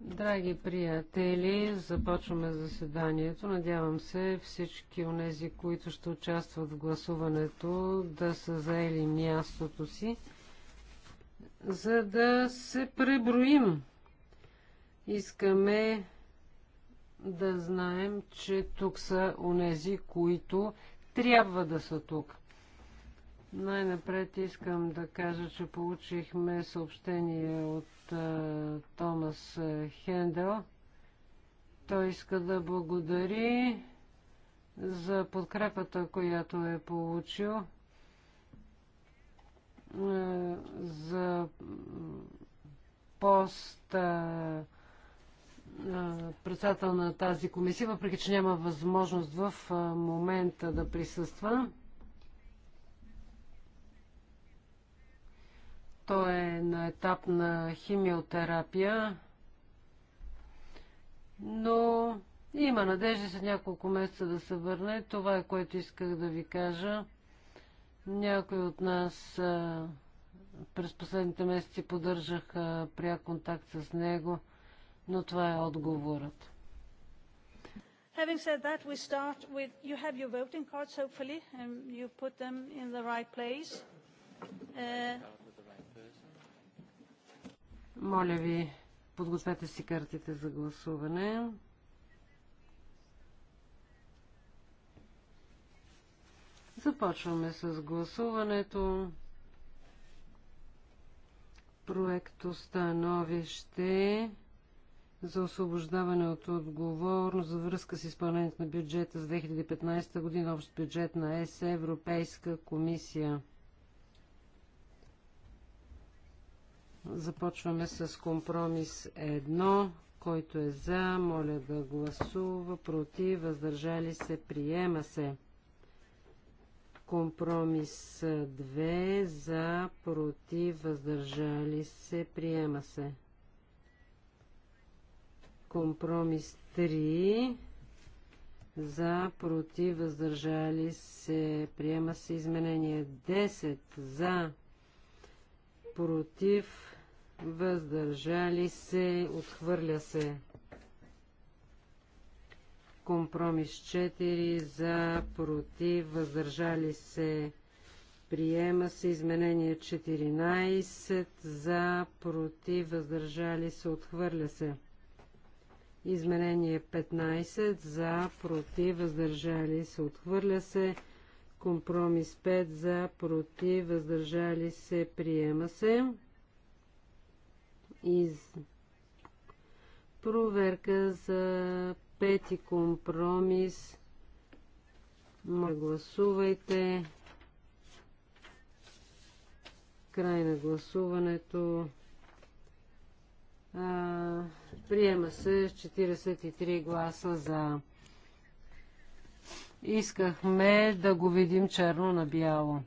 Драги приятели, започваме заседанието. Надявам се всички от тези, които ще участват в гласуването, да са заели мястото си, за да се преброим. Искаме да знаем, че тук са онези, които трябва да са тук. Най-напред искам да кажа, че получихме съобщение от а, Томас Хендел. Той иска да благодари за подкрепата, която е получил а, за пост а, председател на тази комисия, въпреки че няма възможност в момента да присъства. Той е на етап на химиотерапия, но има надежда след няколко месеца да се върне. Това е което исках да ви кажа. Някои от нас а, през последните месеци поддържах пряк контакт с него, но това е отговорът. Having said that, we start with you have your voting cards, hopefully, and you put them in the right place. Uh, моля ви, подгответе си картите за гласуване. Започваме с гласуването. Проекто становище за освобождаване от отговорност за връзка с изпълнението на бюджета за 2015 година, общ бюджет на ЕС, Европейска комисия. Започваме с компромис 1. Който е за, моля да гласува. Против, въздържали се, приема се. Компромис 2. За, против, въздържали се, приема се. Компромис 3. За, против, въздържали се, приема се изменение 10. За, против, въздържали се, отхвърля се. Компромис 4 за, против, въздържали се, приема се. Изменение 14 за, против, въздържали се, отхвърля се. Изменение 15 за, против, въздържали се, отхвърля се. Компромис 5 за, против, въздържали се, приема се из... Проверка за пети компромис. Ма гласувайте. Край на гласуването. А, приема се 43 гласа за. Искахме да го видим черно на бяло.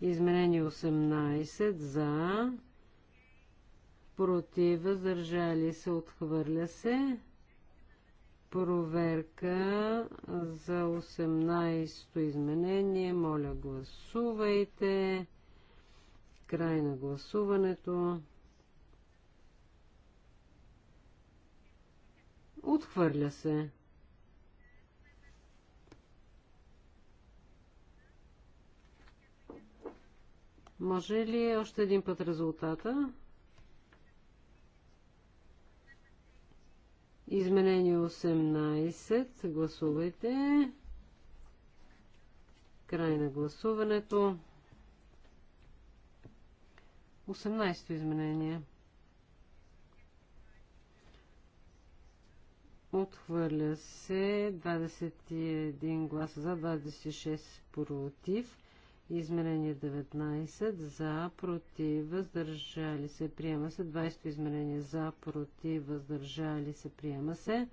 Изменение 18 за против, въздържали се, отхвърля се. Проверка за 18-то изменение. Моля, гласувайте. Край на гласуването. Отхвърля се. Може ли още един път резултата? Изменение 18. Гласувайте. Край на гласуването. 18-то изменение. Отхвърля се 21 гласа за, 26 против. Измерение 19 за, против, въздържали се, приема се. 20 измерение за, против, въздържали се, приема се.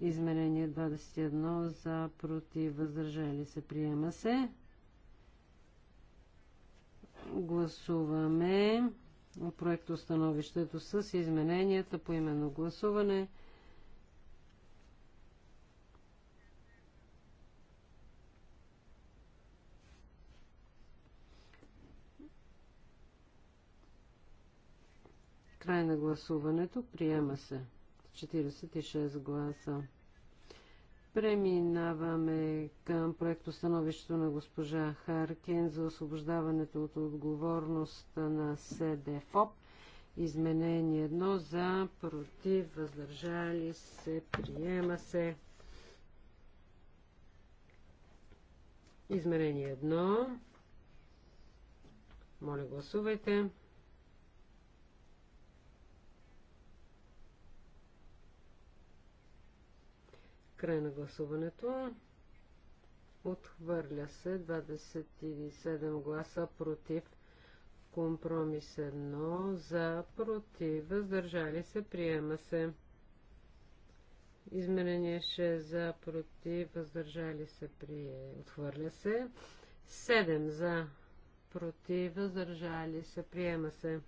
Измерение 21 за, против, въздържали се, приема се. Гласуваме становището с измененията по именно гласуване. Край на гласуването. Приема се. 46 гласа. Преминаваме към проектостановището на госпожа Харкен за освобождаването от отговорност на СДФОП. Изменение 1 за, против, въздържали се, приема се. Изменение едно. Моля, гласувайте. Край на гласуването. Отхвърля се 27 гласа против. Компромис 1 за против. Въздържали се. Приема се. Изменение 6 за против. Въздържали се. Прие. Отхвърля се. 7 за против. Въздържали се. Приема се.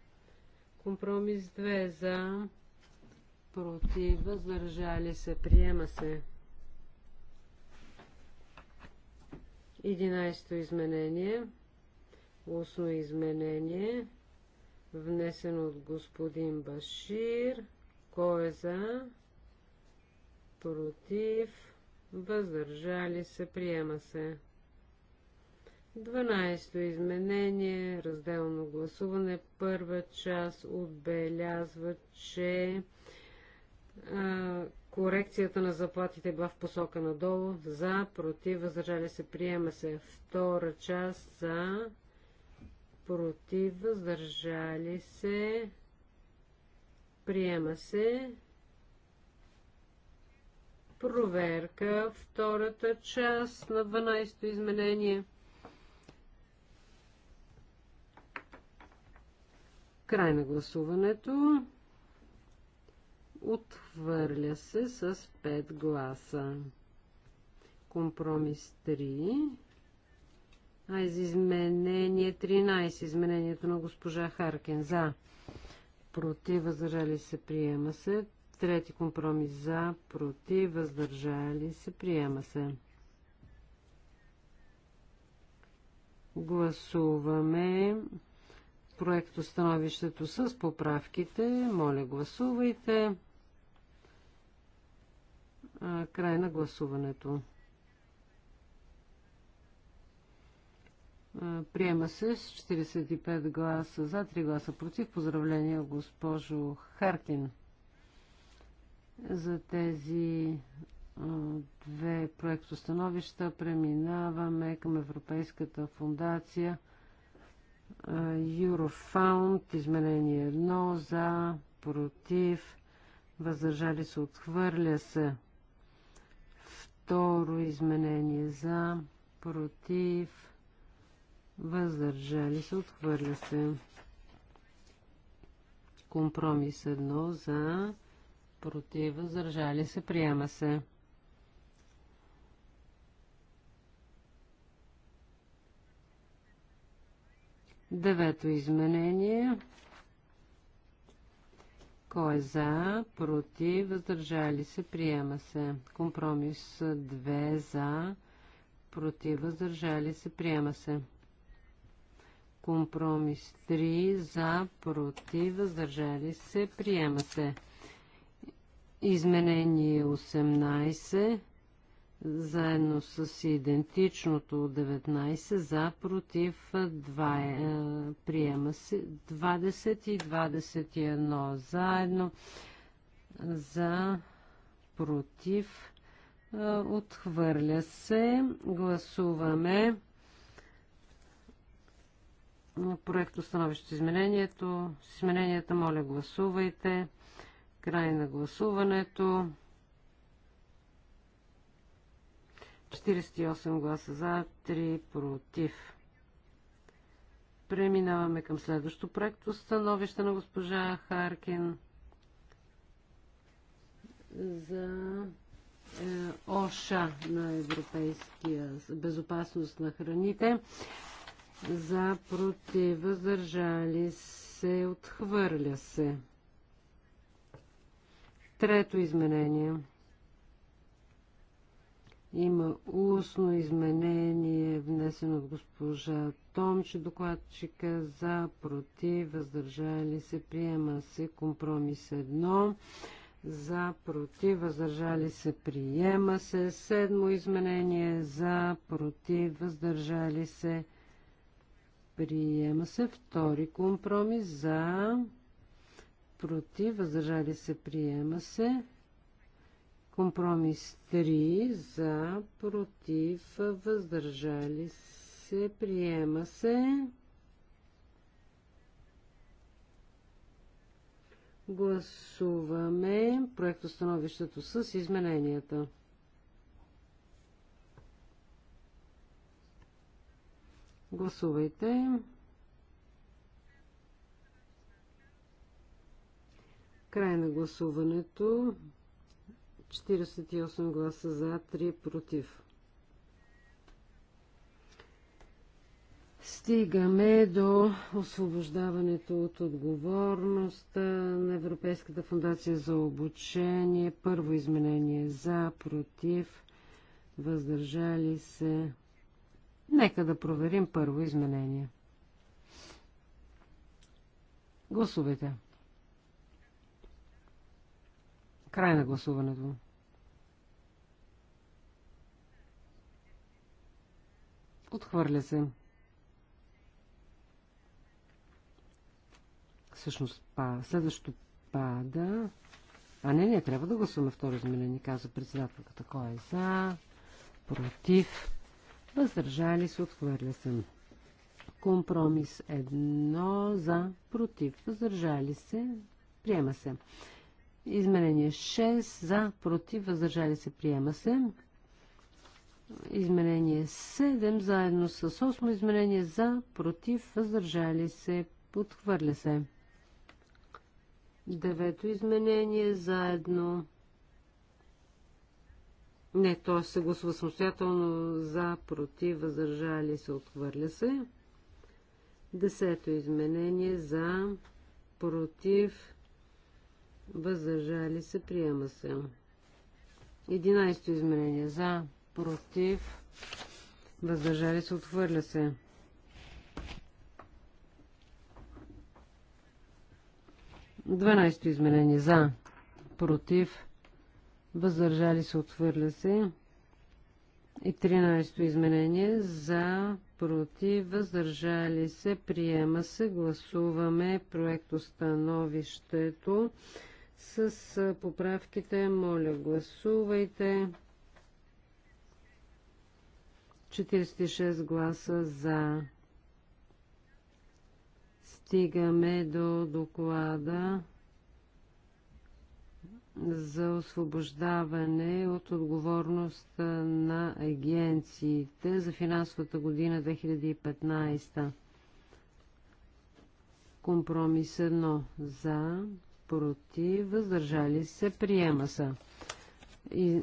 Компромис 2 за против. Въздържали се. Приема се. Единайсто изменение. Устно изменение. Внесено от господин Башир. Кой е за? Против. Въздържали се. Приема се. 12-то изменение, разделно гласуване, първа част отбелязва, че а, Корекцията на заплатите била в посока надолу. За, против, въздържали се, приема се. Втора част за, против, въздържали се, приема се. Проверка, втората част на 12-то изменение. Край на гласуването. Отхвърля се с 5 гласа. Компромис 3. А изменение 13. Изменението на госпожа Харкен. За. Против. Въздържали се. Приема се. Трети компромис. За. Против. Въздържали се. Приема се. Гласуваме проектостановището с поправките. Моля, гласувайте. Край на гласуването. Приема се с 45 гласа за, 3 гласа против. Поздравления, госпожо Харкин, за тези две проектостановища. Преминаваме към Европейската фундация Eurofound. Изменение 1 за, против, въздържали се, отхвърля се. Второ изменение за, против, въздържали се, отхвърля се. Компромис 1 за, против, въздържали се, приема се. Девето изменение кой е за? Против? Въздържали се? Приема се. Компромис 2 за. Против? Въздържали се? Приема се. Компромис 3 за. Против? Въздържали се? Приема се. Изменение 18 заедно с идентичното 19 за, против 2, е, приема се 20 и 21 заедно за, против е, отхвърля се. Гласуваме Проект, установище изменението. С измененията моля гласувайте. Край на гласуването. 48 гласа за, 3 против. Преминаваме към следващото проекто становище на госпожа Харкин за е, ОША на Европейския безопасност на храните. За против, въздържали се, отхвърля се. Трето изменение – има устно изменение, внесено от госпожа Томче, докладчика за, против, въздържали се, приема се компромис едно, за, против, въздържали се, приема се. Седмо изменение, за, против, въздържали се, приема се. Втори компромис, за, против, въздържали се, приема се. Компромис 3 за, против, въздържали се, приема се. Гласуваме проектостановището с измененията. Гласувайте. Край на гласуването. 48 гласа за, 3 против. Стигаме до освобождаването от отговорността на Европейската фундация за обучение. Първо изменение за, против, въздържали се. Нека да проверим първо изменение. Гласовете. Край на гласуването. Отхвърля се. Всъщност, па, следващото пада. А не, не, трябва да гласуваме второ изменение, каза председателката. Кой е за? Против? Въздържали се? Отхвърля се. Компромис едно за, против, въздържали се, приема се. Изменение 6 за, против, въздържали се, приема се. Изменение 7, заедно с 8 изменение за, против, въздържали се, подхвърля се. Девето изменение заедно. Не, то се гласува самостоятелно за, против, въздържали се, отхвърля се. Десето изменение за, против, въздържали се, приема се. Единайсто изменение за, против, въздържали се, отвърля се. Дванайсто изменение за, против, въздържали се, отвърля се. И 13 изменение за, против, въздържали се, приема се, гласуваме проектостановището с поправките. Моля, гласувайте. 46 гласа за. Стигаме до доклада за освобождаване от отговорност на агенциите за финансовата година 2015. Компромис 1 за, против, въздържали се, приема са. И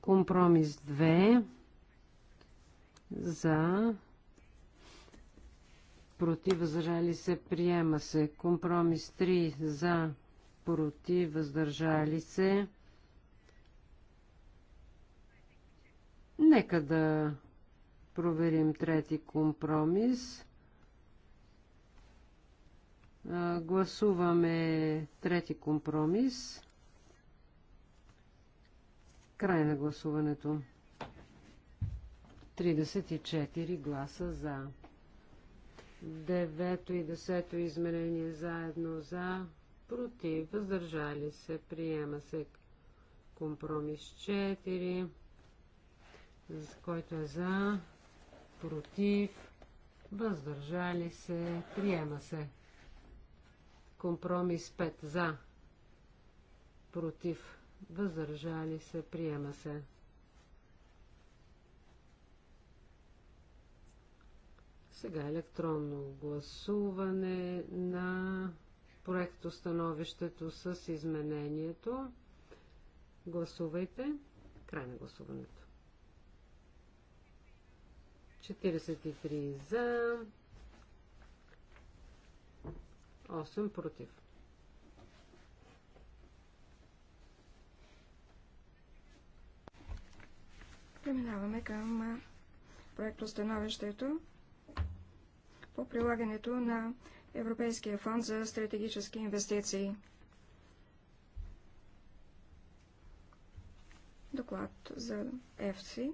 компромис 2 за против въздържали се приема се. Компромис 3 за против въздържали се. Нека да проверим трети компромис. Гласуваме трети компромис. Край на гласуването. 34 гласа за. Девето и десето измерение заедно за, против, въздържали се, приема се компромис 4, който е за, против, въздържали се, приема се. Компромис 5 за, против, въздържали се, приема се. Сега електронно гласуване на проектостановището с изменението. Гласувайте. Край на гласуването. 43 за, 8 против. Преминаваме към проектостановището по прилагането на Европейския фонд за стратегически инвестиции. Доклад за ЕФСИ.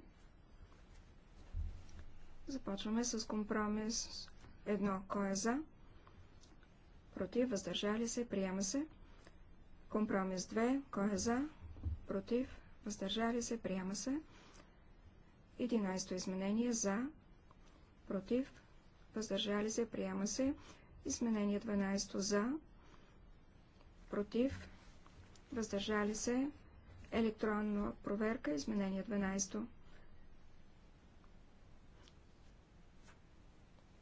Започваме с компромис 1. Кой е за? Против, въздържали се, приема се. Компромис 2. Кой е за? Против, въздържали се, приема се. 11 изменение за, против, въздържали се, приема се. Изменение 12 за, против, въздържали се, електронна проверка, изменение 12.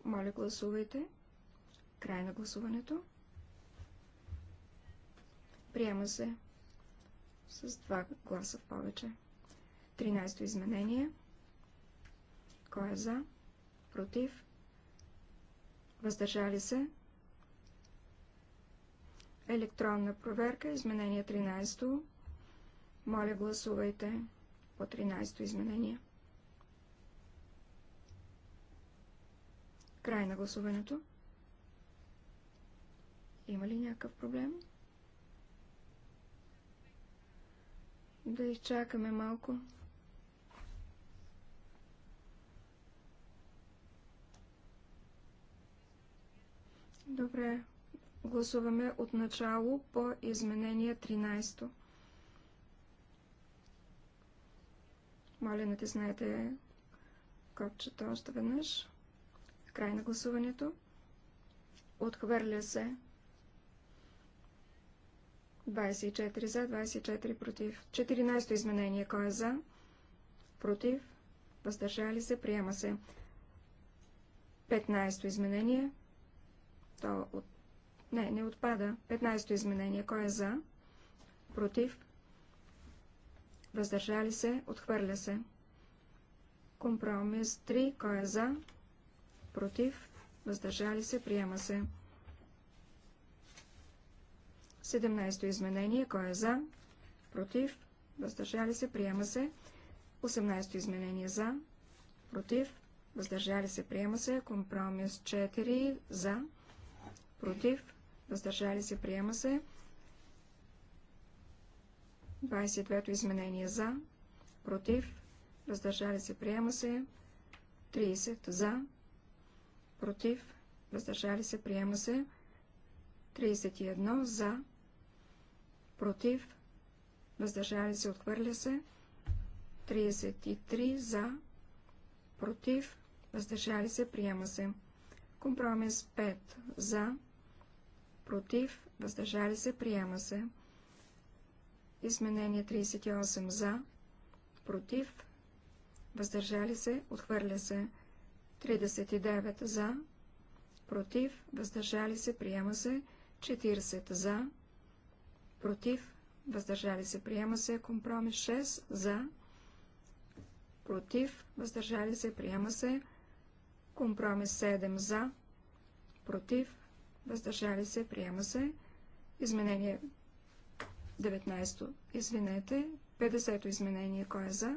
Моля, гласувайте. Край на гласуването. Приема се с два гласа в повече. 13 изменение. Кой е за? Против? въздържали се. Електронна проверка, изменение 13. Моля, гласувайте по 13 изменение. Край на гласуването. Има ли някакъв проблем? Да изчакаме малко. Добре. Гласуваме от начало по изменение 13. Моля, натиснете копчето още веднъж. Край на гласуването. Отхвърля се. 24 за, 24 против. 14 изменение. Кой е за? Против. Въздържали се. Приема се. 15 изменение. То от... Не, не отпада. 15-то изменение. Кой е за? Против? Въздържали се? Отхвърля се. Компромис 3. Кой е за? Против? Въздържали се? Приема се. 17-то изменение. Кой е за? Против? Въздържали се? Приема се. 18-то изменение. За? Против? Въздържали се? Приема се. Компромис 4. За? против, въздържали се, приема се. 22-то изменение за, против, въздържали се, приема се. 30 за, против, въздържали се, приема се. 31 за, против, въздържали се, отхвърля се. 33 за, против, въздържали се, приема се. Компромис 5 за, против, въздържали се, приема се. Изменение 38 за, против, въздържали се, отхвърля се. 39 за, против, въздържали се, приема се. 40 за, против, въздържали се, приема се. Компромис 6 за, против, въздържали се, приема се. Компромис 7 за, против, въздържали се, приема се. Изменение 19, извинете, 50-то изменение, кой е за,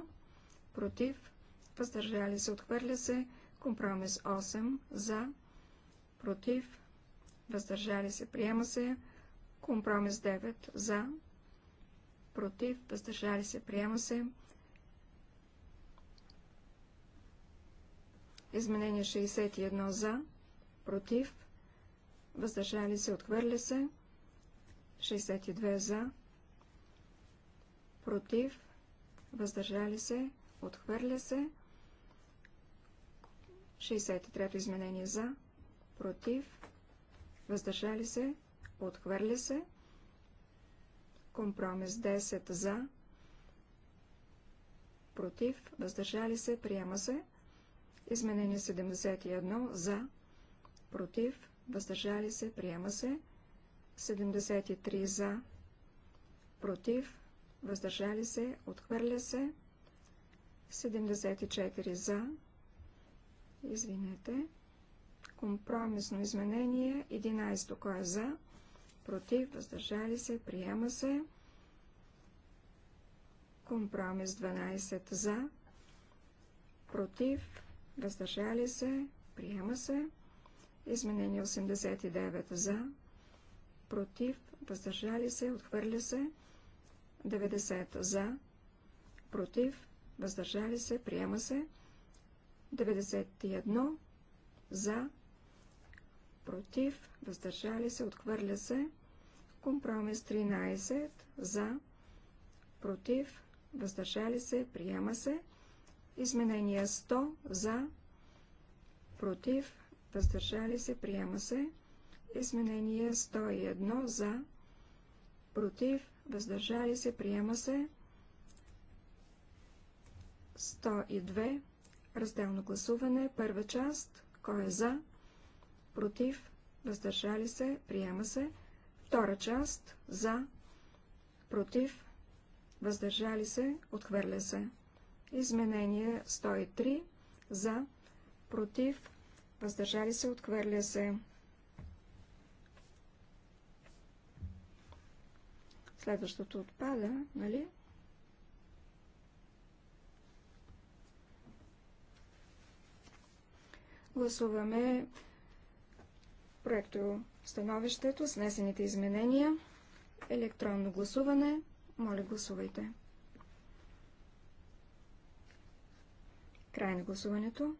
против, въздържали се, отхвърля се, компромис 8, за, против, въздържали се, приема се, компромис 9, за, против, въздържали се, приема се, изменение 61 за, против, въздържали се, отхвърля се. 62 за, против, въздържали се, отхвърля се. 63 изменение за, против, въздържали се, отхвърля се. Компромис 10 за, против, въздържали се, приема се. Изменение 71 за, против, въздържали се, приема се. 73 за, против, въздържали се, отхвърля се. 74 за, извинете, компромисно изменение, 11 кой е за, против, въздържали се, приема се. Компромис 12 за, против, въздържали се, приема се. Изменение 89 за, против, въздържали се, отхвърля се. 90 за, против, въздържали се, приема се. 91 за, против, въздържали се, отхвърля се. Компромис 13 за, против, въздържали се, приема се. Изменение 100 за, против, въздържали се, приема се. Изменение 101 за, против, въздържали се, приема се. 102. Разделно гласуване. Първа част. Кой е за? Против. Въздържали се. Приема се. Втора част. За. Против. Въздържали се. Отхвърля се. Изменение 103. За. Против въздържали се, отхвърля се. Следващото отпада, нали? Гласуваме проекто становището с внесените изменения. Електронно гласуване. Моля, гласувайте. Край на гласуването.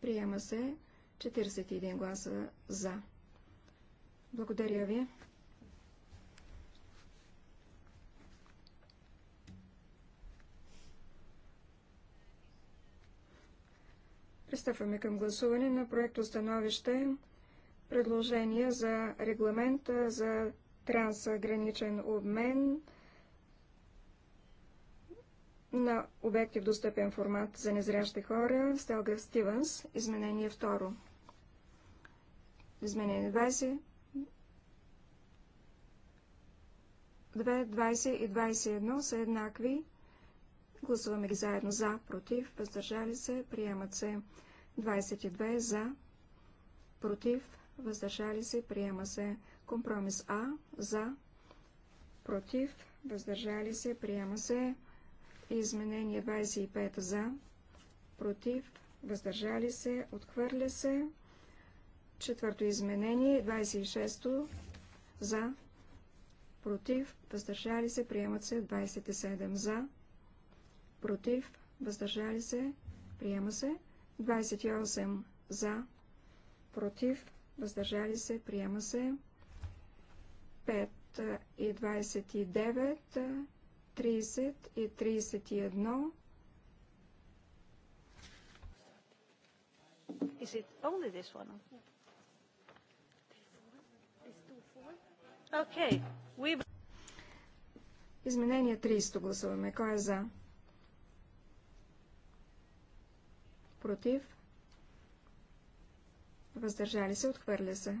Приема се 41 гласа за. Благодаря ви. Пристъпваме към гласуване на проекто становище предложение за регламента за трансграничен обмен на обекти в достъпен формат за незрящи хора. Стелга Стивенс, изменение 2. Изменение 20. 2, 20 и 21 са еднакви. Гласуваме ги заедно за, против, въздържали се, приемат се 22 за, против, въздържали се, приема се компромис А, за, против, въздържали се, приема се Изменение 25 за, против, въздържали се, отхвърля се. Четвърто изменение 26 за, против, въздържали се, приемат се 27 за, против, въздържали се, приема се 28 за, против, въздържали се, приема се 5 и 29 30 и 31. Is it only this one? Okay. We... Изменение 300 гласуваме. Кой е за? Против? Въздържали се, отхвърля се.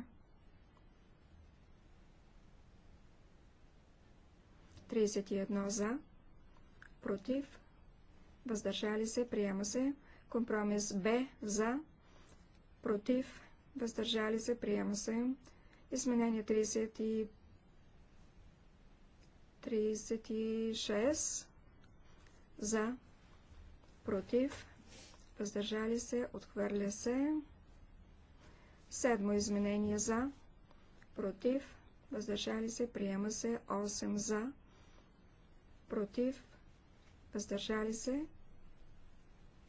31 за, против, въздържали се, приема се. Компромис Б за, против, въздържали се, приема се. Изменение 30 и 36 за, против, въздържали се, отхвърля се. Седмо изменение за, против, въздържали се, приема се 8 за, против, въздържали се,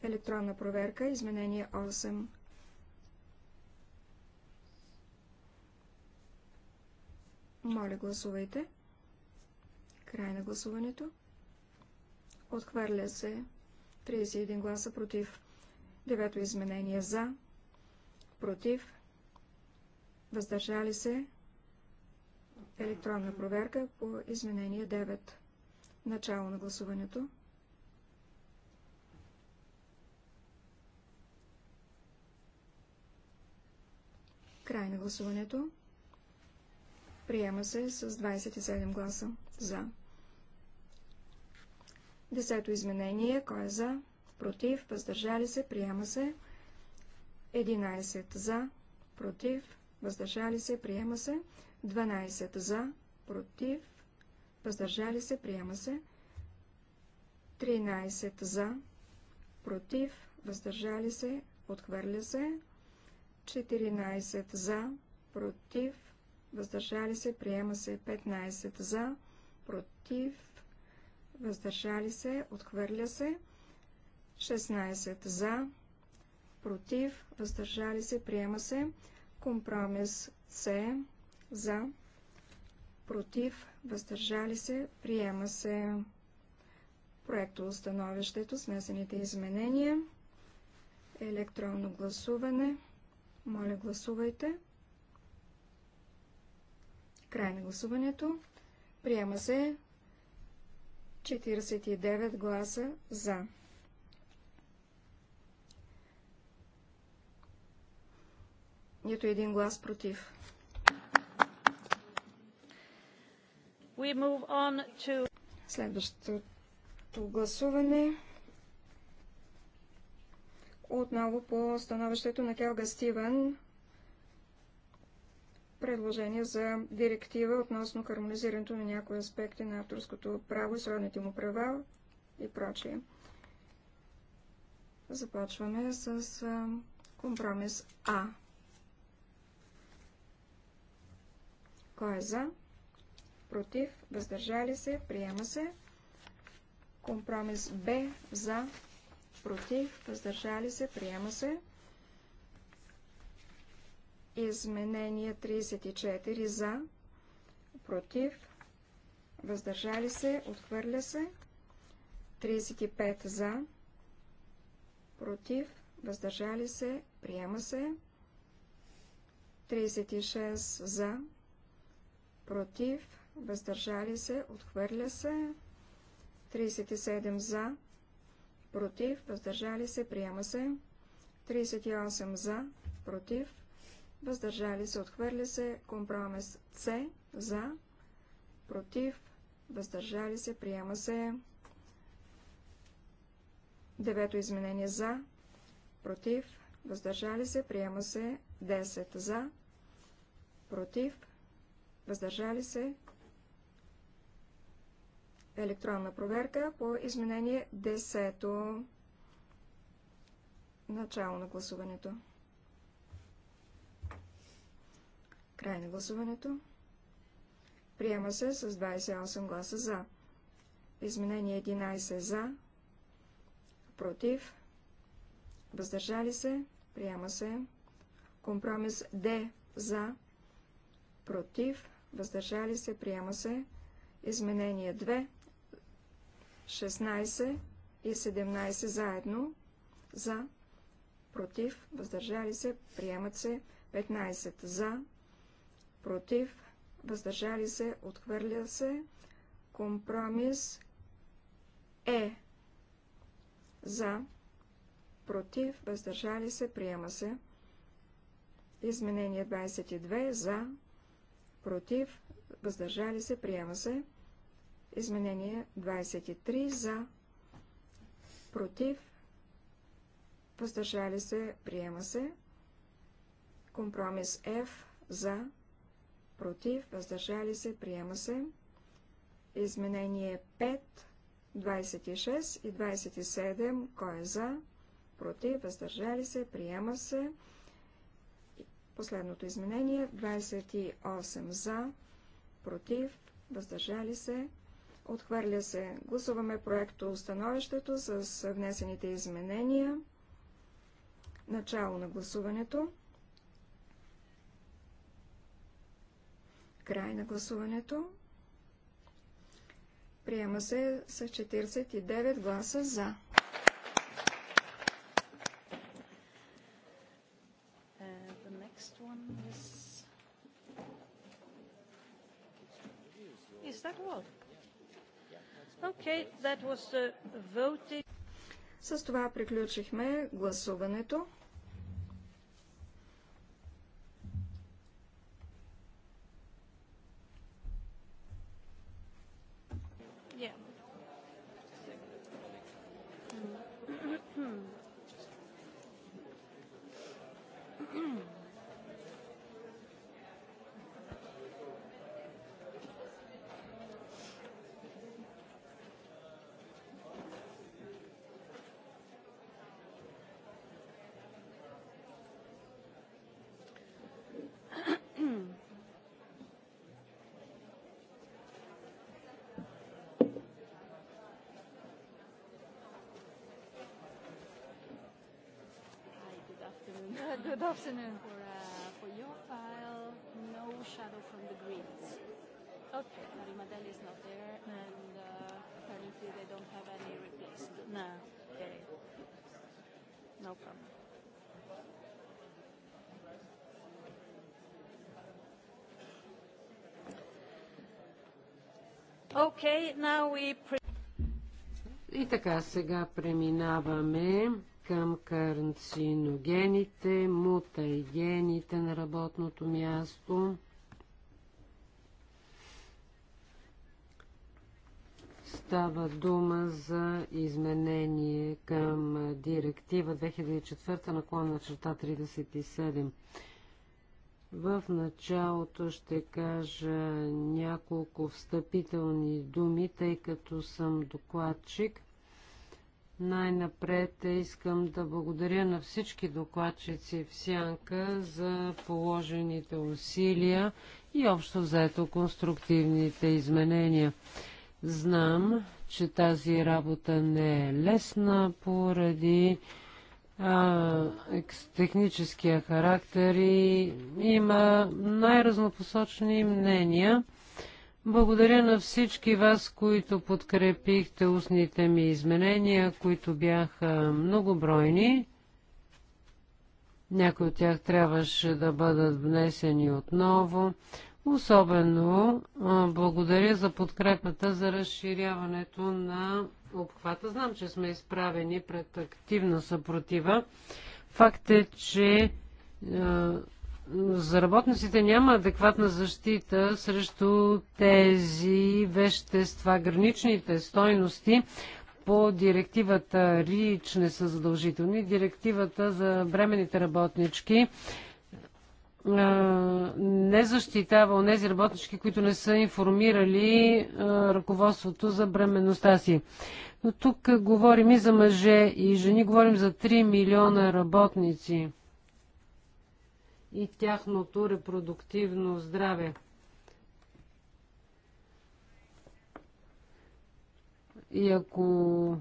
електронна проверка, изменение 8. Моля, гласувайте. Край на гласуването. Отхвърля се 31 гласа против. Девето изменение за, против, въздържали се, електронна проверка по изменение 9. Начало на гласуването. Край на гласуването. Приема се с 27 гласа за. Десето изменение. Кой е за? Против. Въздържали се. Приема се. 11 за. Против. Въздържали се. Приема се. 12 за. Против въздържали се, приема се. 13 за, против, въздържали се, отхвърля се. 14 за, против, въздържали се, приема се. 15 за, против, въздържали се, отхвърля се. 16 за, против, въздържали се, приема се. Компромис С за, против, въздържали се, приема се проекто становището с внесените изменения, електронно гласуване. Моля, гласувайте. Край на гласуването. Приема се 49 гласа за. Нито един глас против. Следващото гласуване отново по становището на Келга Стивен предложение за директива относно хармонизирането на някои аспекти на авторското право и сродните му права и прочие. Започваме с компромис А. Кой е за? против, въздържали се, приема се. Компромис Б за, против, въздържали се, приема се. Изменение 34 за, против, въздържали се, отхвърля се. 35 за, против, въздържали се, приема се. 36 за, против, въздържали се, отхвърля се. 37 за, против, въздържали се, приема се. 38 за, против, въздържали се, отхвърля се. Компромис С за, против, въздържали се, приема се. Девето изменение за, против, въздържали се, приема се. 10 за, против, въздържали се, електронна проверка по изменение 10. Начало на гласуването. Край на гласуването. Приема се с 28 гласа за. Изменение 11 за. Против. Въздържали се. Приема се. Компромис Д за. Против. Въздържали се. Приема се. Изменение 2 16 и 17 заедно, за, против, въздържали се, приемат се 15 за, против, въздържали се, отхвърля се, компромис е за, против, въздържали се, приема се. Изменение 22 за, против, въздържали се, приема се. Изменение 23 за, против, въздържали се, приема се. Компромис F за, против, въздържали се, приема се. Изменение 5, 26 и 27, кой е за, против, въздържали се, приема се. Последното изменение 28 за, против, въздържали се, Отхвърля се. Гласуваме проекто установището с внесените изменения. Начало на гласуването. Край на гласуването. Приема се с 49 гласа за. Uh, is that what? Okay, that was the voting. С това приключихме гласуването. Good afternoon. For, uh, for your file, no shadow from the Greens. Okay, Marimadel is not there, and uh, apparently they don't have any replacement. No, okay. No problem. Okay, now we... pre- И така сега преминаваме към карциногените, мутагените на работното място. Става дума за изменение към директива 2004 наклона на черта 37. В началото ще кажа няколко встъпителни думи, тъй като съм докладчик – най-напред искам да благодаря на всички докладчици в Сянка за положените усилия и общо взето конструктивните изменения. Знам, че тази работа не е лесна поради а, техническия характер и има най-разнопосочни мнения. Благодаря на всички вас, които подкрепихте устните ми изменения, които бяха многобройни. Някои от тях трябваше да бъдат внесени отново. Особено благодаря за подкрепата за разширяването на обхвата. Знам, че сме изправени пред активна съпротива. Факт е, че за работниците няма адекватна защита срещу тези вещества. Граничните стойности по директивата РИЧ не са задължителни. Директивата за бременните работнички не защитава онези работнички, които не са информирали ръководството за бременността си. Но тук говорим и за мъже и жени, говорим за 3 милиона работници – и тяхното репродуктивно здраве. И ако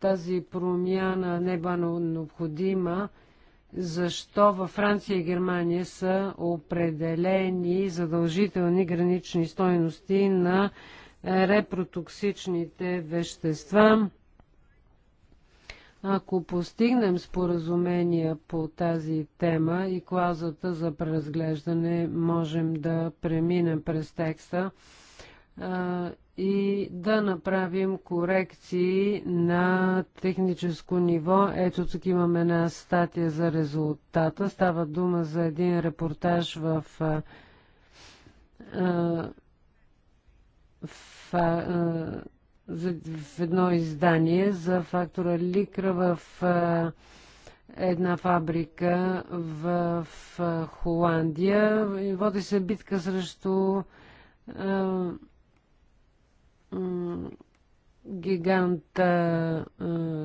тази промяна не е необходима, защо във Франция и Германия са определени задължителни гранични стойности на репротоксичните вещества. Ако постигнем споразумение по тази тема и клазата за преразглеждане, можем да преминем през текста а, и да направим корекции на техническо ниво. Ето тук имаме една статия за резултата. Става дума за един репортаж в а, а, в, в едно издание за фактора Ликра в една фабрика в Холандия. Води се битка срещу гиганта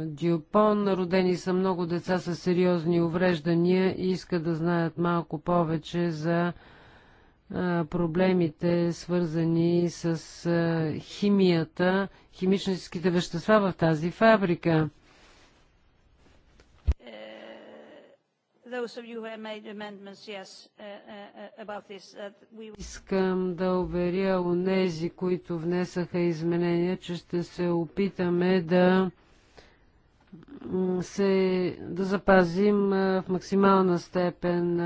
Дюпон. Родени са много деца с сериозни увреждания и искат да знаят малко повече за проблемите, свързани с химията, химическите вещества в тази фабрика. Е, uh, uh, uh, Искам да уверя онези, които внесаха изменения, че ще се опитаме да се, да запазим в максимална степен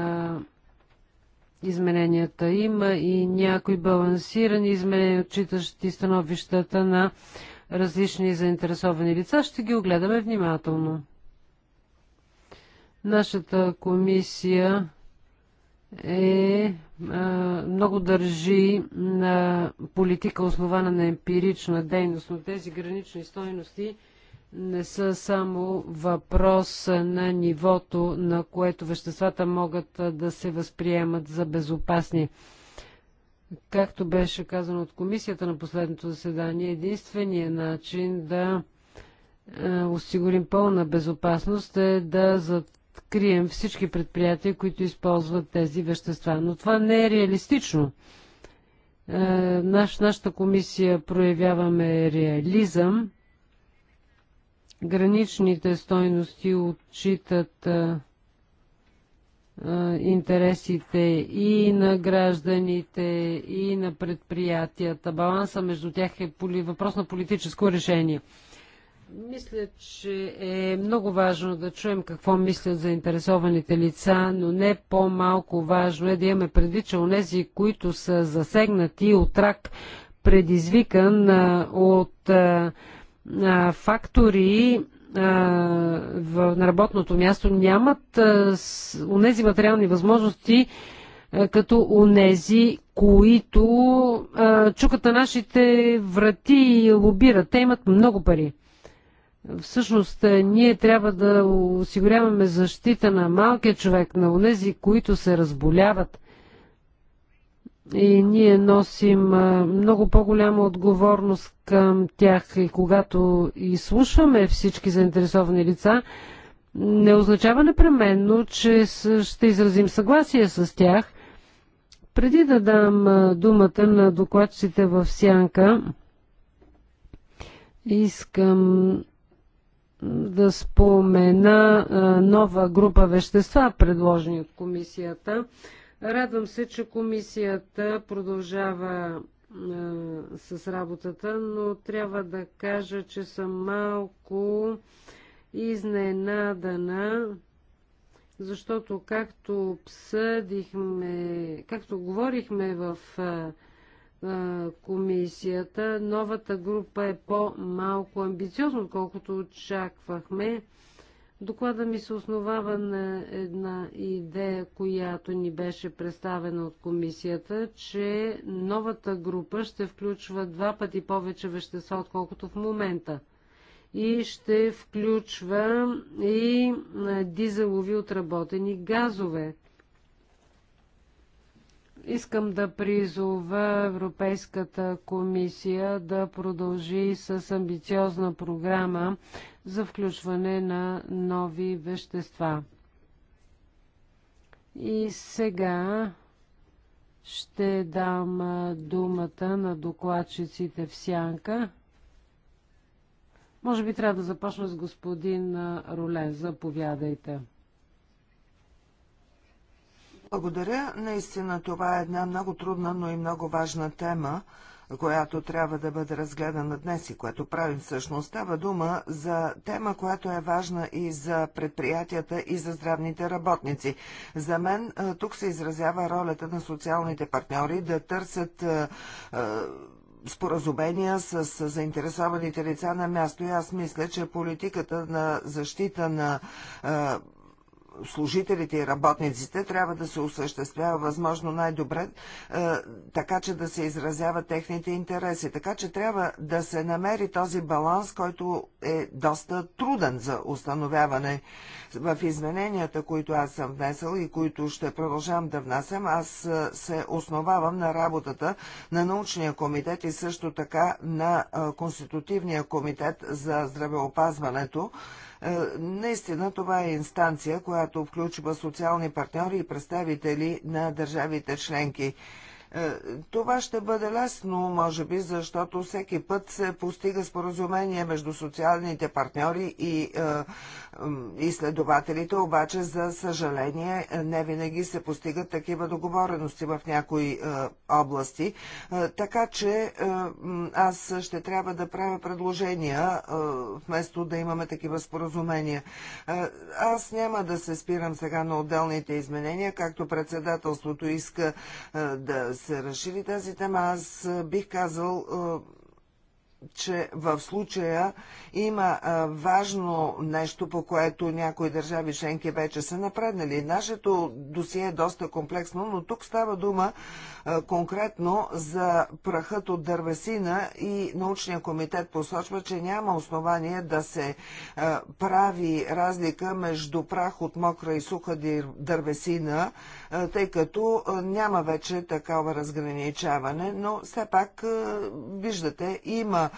измененията. Има и някои балансирани изменения, отчитащи становищата на различни заинтересовани лица. Ще ги огледаме внимателно. Нашата комисия е а, много държи на политика основана на емпирична дейност, но тези гранични стойности не са само въпрос на нивото, на което веществата могат да се възприемат за безопасни. Както беше казано от комисията на последното заседание, единственият начин да осигурим пълна безопасност е да закрием всички предприятия, които използват тези вещества. Но това не е реалистично. Е, наш, нашата комисия проявяваме реализъм граничните стойности отчитат а, а, интересите и на гражданите, и на предприятията. Баланса между тях е поли, въпрос на политическо решение. Мисля, че е много важно да чуем какво мислят заинтересованите лица, но не по-малко важно е да имаме предвид, че онези, които са засегнати от рак, предизвикан а, от а, фактори на работното място нямат онези материални възможности, като онези, които чукат на нашите врати и лобират. Те имат много пари. Всъщност, ние трябва да осигуряваме защита на малкия човек, на онези, които се разболяват – и ние носим много по-голяма отговорност към тях и когато изслушваме всички заинтересовани лица, не означава непременно, че ще изразим съгласие с тях. Преди да дам думата на докладчите в Сянка, искам да спомена нова група вещества, предложени от комисията – Радвам се, че комисията продължава а, с работата, но трябва да кажа, че съм малко изненадана, защото както обсъдихме, както говорихме в а, комисията, новата група е по-малко амбициозна, отколкото очаквахме. Доклада ми се основава на една идея, която ни беше представена от комисията, че новата група ще включва два пъти повече вещества, отколкото в момента. И ще включва и е, дизелови отработени газове. Искам да призова Европейската комисия да продължи с амбициозна програма за включване на нови вещества. И сега ще дам думата на докладчиците в сянка. Може би трябва да започна с господин Ролен. Заповядайте. Благодаря. Наистина това е една много трудна, но и много важна тема която трябва да бъде разгледана днес и което правим всъщност. Става дума за тема, която е важна и за предприятията и за здравните работници. За мен е, тук се изразява ролята на социалните партньори да търсят е, е, споразумения с заинтересованите лица на място. И аз мисля, че политиката на защита на служителите и работниците трябва да се осъществява възможно най-добре, е, така че да се изразяват техните интереси. Така че трябва да се намери този баланс, който е доста труден за установяване. В измененията, които аз съм внесъл и които ще продължавам да внасям, аз е, се основавам на работата на научния комитет и също така на е, Конститутивния комитет за здравеопазването, е, наистина това е инстанция, която включва социални партньори и представители на държавите членки. Е, това ще бъде лесно, може би, защото всеки път се постига споразумение между социалните партньори и е, изследователите, обаче, за съжаление, не винаги се постигат такива договорености в някои е, области. Така че аз ще трябва да правя предложения, вместо да имаме такива споразумения. Аз няма да се спирам сега на отделните изменения, както председателството иска да се разшири тази тема, аз бих казал, че в случая има важно нещо, по което някои държави членки вече са напреднали. Нашето досие е доста комплексно, но тук става дума конкретно за прахът от дървесина и научния комитет посочва, че няма основание да се прави разлика между прах от мокра и суха дървесина, тъй като няма вече такава разграничаване, но все пак виждате, има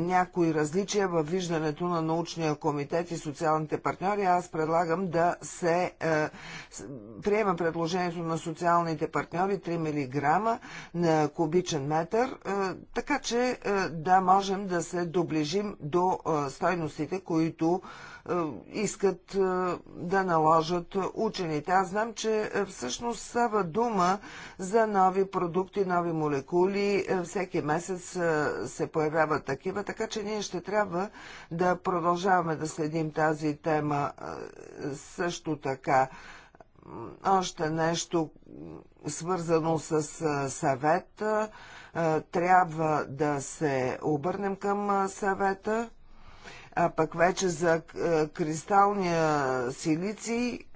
някои различия във виждането на научния комитет и социалните партньори. Аз предлагам да се приема предложението на социалните партньори 3 мг грама на кубичен метър, е, така че е, да можем да се доближим до е, стойностите, които искат да наложат учените. Аз знам, че всъщност става дума за нови продукти, нови молекули. Всеки месец се появяват такива, така че ние ще трябва да продължаваме да следим тази тема също така още нещо свързано с съвет. Трябва да се обърнем към съвета. А пък вече за кристалния силици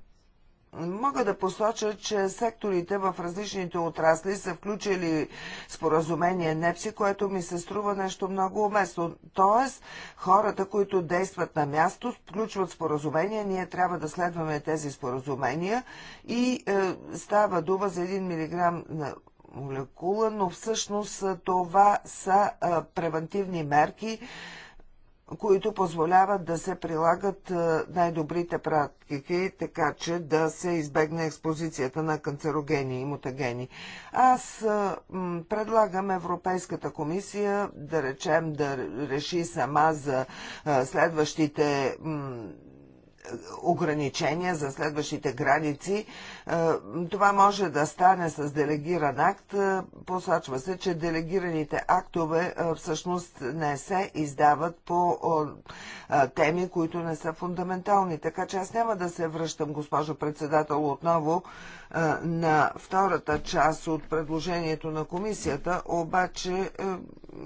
Мога да посоча, че секторите в различните отрасли са включили споразумение НЕПСИ, което ми се струва нещо много уместно. Тоест, хората, които действат на място, включват споразумение, ние трябва да следваме тези споразумения и е, става дума за 1 милиграм на молекула, но всъщност е, това са е, превентивни мерки, които позволяват да се прилагат е, най-добрите практики, така че да се избегне експозицията на канцерогени и мутагени. Аз е, предлагам Европейската комисия да речем да реши сама за е, следващите ограничения за следващите граници е, това може да стане с делегиран акт. Е, посочва се, че делегираните актове е, всъщност не се издават по теми, които не са фундаментални. Така че аз няма да се връщам, госпожо председател, отново на втората част от предложението на комисията, обаче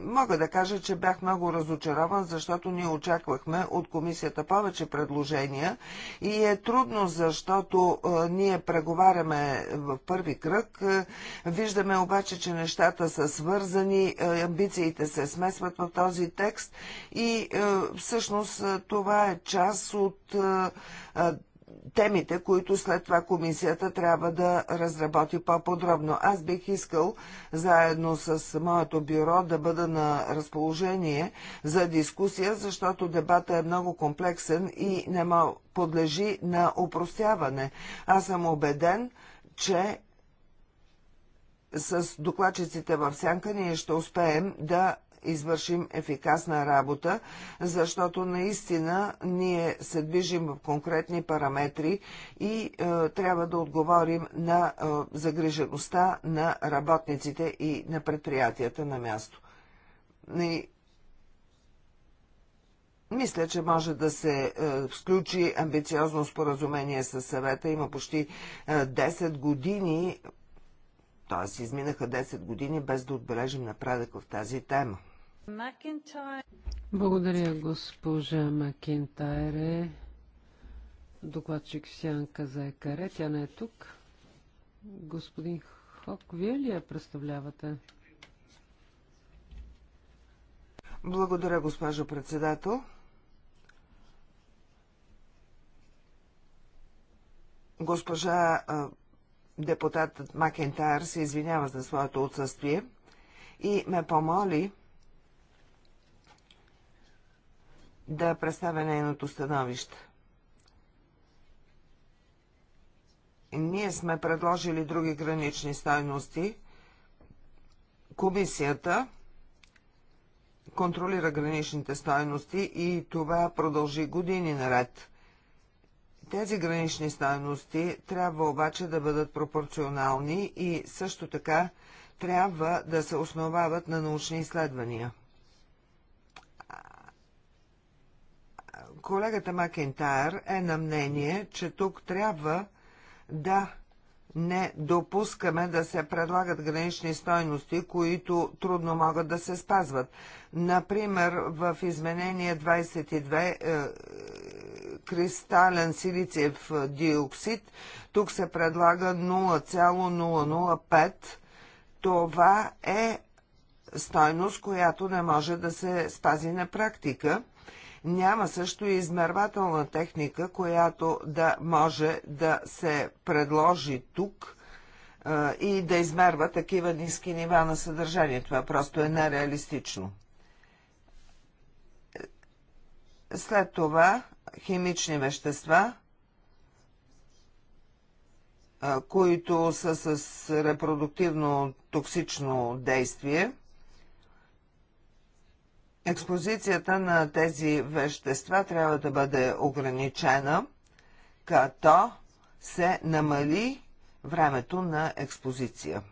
мога да кажа, че бях много разочарован, защото ние очаквахме от комисията повече предложения и е трудно, защото ние преговаряме преговаряме в първи кръг. Е, виждаме обаче, че нещата са свързани, е, амбициите се смесват в този текст и е, всъщност това е част от темите, които след това комисията трябва да разработи по-подробно. Аз бих искал заедно с моето бюро да бъда на разположение за дискусия, защото дебата е много комплексен и не подлежи на упростяване. Аз съм убеден, че с докладчиците в сянка ние ще успеем да извършим ефикасна работа, защото наистина ние се движим в конкретни параметри и е, трябва да отговорим на е, загрижеността на работниците и на предприятията на място. И мисля, че може да се е, включи амбициозно споразумение с съвета. Има почти е, 10 години т.е. изминаха 10 години без да отбележим напредък в тази тема. Благодаря, госпожа Макентайре. Докладчик Сянка за Екаре. Тя не е тук. Господин Хок, вие ли я представлявате? Благодаря, госпожо председател. Госпожа депутат Макентайр се извинява за своето отсъствие и ме помоли да представя нейното становище. Ние сме предложили други гранични стойности. Комисията контролира граничните стойности и това продължи години наред. Тези гранични стойности трябва обаче да бъдат пропорционални и също така трябва да се основават на научни изследвания. Колегата Макентайр е на мнение, че тук трябва да не допускаме да се предлагат гранични стойности, които трудно могат да се спазват. Например, в изменение 22 е, кристален силициев диоксид, тук се предлага 0,005. Това е стойност, която не може да се спази на практика. Няма също и измервателна техника, която да може да се предложи тук и да измерва такива ниски нива на съдържание. Това просто е нереалистично. След това химични вещества, които са с репродуктивно токсично действие – експозицията на тези вещества трябва да бъде ограничена, като се намали времето на експозиция.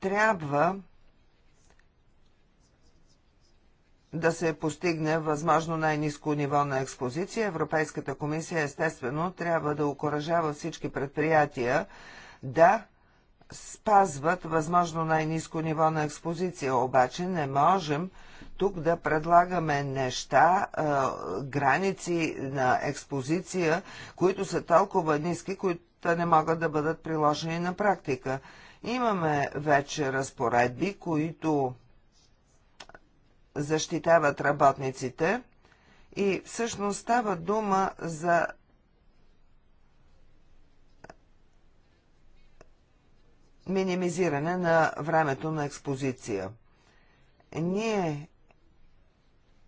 Трябва да се постигне възможно най-низко ниво на експозиция. Европейската комисия естествено трябва да окоръжава всички предприятия да спазват възможно най-низко ниво на експозиция, обаче не можем тук да предлагаме неща, граници на експозиция, които са толкова ниски, които не могат да бъдат приложени на практика. Имаме вече разпоредби, които защитават работниците и всъщност става дума за минимизиране на времето на експозиция. Ние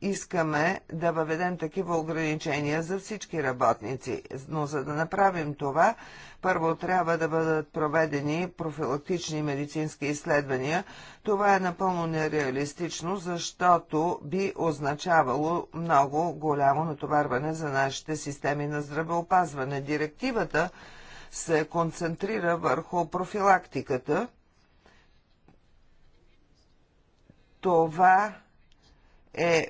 искаме да въведем такива ограничения за всички работници, но за да направим това, първо трябва да бъдат проведени профилактични медицински изследвания. Това е напълно нереалистично, защото би означавало много голямо натоварване за нашите системи на здравеопазване. Директивата – се концентрира върху профилактиката. Това е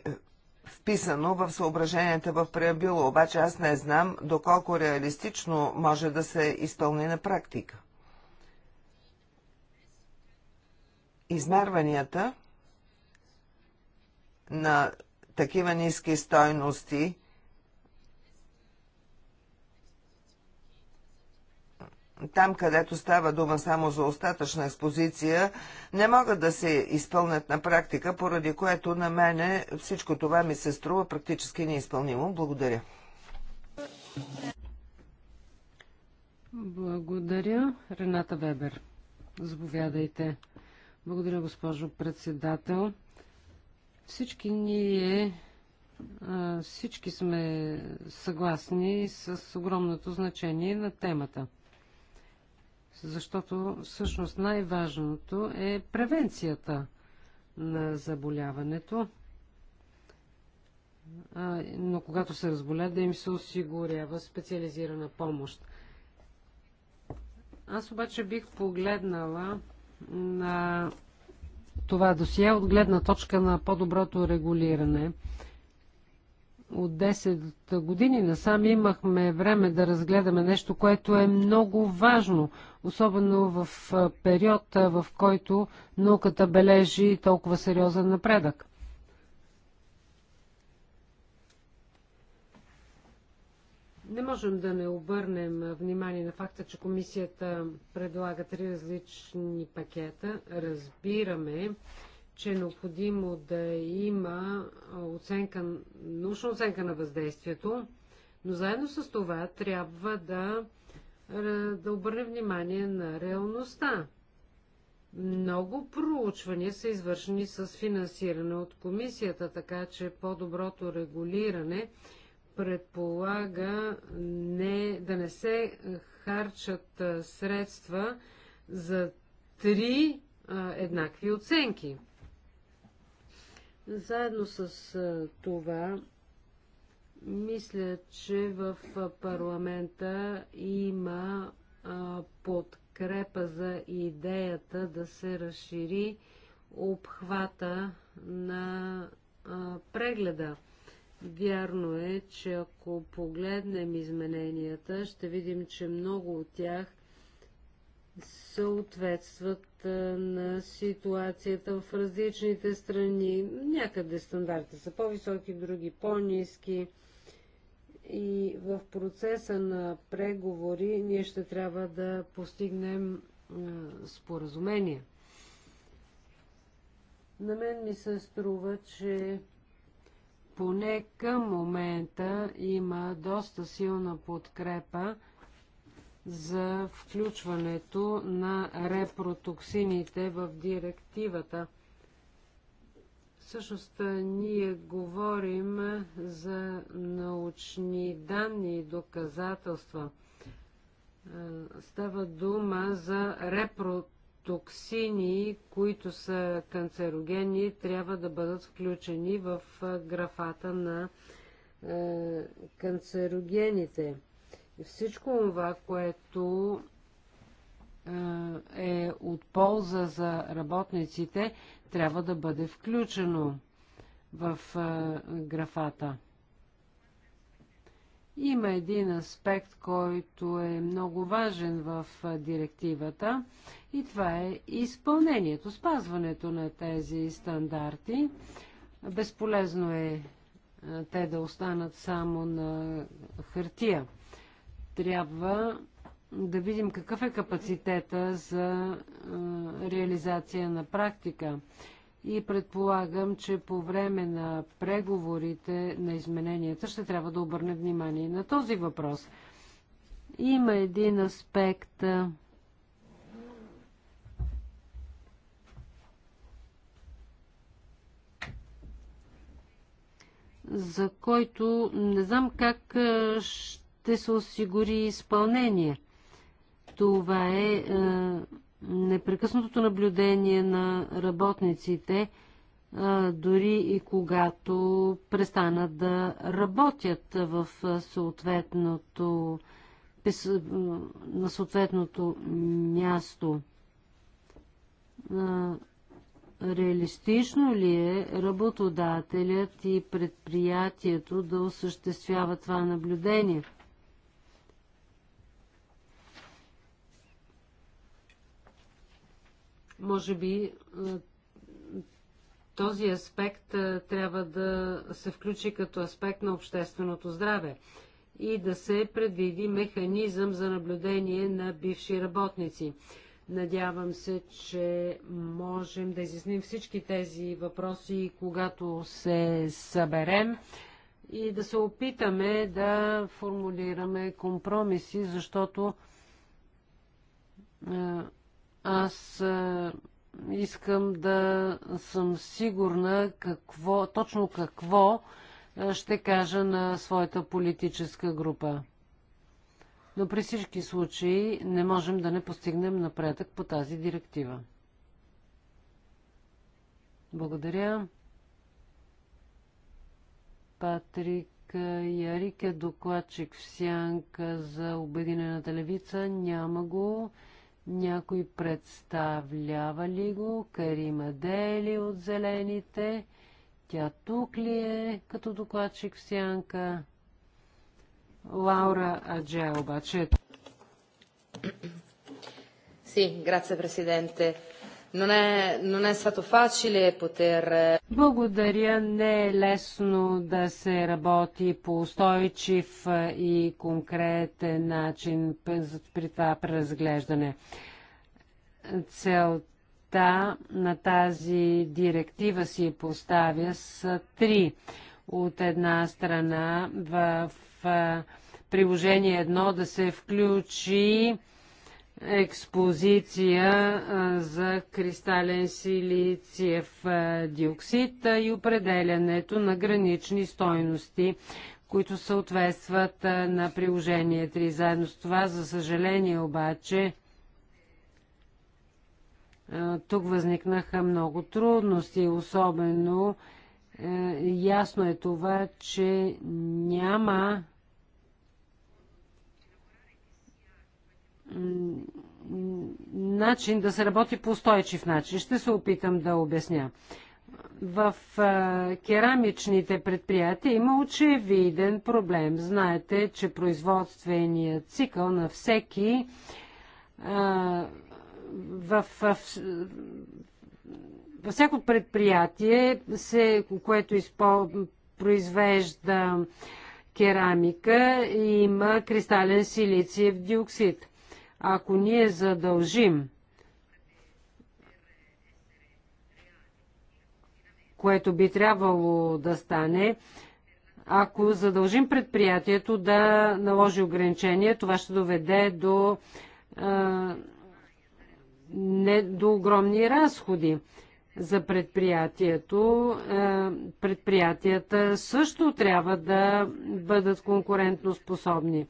вписано в съображенията в преабило, обаче аз не знам доколко реалистично може да се изпълни на практика. Измерванията на такива ниски стойности – там, където става дума само за остатъчна експозиция, не могат да се изпълнят на практика, поради което на мене всичко това ми се струва практически неизпълнимо. Благодаря. Благодаря. Рената Вебер, заповядайте. Благодаря, госпожо председател. Всички ние всички сме съгласни с огромното значение на темата защото всъщност най-важното е превенцията на заболяването. Но когато се разболят, да им се осигурява специализирана помощ. Аз обаче бих погледнала на това досие от гледна точка на по-доброто регулиране от 10 години насам имахме време да разгледаме нещо, което е много важно, особено в период, в който науката бележи толкова сериозен напредък. Не можем да не обърнем внимание на факта, че комисията предлага три различни пакета. Разбираме, че е необходимо да има оценка, научна оценка на въздействието, но заедно с това трябва да, да обърне внимание на реалността. Много проучвания са извършени с финансиране от комисията, така че по-доброто регулиране предполага не, да не се харчат средства за три а, еднакви оценки. Заедно с това, мисля, че в парламента има подкрепа за идеята да се разшири обхвата на прегледа. Вярно е, че ако погледнем измененията, ще видим, че много от тях съответстват на ситуацията в различните страни. Някъде стандарти са по-високи, други по-низки. И в процеса на преговори ние ще трябва да постигнем споразумение. На мен ми се струва, че поне към момента има доста силна подкрепа за включването на репротоксините в директивата. Всъщност ние говорим за научни данни и доказателства. Става дума за репротоксини, които са канцерогени трябва да бъдат включени в графата на канцерогените. Всичко това, което е, е от полза за работниците, трябва да бъде включено в е, графата. Има един аспект, който е много важен в е, директивата и това е изпълнението, спазването на тези стандарти. Безполезно е те да останат само на хартия. Трябва да видим какъв е капацитета за реализация на практика. И предполагам, че по време на преговорите на измененията ще трябва да обърне внимание на този въпрос. Има един аспект, за който не знам как ще ще се осигури изпълнение. Това е, е непрекъснатото наблюдение на работниците, е, дори и когато престанат да работят в съответното, на съответното място. Е, реалистично ли е работодателят и предприятието да осъществява това наблюдение? Може би е, този аспект е, трябва да се включи като аспект на общественото здраве и да се предвиди механизъм за наблюдение на бивши работници. Надявам се, че можем да изясним всички тези въпроси, когато се съберем и да се опитаме да формулираме компромиси, защото е, аз искам да съм сигурна какво, точно какво ще кажа на своята политическа група. Но при всички случаи не можем да не постигнем напредък по тази директива. Благодаря. Патрик Ярик е докладчик в Сянка за Обединената левица. Няма го. Някой представлява ли го? Карима Дели от Зелените. Тя тук ли е като докладчик в сянка? Лаура Аджел, обаче. Е sì, grazie Presidente. Non è, non è stato facile poter... Благодаря. Не е лесно да се работи по устойчив е, и конкретен начин при това преразглеждане. Целта на тази директива си поставя с три. От една страна в е, приложение едно да се включи експозиция за кристален силициев диоксид и определянето на гранични стойности, които съответстват на приложение 3. Заедно с това, за съжаление обаче, тук възникнаха много трудности, особено е, ясно е това, че няма начин, да се работи по устойчив начин. Ще се опитам да обясня. В керамичните предприятия има очевиден проблем. Знаете, че производственият цикъл на всеки в, в, във всяко предприятие, се, което изпо, произвежда керамика, има кристален силициев диоксид. Ако ние задължим което би трябвало да стане, ако задължим предприятието да наложи ограничение, това ще доведе до, а, не, до огромни разходи за предприятието. А, предприятията също трябва да бъдат конкурентно способни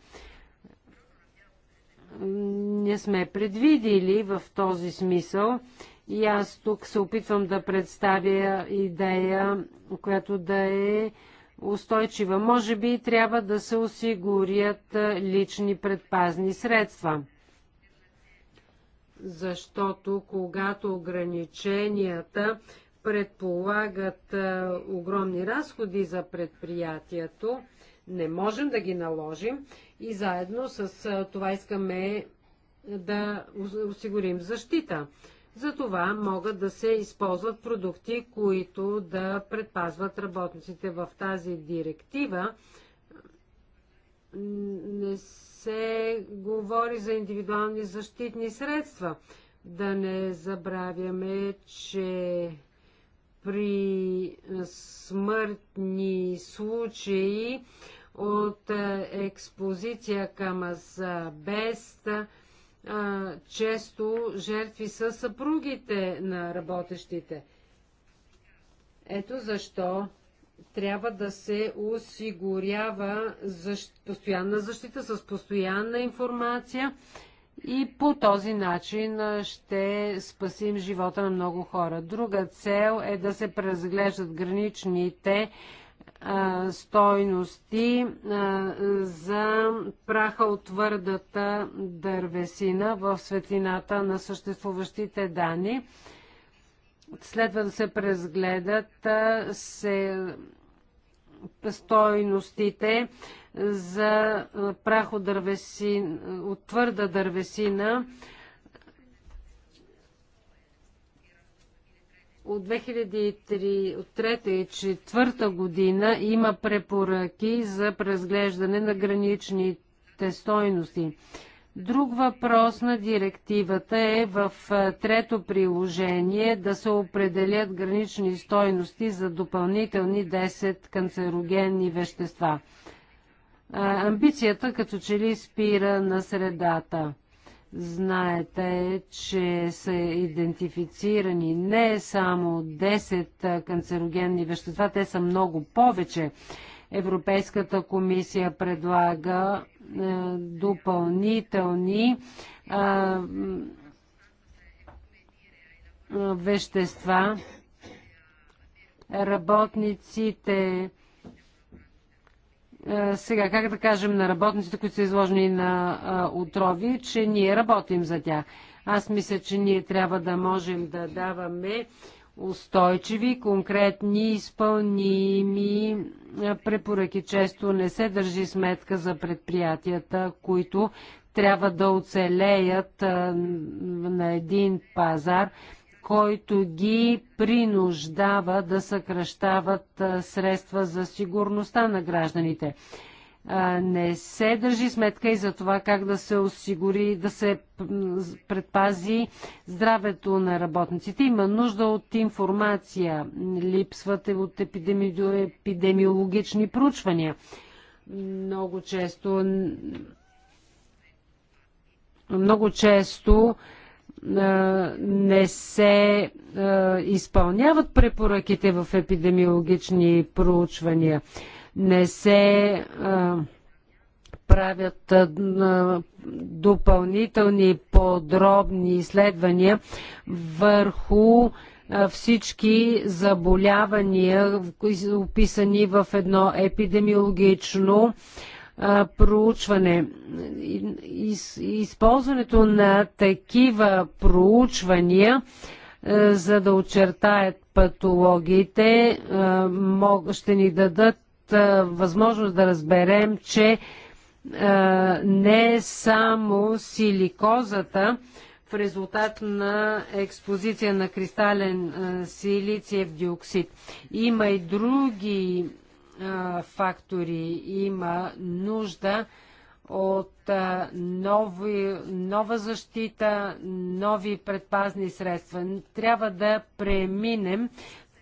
не сме предвидили в този смисъл. И аз тук се опитвам да представя идея, която да е устойчива. Може би трябва да се осигурят лични предпазни средства. Защото когато ограниченията предполагат огромни разходи за предприятието, не можем да ги наложим и заедно с това искаме да осигурим защита. Затова могат да се използват продукти, които да предпазват работниците в тази директива. Не се говори за индивидуални защитни средства. Да не забравяме, че при смъртни случаи от е, експозиция към азбест. Е, често жертви са съпругите на работещите. Ето защо трябва да се осигурява защ... постоянна защита с постоянна информация и по този начин е, ще спасим живота на много хора. Друга цел е да се преразглеждат граничните стойности за праха от твърдата дървесина в светлината на съществуващите данни. Следва да се презгледат се стойностите за прах от, дървесин, от твърда дървесина от 2003 и 2004 година има препоръки за преразглеждане на граничните стойности. Друг въпрос на директивата е в е, трето приложение да се определят гранични стойности за допълнителни 10 канцерогенни вещества. А, е, амбицията като че ли спира на средата. Знаете, че са идентифицирани не само 10 канцерогенни вещества, те са много повече. Европейската комисия предлага е, допълнителни е, вещества. Работниците е, сега, как да кажем на работниците, които са изложени на а, е, отрови, че ние работим за тях. Аз мисля, че ние трябва да можем да даваме устойчиви, конкретни, изпълними е, препоръки. Често не се държи сметка за предприятията, които трябва да оцелеят а, на един пазар който ги принуждава да съкръщават средства за сигурността на гражданите. Не се държи сметка и за това как да се осигури, да се предпази здравето на работниците. Има нужда от информация, липсват е от епидеми... епидемиологични проучвания. Много често много често не се изпълняват препоръките в епидемиологични проучвания, не се правят допълнителни подробни изследвания върху всички заболявания, описани в едно епидемиологично проучване. използването на такива проучвания, за да очертаят патологиите, ще ни дадат възможност да разберем, че не само силикозата в резултат на експозиция на кристален силициев диоксид. Има и други фактори. Има нужда от нови, нова защита, нови предпазни средства. Трябва да преминем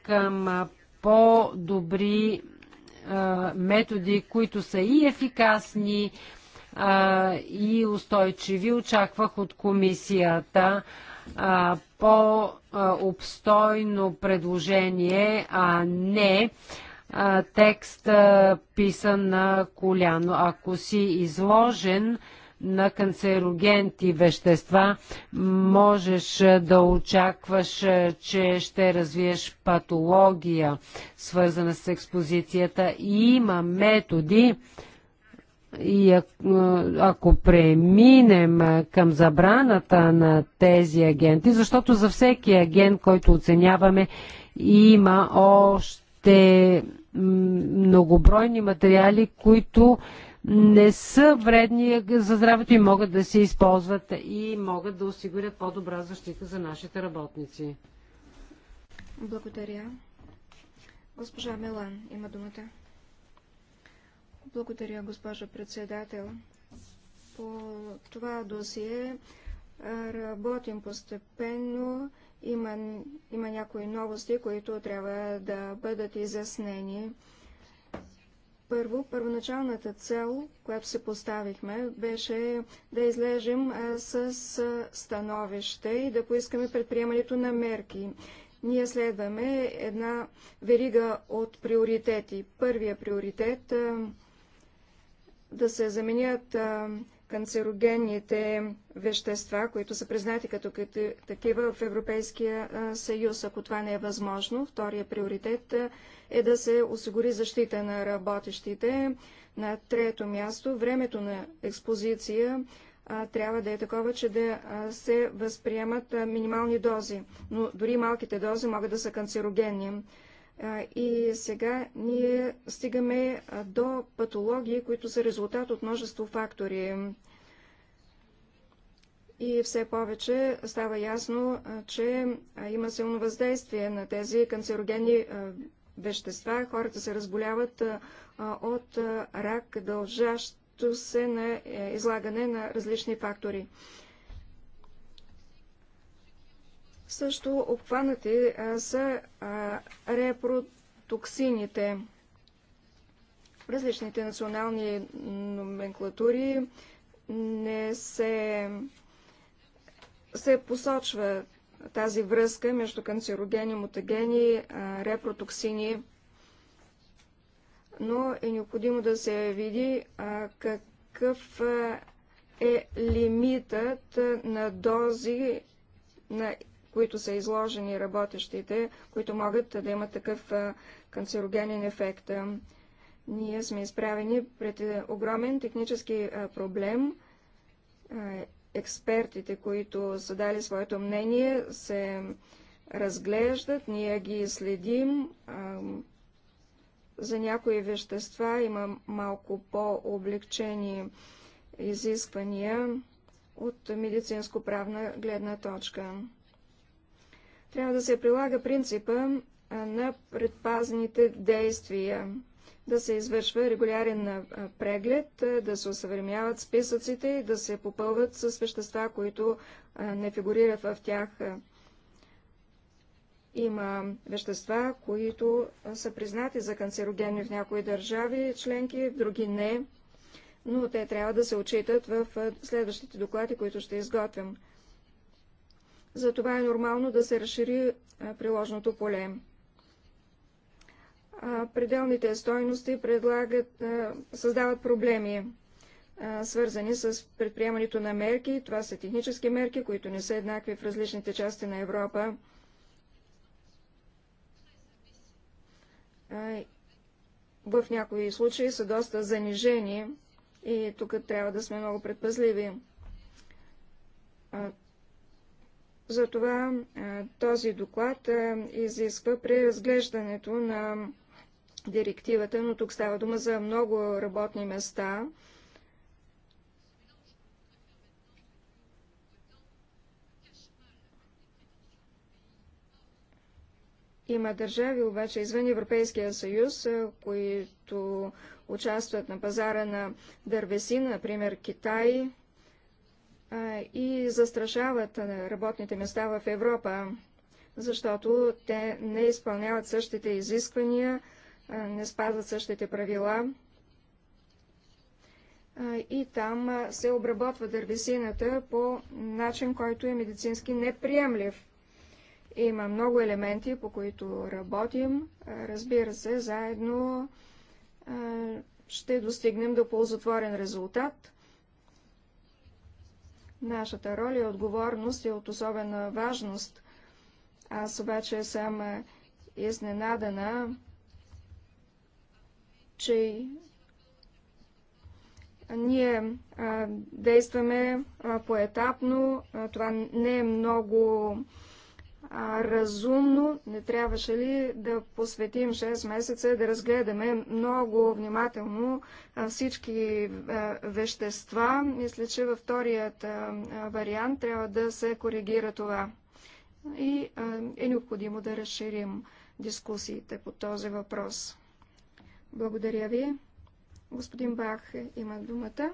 към по-добри методи, които са и ефикасни, и устойчиви. Очаквах от комисията по-обстойно предложение, а не текст писан на коляно. Ако си изложен на канцерогенти вещества, можеш да очакваш, че ще развиеш патология, свързана с експозицията. И има методи, и ако преминем към забраната на тези агенти, защото за всеки агент, който оценяваме, има още ще многобройни материали, които не са вредни за здравето и могат да се използват и могат да осигурят по-добра защита за нашите работници. Благодаря. Госпожа Мелан има думата. Благодаря, госпожа председател. По това досие работим постепенно. Има, има някои новости, които трябва да бъдат изяснени. Първо, първоначалната цел, която се поставихме, беше да излежим с становище и да поискаме предприемането на мерки. Ние следваме една верига от приоритети. Първия приоритет да се заменят канцерогенните вещества, които са признати като такива в Европейския съюз, ако това не е възможно. Втория приоритет е да се осигури защита на работещите. На трето място, времето на експозиция трябва да е такова, че да се възприемат минимални дози. Но дори малките дози могат да са канцерогенни. И сега ние стигаме до патологии, които са резултат от множество фактори. И все повече става ясно, че има силно въздействие на тези канцерогенни вещества. Хората се разболяват от рак, дължащо се на е, излагане на различни фактори. Също обхванати са репротоксините. репротоксините. Различните национални номенклатури не се, се посочва тази връзка между канцерогени, мутагени, репротоксини, но е необходимо да се види какъв е лимитът на дози на които са изложени работещите, които могат да имат такъв канцерогенен ефект. Ние сме изправени пред е, огромен технически проблем. Експертите, които са дали своето мнение, се разглеждат, ние ги следим. За някои вещества има малко по-облегчени изисквания от медицинско-правна гледна точка. Трябва да се прилага принципа на предпазните действия, да се извършва регулярен преглед, да се осъвремяват списъците и да се попълват с вещества, които не фигурират в тях. Има вещества, които са признати за канцерогенни в някои държави членки, в други не, но те трябва да се отчитат в следващите доклади, които ще изготвим. Затова е нормално да се разшири приложното поле. Пределните стойности предлагат, създават проблеми, свързани с предприемането на мерки. Това са технически мерки, които не са еднакви в различните части на Европа. В някои случаи са доста занижени и тук трябва да сме много предпазливи затова този доклад изисква при разглеждането на директивата, но тук става дума за много работни места. Има държави, обаче извън Европейския съюз, които участват на пазара на дървесина, например Китай, и застрашават работните места в Европа, защото те не изпълняват същите изисквания, не спазват същите правила. И там се обработва дървесината по начин, който е медицински неприемлив. Има много елементи, по които работим. Разбира се, заедно ще достигнем до ползотворен резултат – Нашата роля и отговорност е от особена важност. Аз обаче съм изненадана, че ние а, действаме а, поетапно. А, това не е много а, разумно, не трябваше ли да посветим 6 месеца да разгледаме много внимателно а, всички а, вещества. Мисля, че във вторият а, вариант трябва да се коригира това. И а, е необходимо да разширим дискусиите по този въпрос. Благодаря ви. Господин Бах има думата.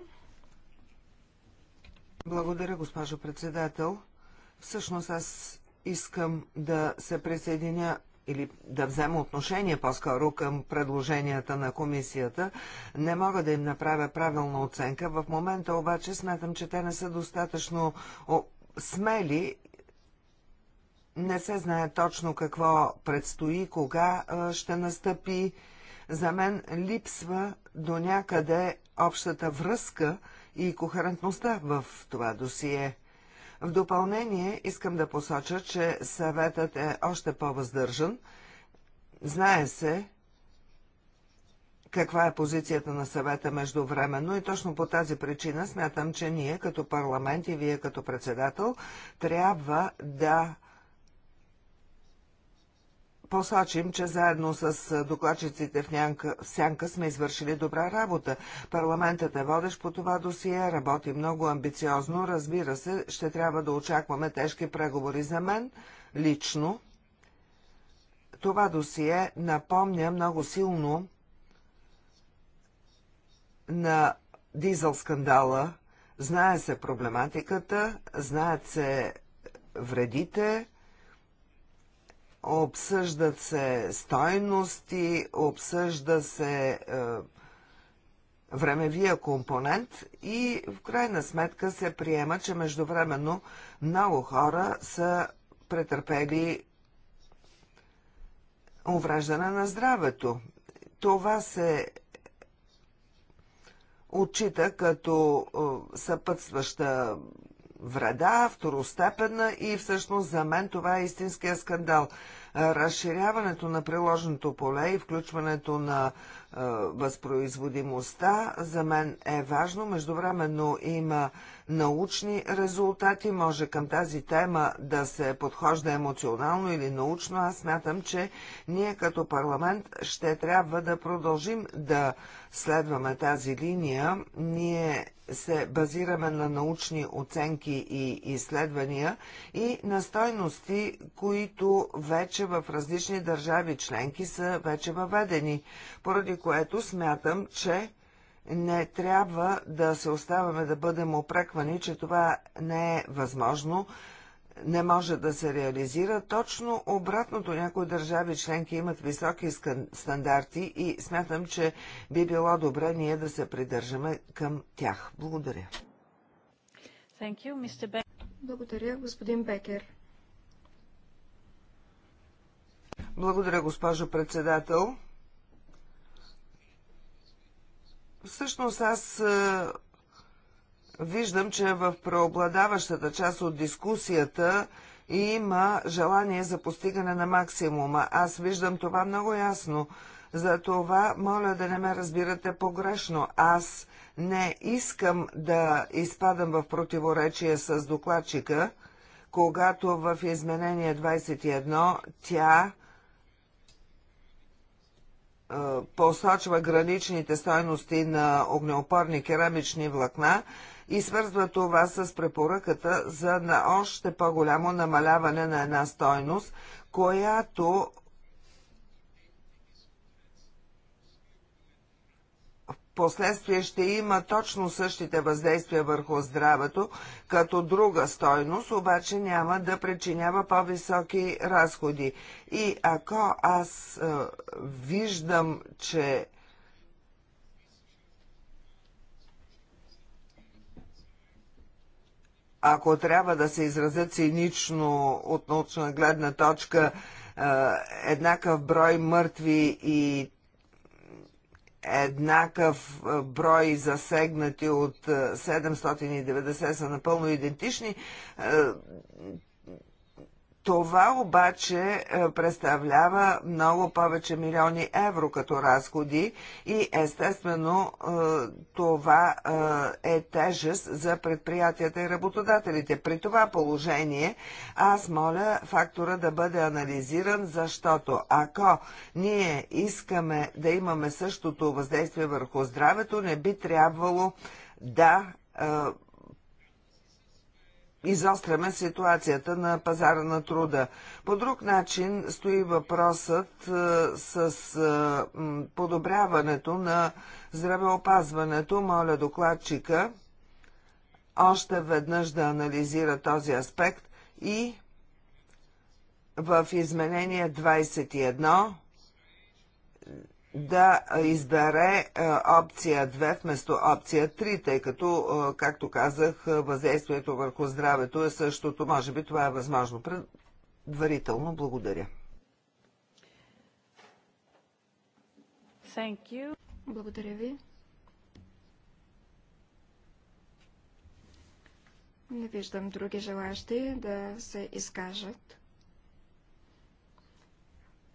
Благодаря, госпожо председател. Всъщност аз искам да се присъединя или да взема отношение по-скоро към предложенията на комисията. Не мога да им направя правилна оценка. В момента обаче смятам, че те не са достатъчно смели. Не се знае точно какво предстои, кога ще настъпи. За мен липсва до някъде общата връзка и кохерентността в това досие. В допълнение искам да посоча, че съветът е още по-въздържан. Знае се, каква е позицията на съвета междувременно и точно по тази причина смятам, че ние като парламент и вие като председател трябва да посочим, че заедно с докладчиците в, нянка, Сянка сме извършили добра работа. Парламентът е водещ по това досие, работи много амбициозно. Разбира се, ще трябва да очакваме тежки преговори за мен. Лично това досие напомня много силно на дизел скандала. Знае се проблематиката, знаят се вредите, обсъждат се стойности, обсъжда се е, времевия компонент и в крайна сметка се приема, че междувременно много хора са претърпели увреждане на здравето. Това се отчита като е, съпътстваща вреда, второстепенна и всъщност за мен това е истинския скандал. Е, разширяването на приложеното поле и включването на е, възпроизводимостта за мен е важно. Междувременно има научни резултати. Може към тази тема да се подхожда емоционално или научно. Аз смятам, че ние като парламент ще трябва да продължим да следваме тази линия. Ние се базираме на научни оценки и изследвания и на стойности, които вече в различни държави членки са вече въведени, поради което смятам, че не трябва да се оставаме да бъдем опреквани, че това не е възможно, не може да се реализира. Точно обратното, някои държави членки имат високи стандарти и смятам, че би било добре ние да се придържаме към тях. Благодаря. You, Благодаря, господин Бекер. Благодаря, госпожо председател. Всъщност аз виждам, че в преобладаващата част от дискусията има желание за постигане на максимума. Аз виждам това много ясно. За това моля да не ме разбирате погрешно. Аз не искам да изпадам в противоречие с докладчика, когато в изменение 21 тя посочва граничните стойности на огнеопорни керамични влакна, и свързва това с препоръката за на още по-голямо намаляване на една стойност, която в последствие ще има точно същите въздействия върху здравето, като друга стойност, обаче няма да причинява по-високи разходи. И ако аз е, виждам, че ако трябва да се изразя цинично от научна гледна точка, е, еднакъв брой мъртви и еднакъв брой засегнати от 790 е, са напълно идентични, е, това обаче е, представлява много повече милиони евро като разходи и естествено е, това е, е тежест за предприятията и работодателите. При това положение аз моля фактора да бъде анализиран, защото ако ние искаме да имаме същото въздействие върху здравето, не би трябвало да изостряме ситуацията на пазара на труда. По друг начин стои въпросът е, с е, подобряването на здравеопазването. Моля докладчика още веднъж да анализира този аспект и в изменение 21 да избере опция 2 вместо опция 3, тъй като, както казах, въздействието върху здравето е същото. Може би това е възможно. Предварително благодаря. Thank you. Благодаря ви. Не виждам други желащи да се изкажат.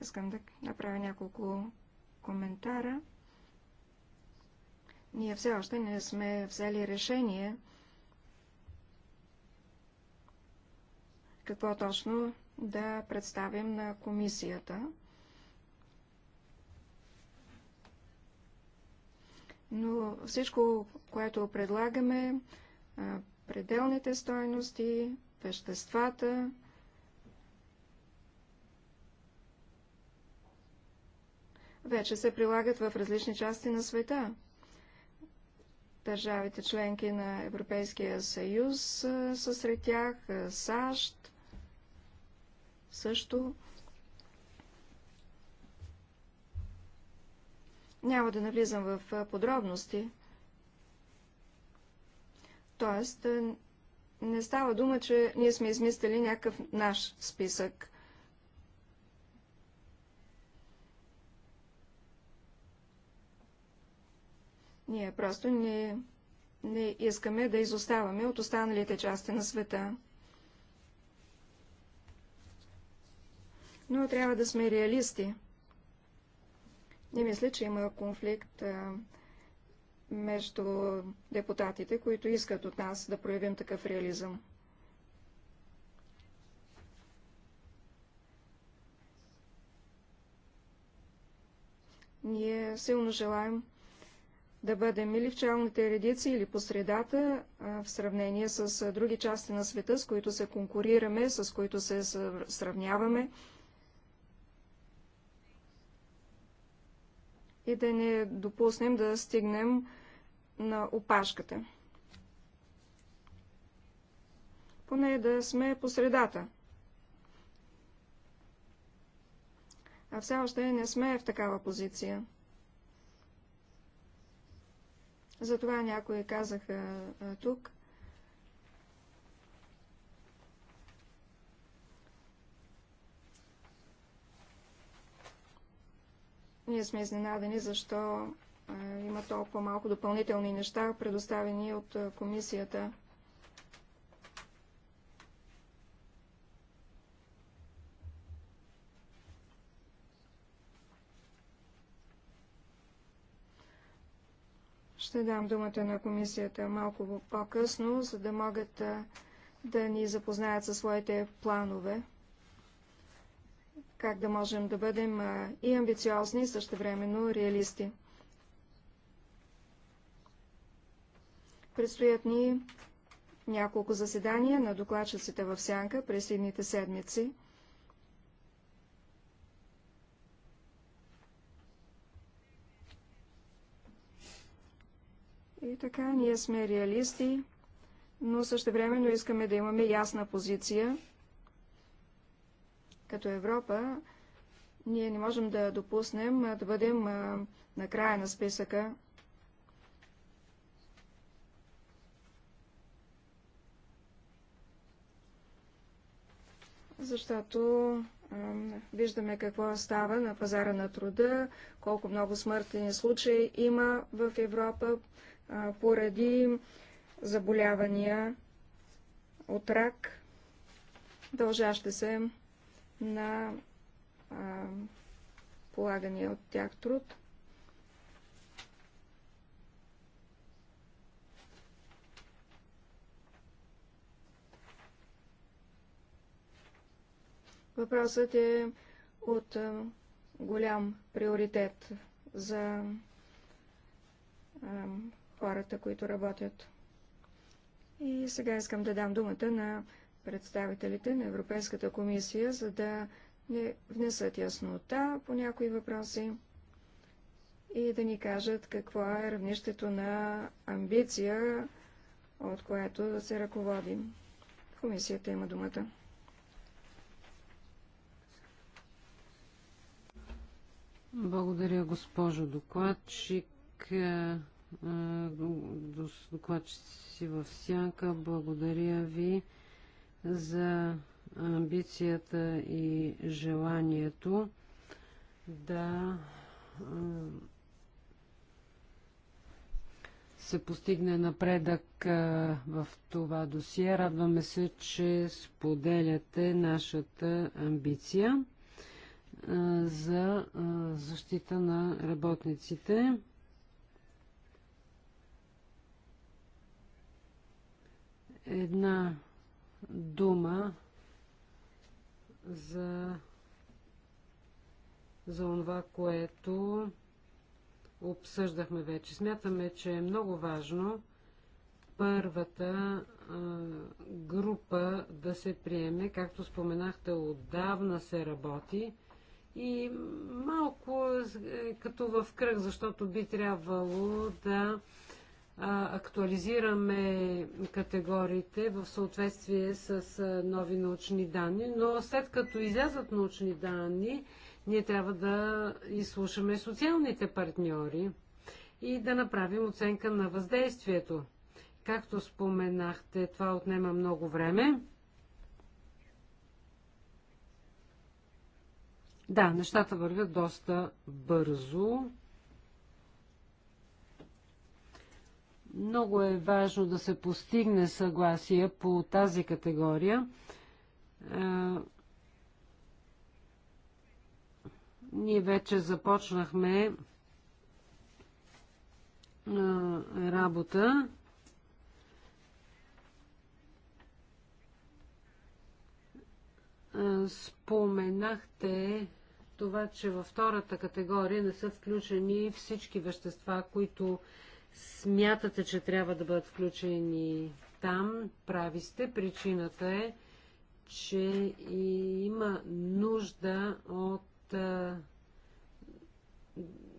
Искам да направя няколко коментара. Ние все още не сме взели решение какво точно да представим на комисията. Но всичко, което предлагаме, пределните стойности, веществата, вече се прилагат в различни части на света. Държавите членки на Европейския съюз са сред тях, САЩ също. Няма да навлизам в подробности. Тоест, не става дума, че ние сме измислили някакъв наш списък. Ние просто не, не искаме да изоставаме от останалите части на света. Но трябва да сме реалисти. Не мисля, че има конфликт а, между депутатите, които искат от нас да проявим такъв реализъм. Ние силно желаем да бъдем или в челните редици, или по средата, в сравнение с други части на света, с които се конкурираме, с които се сравняваме. И да не допуснем да стигнем на опашката. Поне да сме по средата. А все още не сме в такава позиция. Затова някои казаха тук. Ние сме изненадени, защо има толкова малко допълнителни неща, предоставени от комисията. Ще дам думата на комисията малко по-късно, за да могат да ни запознаят със своите планове, как да можем да бъдем и амбициозни, и същевременно реалисти. Предстоят ни няколко заседания на докладчиците в Сянка през следните седмици. И така, ние сме реалисти, но същевременно искаме да имаме ясна позиция. Като Европа, ние не можем да допуснем да бъдем на края на списъка. Защото виждаме какво става на пазара на труда, колко много смъртни случаи има в Европа поради заболявания от рак, дължащи се на полагания от тях труд. Въпросът е от голям приоритет за хората, които работят. И сега искам да дам думата на представителите на Европейската комисия, за да не внесат яснота по някои въпроси и да ни кажат какво е равнището на амбиция, от което да се ръководим. Комисията има думата. Благодаря, госпожо докладчик докладчици в сянка. Благодаря ви за амбицията и желанието да се постигне напредък в това досие. Радваме се, че споделяте нашата амбиция за защита на работниците. една дума за, за това, което обсъждахме вече. Смятаме, че е много важно първата а, група да се приеме. Както споменахте, отдавна се работи и малко е, като в кръг, защото би трябвало да актуализираме категориите в съответствие с нови научни данни, но след като излязат научни данни, ние трябва да изслушаме социалните партньори и да направим оценка на въздействието. Както споменахте, това отнема много време. Да, нещата вървят доста бързо. Много е важно да се постигне съгласие по тази категория. Ние вече започнахме работа. Споменахте това, че във втората категория не са включени всички вещества, които смятате, че трябва да бъдат включени там, прави сте. Причината е, че има нужда от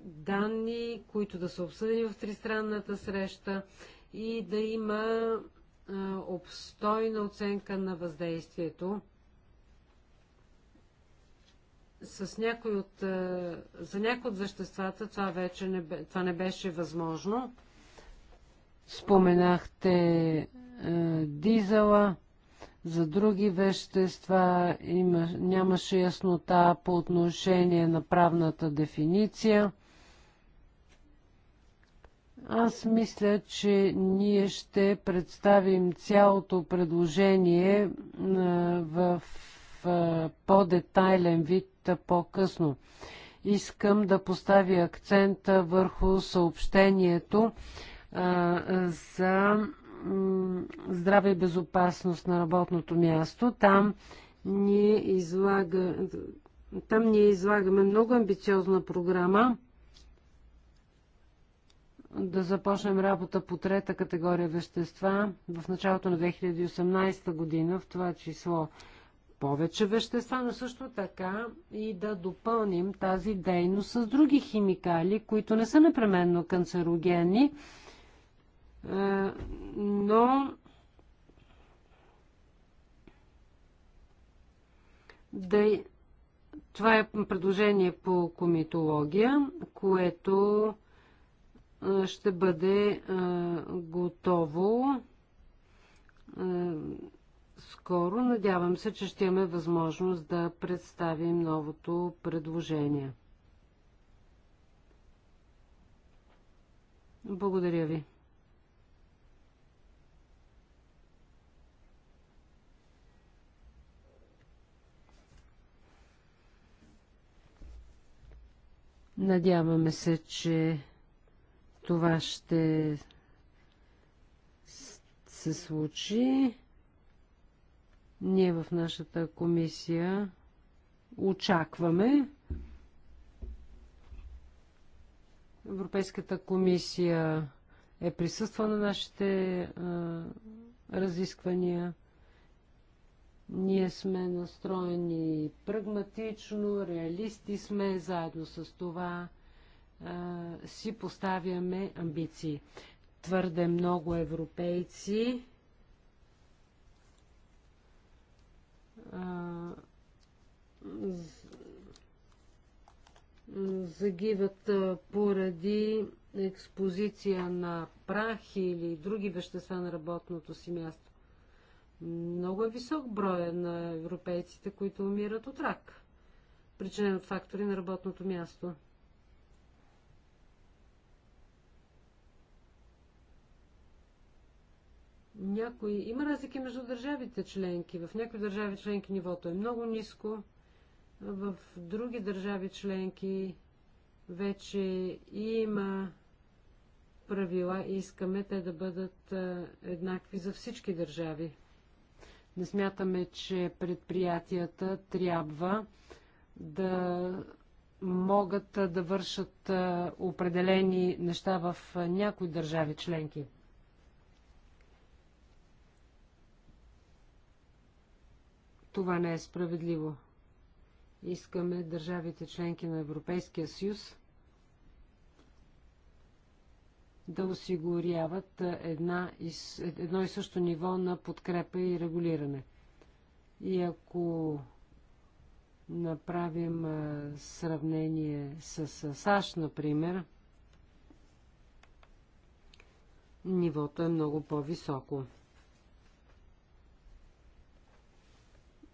данни, които да са обсъдени в тристранната среща и да има обстойна оценка на въздействието. С някой от, за някои от веществата това вече не, това не беше възможно. Споменахте е, дизела, за други вещества има, нямаше яснота по отношение на правната дефиниция. Аз мисля, че ние ще представим цялото предложение е, в е, по-детайлен вид по-късно искам да поставя акцента върху съобщението за здраве и безопасност на работното място. Там ние, излага, там ние излагаме много амбициозна програма да започнем работа по трета категория вещества в началото на 2018 година, в това число повече вещества, но също така и да допълним тази дейност с други химикали, които не са непременно канцерогенни, но да това е предложение по комитология, което ще бъде готово скоро. Надявам се, че ще имаме възможност да представим новото предложение. Благодаря ви. Надяваме се, че това ще се случи. Ние в нашата комисия очакваме Европейската комисия е присъства на нашите а, разисквания. Ние сме настроени прагматично, реалисти сме, заедно с това а, си поставяме амбиции. Твърде много европейци а, загиват поради експозиция на прах или други вещества на работното си място. Много е висок броя на европейците, които умират от рак, причинен от фактори на работното място. Някои... Има разлики между държавите членки. В някои държави членки нивото е много ниско, в други държави членки вече има правила и искаме те да бъдат еднакви за всички държави. Не смятаме, че предприятията трябва да могат да вършат определени неща в някои държави членки. Това не е справедливо. Искаме държавите членки на Европейския съюз да осигуряват една, едно и също ниво на подкрепа и регулиране. И ако направим сравнение с САЩ, например, нивото е много по-високо.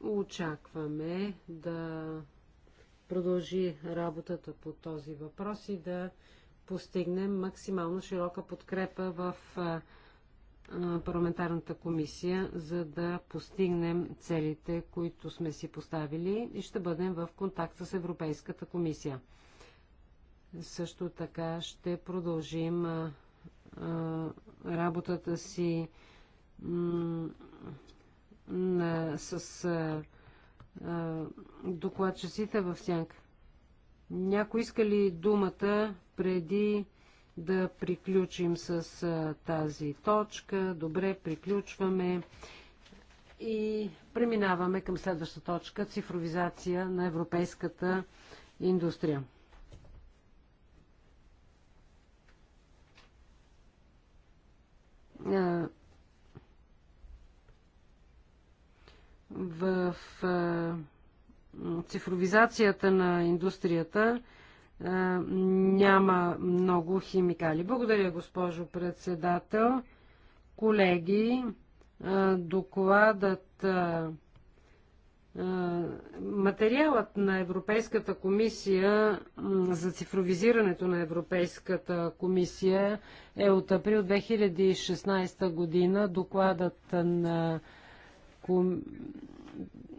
Очакваме да продължи работата по този въпрос и да постигнем максимално широка подкрепа в парламентарната комисия, за да постигнем целите, които сме си поставили и ще бъдем в контакт с Европейската комисия. Също така ще продължим работата си с докладчиците в сянка. Някой иска ли думата преди да приключим с тази точка. Добре, приключваме и преминаваме към следващата точка цифровизация на европейската индустрия. В цифровизацията на индустрията няма много химикали. Благодаря, госпожо председател. Колеги, докладът, материалът на Европейската комисия за цифровизирането на Европейската комисия е от април 2016 година. Докладът на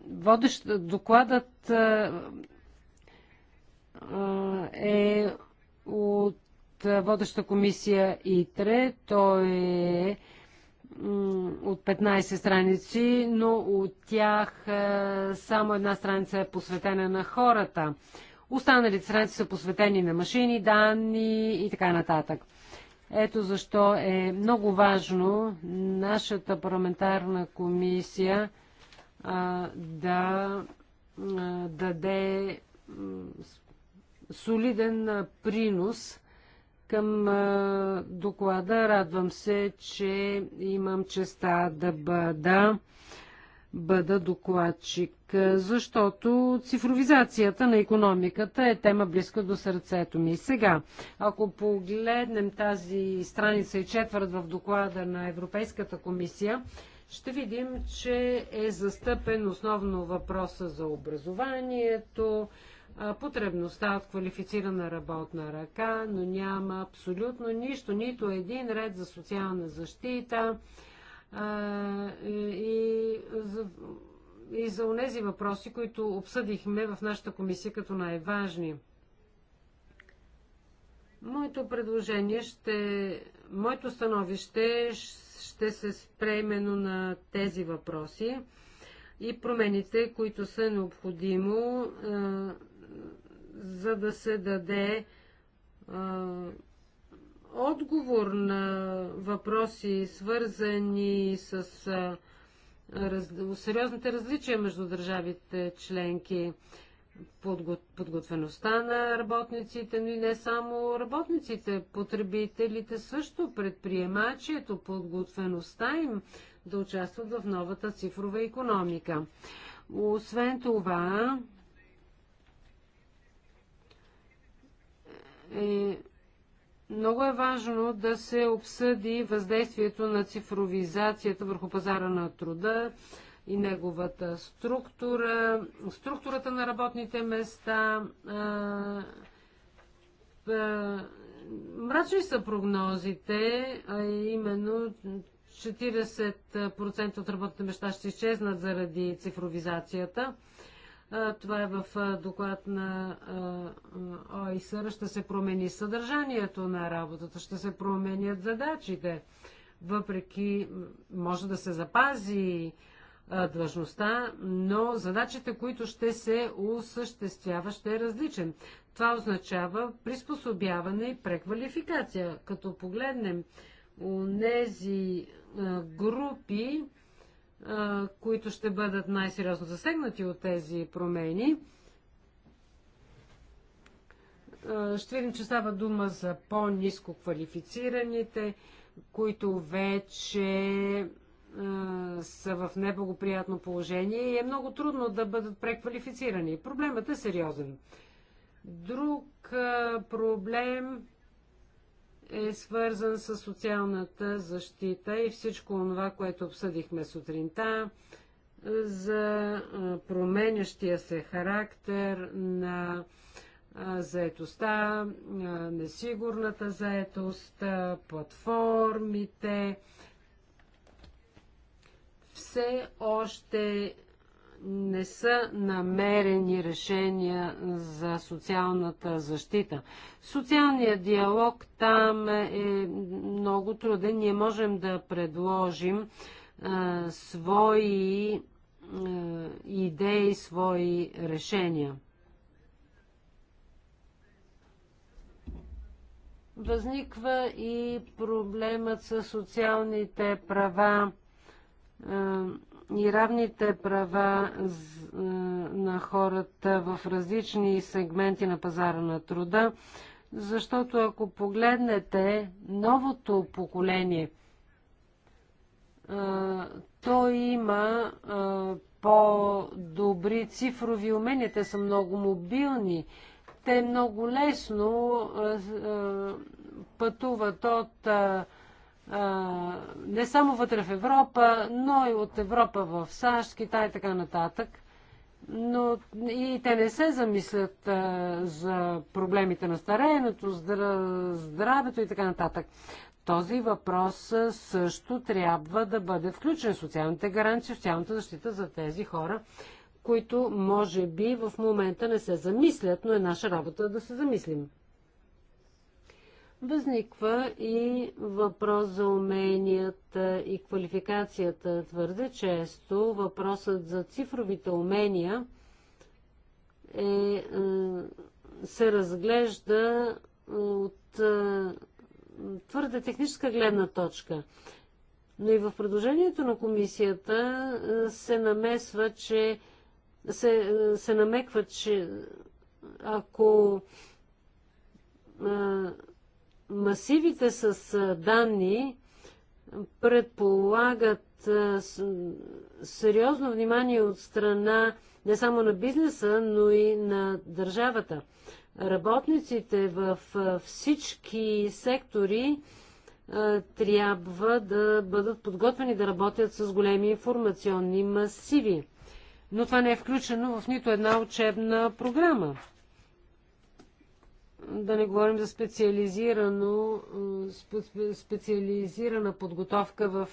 Водещ, докладът е от водеща комисия ИТРЕ. Той е от 15 страници, но от тях е, само една страница е посветена на хората. Останалите страници са посветени на машини, данни и така нататък. Ето защо е много важно нашата парламентарна комисия а, да а, даде солиден принос към доклада. Радвам се, че имам честа да бъда, бъда докладчик, защото цифровизацията на економиката е тема близка до сърцето ми. Сега, ако погледнем тази страница и четвърт в доклада на Европейската комисия, ще видим, че е застъпен основно въпроса за образованието, потребността от квалифицирана работна ръка, но няма абсолютно нищо, нито един ред за социална защита и, за, и за онези въпроси, които обсъдихме в нашата комисия като най-важни. Моето предложение ще, моето становище ще се спре именно на тези въпроси и промените, които са необходимо за да се даде а, отговор на въпроси, свързани с а, раз, сериозните различия между държавите членки, подго, подготвеността на работниците, но и не само работниците, потребителите също, предприемачието, подготвеността им да участват в новата цифрова економика. Освен това, е много е важно да се обсъди въздействието на цифровизацията върху пазара на труда и неговата структура, структурата на работните места. Мрачни са прогнозите, а именно 40% от работните места ще изчезнат заради цифровизацията. Това е в доклад на ОИСР. Ще се промени съдържанието на работата, ще се променят задачите. Въпреки, може да се запази длъжността, но задачите, които ще се осъществява, ще е различен. Това означава приспособяване и преквалификация. Като погледнем у нези групи, които ще бъдат най-сериозно засегнати от тези промени. Ще видим, че става дума за по-низко квалифицираните, които вече са в неблагоприятно положение и е много трудно да бъдат преквалифицирани. Проблемът е сериозен. Друг проблем е свързан с социалната защита и всичко това, което обсъдихме сутринта е, за е, променящия се характер на е, заетостта, несигурната заетост, платформите. Все още не са намерени решения за социалната защита. Социалният диалог там е много труден. Ние можем да предложим а, свои а, идеи, свои решения. Възниква и проблемът с социалните права. А, и равните права е, на хората в различни сегменти на пазара на труда, защото ако погледнете новото поколение, е, то има е, по-добри цифрови умения, те са много мобилни, те много лесно пътуват от не само вътре в Европа, но и от Европа в САЩ, Китай и така нататък. Но и те не се замислят а, за проблемите на стареенето, здравето и така нататък. Този въпрос също трябва да бъде включен. Социалните гаранции, социалната защита за тези хора, които може би в момента не се замислят, но е наша работа да се замислим. Възниква и въпрос за уменията и квалификацията. Твърде често въпросът за цифровите умения е, е се разглежда от е, твърде техническа гледна точка. Но и в предложението на комисията е, се намесва, че се, се намеква, че ако масивите с данни предполагат сериозно внимание от страна не само на бизнеса, но и на държавата. Работниците в всички сектори трябва да бъдат подготвени да работят с големи информационни масиви. Но това не е включено в нито една учебна програма. Да не говорим за специализирано, специализирана подготовка в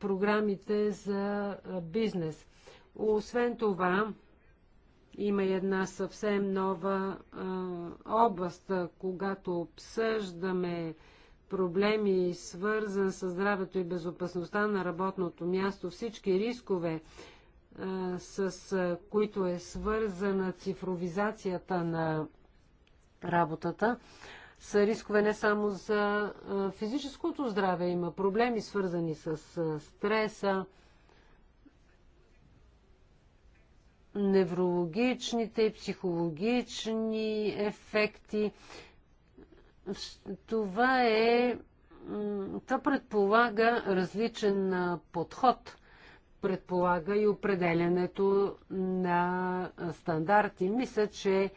програмите за бизнес. Освен това, има една съвсем нова област, когато обсъждаме проблеми, свързан с здравето и безопасността на работното място, всички рискове, с които е свързана цифровизацията на работата, са рискове не само за физическото здраве. Има проблеми, свързани с стреса, неврологичните и психологични ефекти. Това е. Това предполага различен подход – предполага и определенето на стандарти. Мисля, че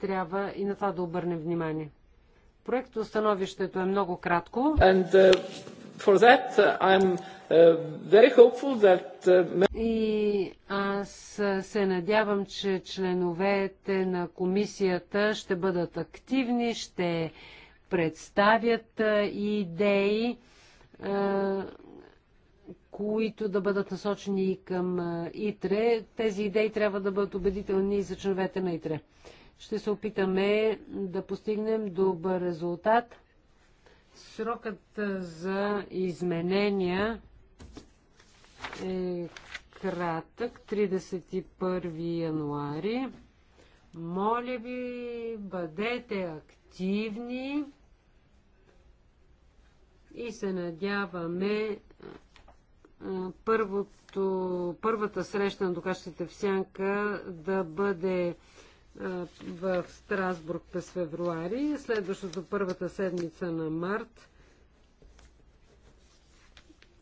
трябва и на това да обърнем внимание. Проекто становището е много кратко. And, uh, for that, uh, I'm, uh, very that, uh, И аз се надявам, че членовете на комисията ще бъдат активни, ще представят идеи които да бъдат насочени към ИТРЕ. Тези идеи трябва да бъдат убедителни за членовете на ИТРЕ. Ще се опитаме да постигнем добър резултат. Срокът за изменения е кратък, 31 януари. Моля ви, бъдете активни и се надяваме първото, първата среща на докащата в Сянка да бъде в Страсбург през февруари, следващото първата седмица на март.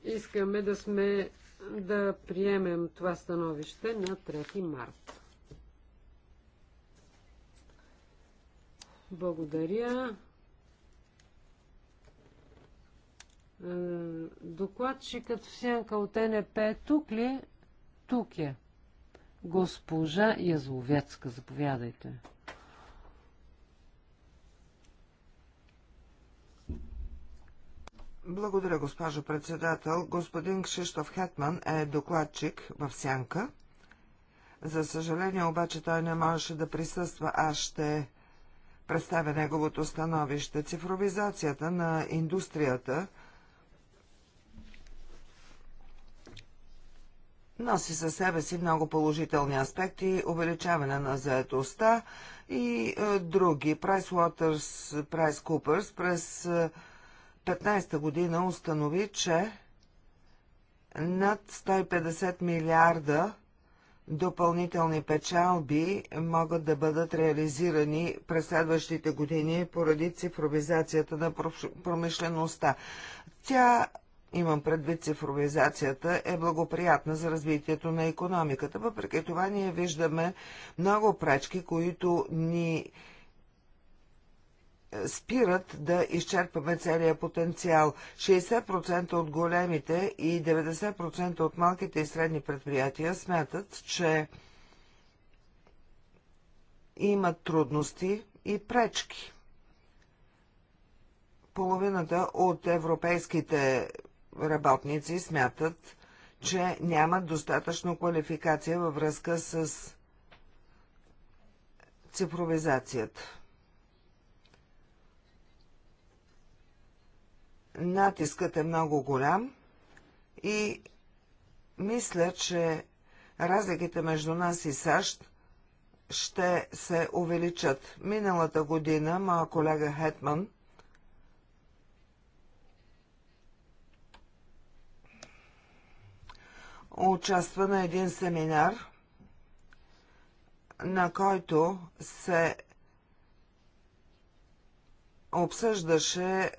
Искаме да сме да приемем това становище на 3 март. Благодаря. Е, докладчикът в сянка от НП е тук ли? Тук е. Госпожа Язловецка, заповядайте. Благодаря, госпожо председател. Господин Кшиштоф Хетман е докладчик в Сянка. За съжаление обаче той не можеше да присъства, аз ще представя неговото становище. Цифровизацията на индустрията – носи със себе си много положителни аспекти, увеличаване на заетостта и е, други. Price Coopers през е, 15-та година установи, че над 150 милиарда допълнителни печалби могат да бъдат реализирани през следващите години поради цифровизацията на промишлеността. Тя имам предвид цифровизацията, е благоприятна за развитието на економиката. Въпреки това ние виждаме много пречки, които ни спират да изчерпаме целия потенциал. 60% от големите и 90% от малките и средни предприятия смятат, че имат трудности и пречки. Половината от европейските работници смятат, че нямат достатъчно квалификация във връзка с цифровизацията. Натискът е много голям и мисля, че разликите между нас и САЩ ще се увеличат. Миналата година моя колега Хетман участва на един семинар, на който се обсъждаше е,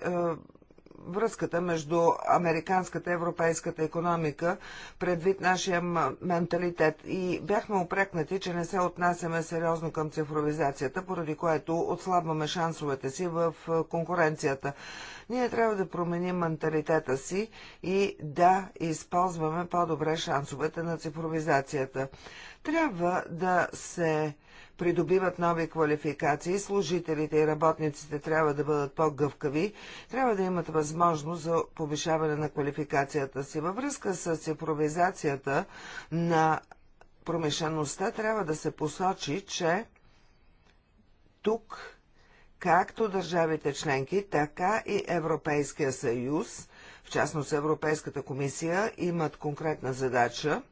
връзката между американската и европейската економика предвид нашия менталитет и бяхме опрекнати, че не се отнасяме сериозно към цифровизацията, поради което отслабваме шансовете си в е, конкуренцията. Ние трябва да променим менталитета си и да използваме по-добре шансовете на цифровизацията. Трябва да се придобиват нови квалификации, служителите и работниците трябва да бъдат по-гъвкави, трябва да имат възможност за повишаване на квалификацията си. Във връзка с цифровизацията на промишлеността трябва да се посочи, че тук както държавите членки, така и Европейския съюз, в частност Европейската комисия, имат конкретна задача.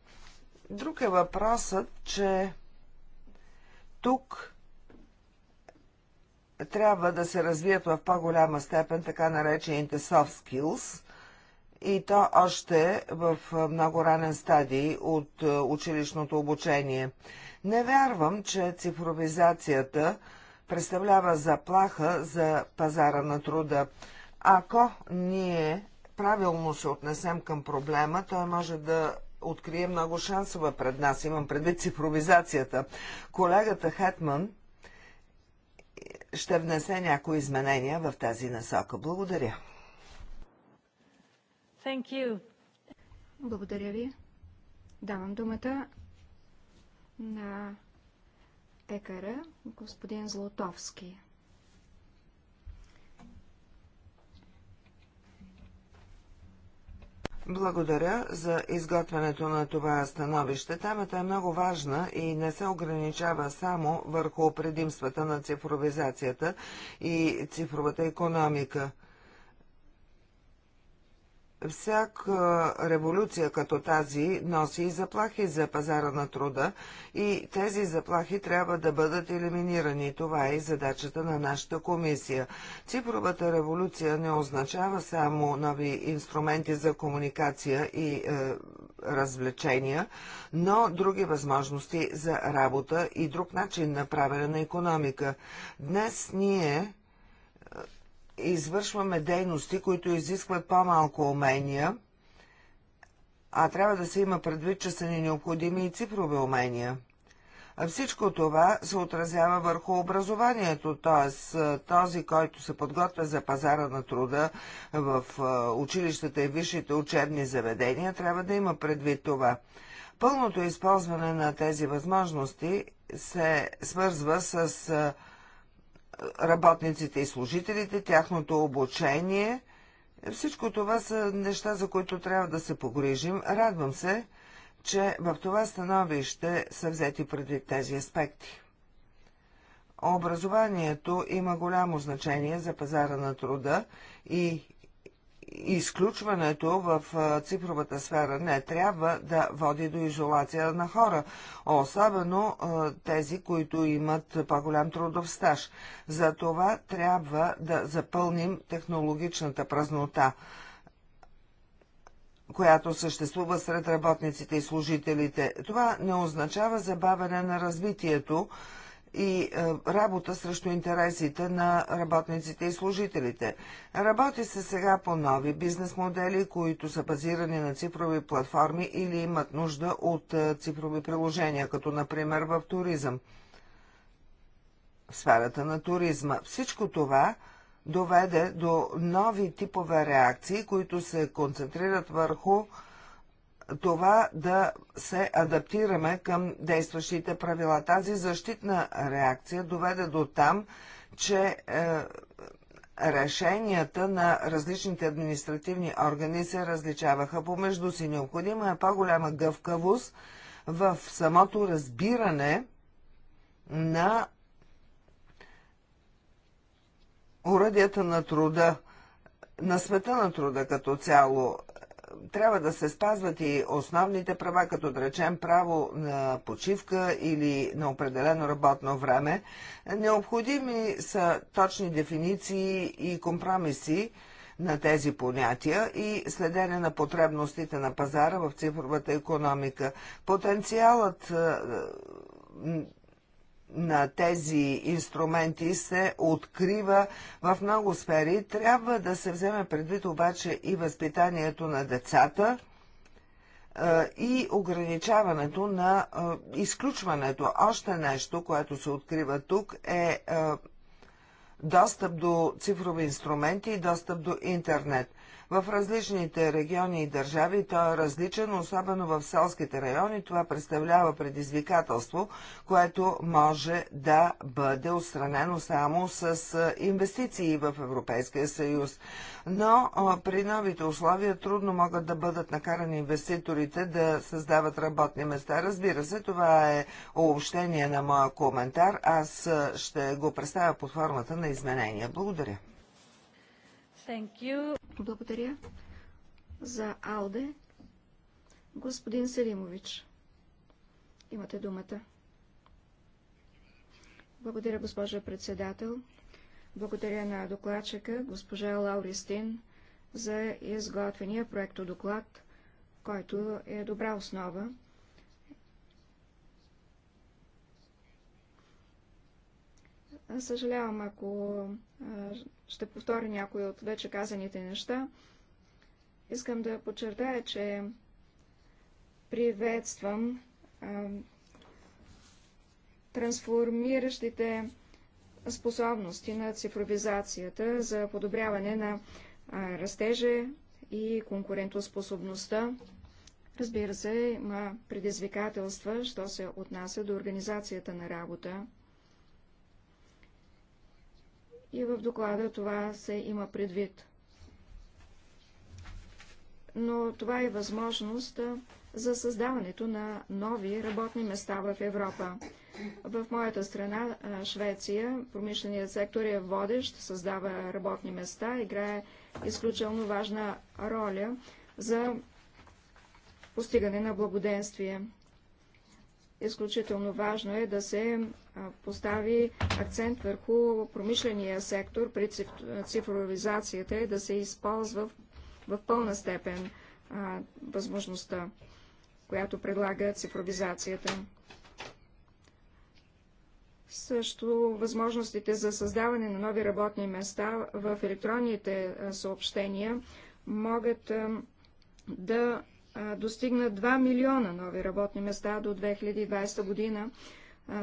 Друг е въпросът, че тук трябва да се развият в по-голяма степен така наречените soft skills и то още в много ранен стадий от е, училищното обучение. Не вярвам, че цифровизацията представлява заплаха за пазара на труда. Ако ние правилно се отнесем към проблема, той може да открие много шансове пред нас. Имам предвид цифровизацията. Колегата Хетман ще внесе някои изменения в тази насока. Благодаря. Thank you. Благодаря ви. Давам думата на пекара господин Злотовски. Благодаря за изготвянето на това становище. Темата е много важна и не се ограничава само върху предимствата на цифровизацията и цифровата економика всяка революция като тази носи и заплахи за пазара на труда и тези заплахи трябва да бъдат елиминирани. Това е и задачата на нашата комисия. Цифровата революция не означава само нови инструменти за комуникация и е, развлечения, но други възможности за работа и друг начин на правене на економика. Днес ние извършваме дейности, които изискват по-малко умения, а трябва да се има предвид, че са ни необходими и цифрови умения. А всичко това се отразява върху образованието, т.е. този, който се подготвя за пазара на труда в училищата и висшите учебни заведения, трябва да има предвид това. Пълното използване на тези възможности се свързва с работниците и служителите, тяхното обучение. Всичко това са неща, за които трябва да се погрижим. Радвам се, че в това становище са взети преди тези аспекти. Образованието има голямо значение за пазара на труда и изключването в цифровата сфера не трябва да води до изолация на хора, особено тези, които имат по-голям трудов стаж. За това трябва да запълним технологичната празнота която съществува сред работниците и служителите. Това не означава забавяне на развитието, и е, работа срещу интересите на работниците и служителите. Работи се сега по нови бизнес модели, които са базирани на цифрови платформи или имат нужда от е, цифрови приложения, като например в туризъм. В сферата на туризма. Всичко това доведе до нови типове реакции, които се концентрират върху това да се адаптираме към действащите правила. Тази защитна реакция доведе до там, че е, решенията на различните административни органи се различаваха помежду си. Необходима е по-голяма гъвкавост в самото разбиране на уредията на труда, на света на труда като цяло трябва да се спазват и основните права, като да речем право на почивка или на определено работно време. Необходими са точни дефиниции и компромиси на тези понятия и следене на потребностите на пазара в цифровата економика. Потенциалът е, на тези инструменти се открива в много сфери. Трябва да се вземе предвид обаче и възпитанието на децата е, и ограничаването на е, изключването. Още нещо, което се открива тук е, е достъп до цифрови инструменти и достъп до интернет. В различните региони и държави той е различен, особено в селските райони. Това представлява предизвикателство, което може да бъде устранено само с инвестиции в Европейския съюз. Но при новите условия трудно могат да бъдат накарани инвеститорите да създават работни места. Разбира се, това е обобщение на моя коментар. Аз ще го представя под формата на изменения. Благодаря. Thank you. Благодаря. За Алде, господин Селимович. Имате думата. Благодаря, госпожа председател. Благодаря на докладчика, госпожа Лауристин, за изготвения доклад, който е добра основа Съжалявам, ако ще повторя някои от вече казаните неща. Искам да подчертая, че приветствам трансформиращите способности на цифровизацията за подобряване на растеже и конкурентоспособността. Разбира се, има предизвикателства, що се отнася до организацията на работа и в доклада това се има предвид. Но това е възможност за създаването на нови работни места в Европа. В моята страна, Швеция, промишленият сектор е водещ, създава работни места, играе изключително важна роля за постигане на благоденствие. Изключително важно е да се постави акцент върху промишления сектор при цифровизацията и да се използва в пълна степен а, възможността, която предлага цифровизацията. Също възможностите за създаване на нови работни места в електронните съобщения могат да достигнат 2 милиона нови работни места до 2020 година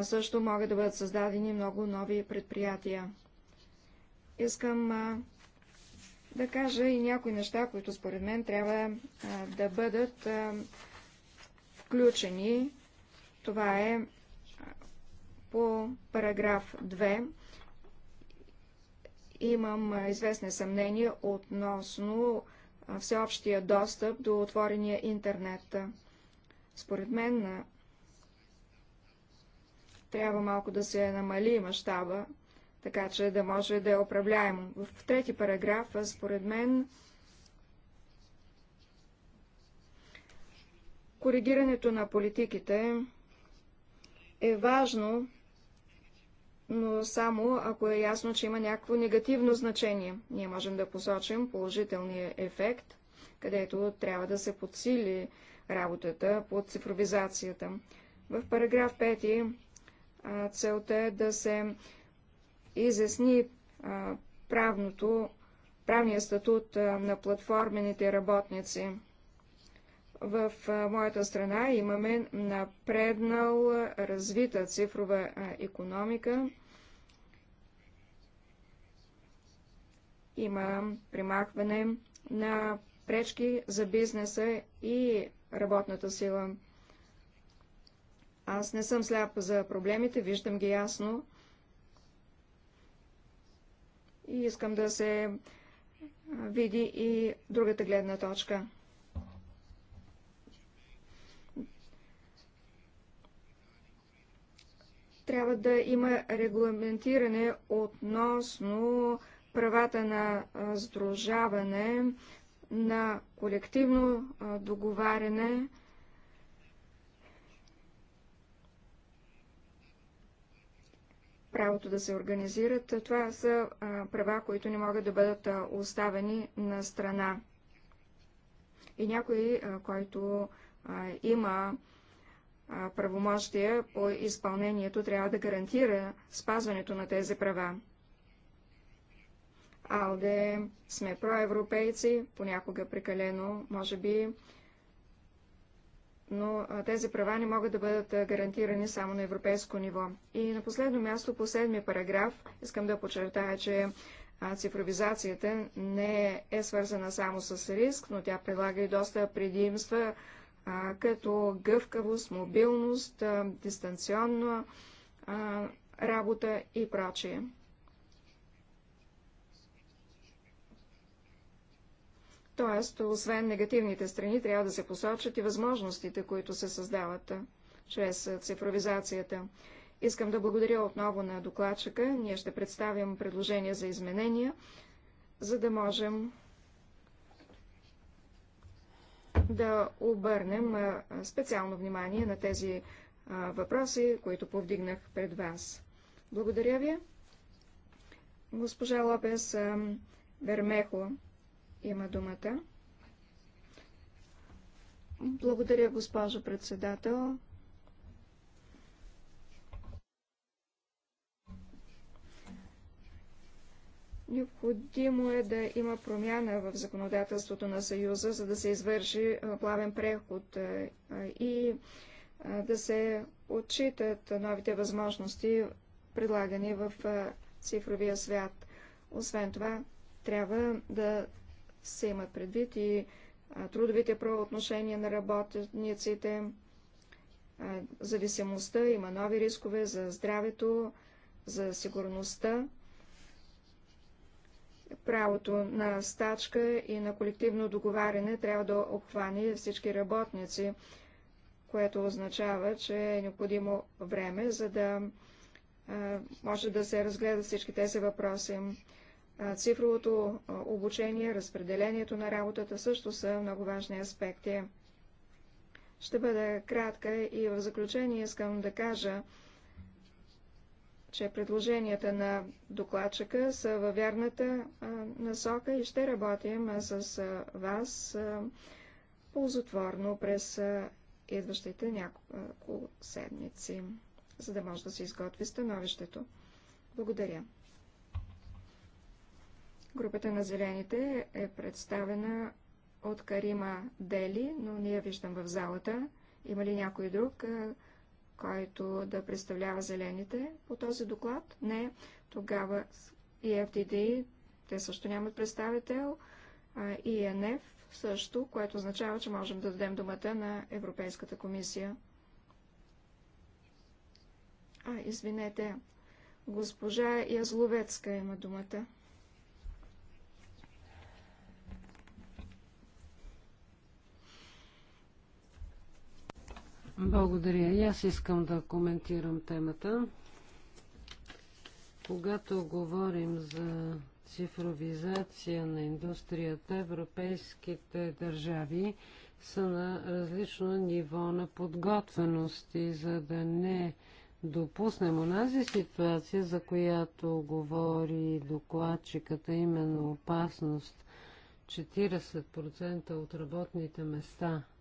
също могат да бъдат създадени много нови предприятия. Искам да кажа и някои неща, които според мен трябва да бъдат включени. Това е по параграф 2 имам известни съмнения относно всеобщия достъп до отворения интернет. Според мен трябва малко да се намали мащаба, така че да може да е управляемо. В трети параграф, според мен, коригирането на политиките е важно, но само ако е ясно, че има някакво негативно значение. Ние можем да посочим положителния ефект, където трябва да се подсили работата по цифровизацията. В параграф 5 Целта е да се изясни правното, правния статут на платформените работници. В моята страна имаме напреднал развита цифрова економика. Има примахване на пречки за бизнеса и работната сила. Аз не съм сляп за проблемите, виждам ги ясно. И искам да се види и другата гледна точка. Трябва да има регламентиране относно правата на сдружаване, на колективно договаряне, правото да се организират. Това са права, които не могат да бъдат оставени на страна. И някой, който има правомощия по изпълнението, трябва да гарантира спазването на тези права. Алде сме проевропейци, понякога прекалено, може би но тези права не могат да бъдат гарантирани само на европейско ниво. И на последно място, по седми параграф, искам да подчертая, че цифровизацията не е свързана само с риск, но тя предлага и доста предимства, като гъвкавост, мобилност, дистанционна работа и прочие. Тоест, освен негативните страни, трябва да се посочат и възможностите, които се създават чрез цифровизацията. Искам да благодаря отново на докладчика. Ние ще представим предложения за изменения, за да можем да обърнем специално внимание на тези въпроси, които повдигнах пред вас. Благодаря ви. Госпожа Лопес Вермехо има думата. Благодаря, госпожо председател. Необходимо е да има промяна в законодателството на Съюза, за да се извърши плавен преход и да се отчитат новите възможности, предлагани в цифровия свят. Освен това, трябва да се имат предвид и трудовите правоотношения на работниците, зависимостта, има нови рискове за здравето, за сигурността, правото на стачка и на колективно договаряне трябва да обхване всички работници, което означава, че е необходимо време, за да може да се разгледат всички тези въпроси. Цифровото обучение, разпределението на работата също са много важни аспекти. Ще бъда кратка и в заключение искам да кажа, че предложенията на докладчика са във вярната насока и ще работим с вас ползотворно през идващите няколко седмици, за да може да се изготви становището. Благодаря. Групата на зелените е представена от Карима Дели, но не я виждам в залата. Има ли някой друг, който да представлява зелените по този доклад? Не. Тогава и FDD, те също нямат представител, и ЕНФ също, което означава, че можем да дадем думата на Европейската комисия. А, извинете, госпожа Язловецка има думата. Благодаря. И аз искам да коментирам темата. Когато говорим за цифровизация на индустрията, европейските държави са на различно ниво на подготвеност и за да не допуснем онази ситуация, за която говори докладчиката, именно опасност 40% от работните места –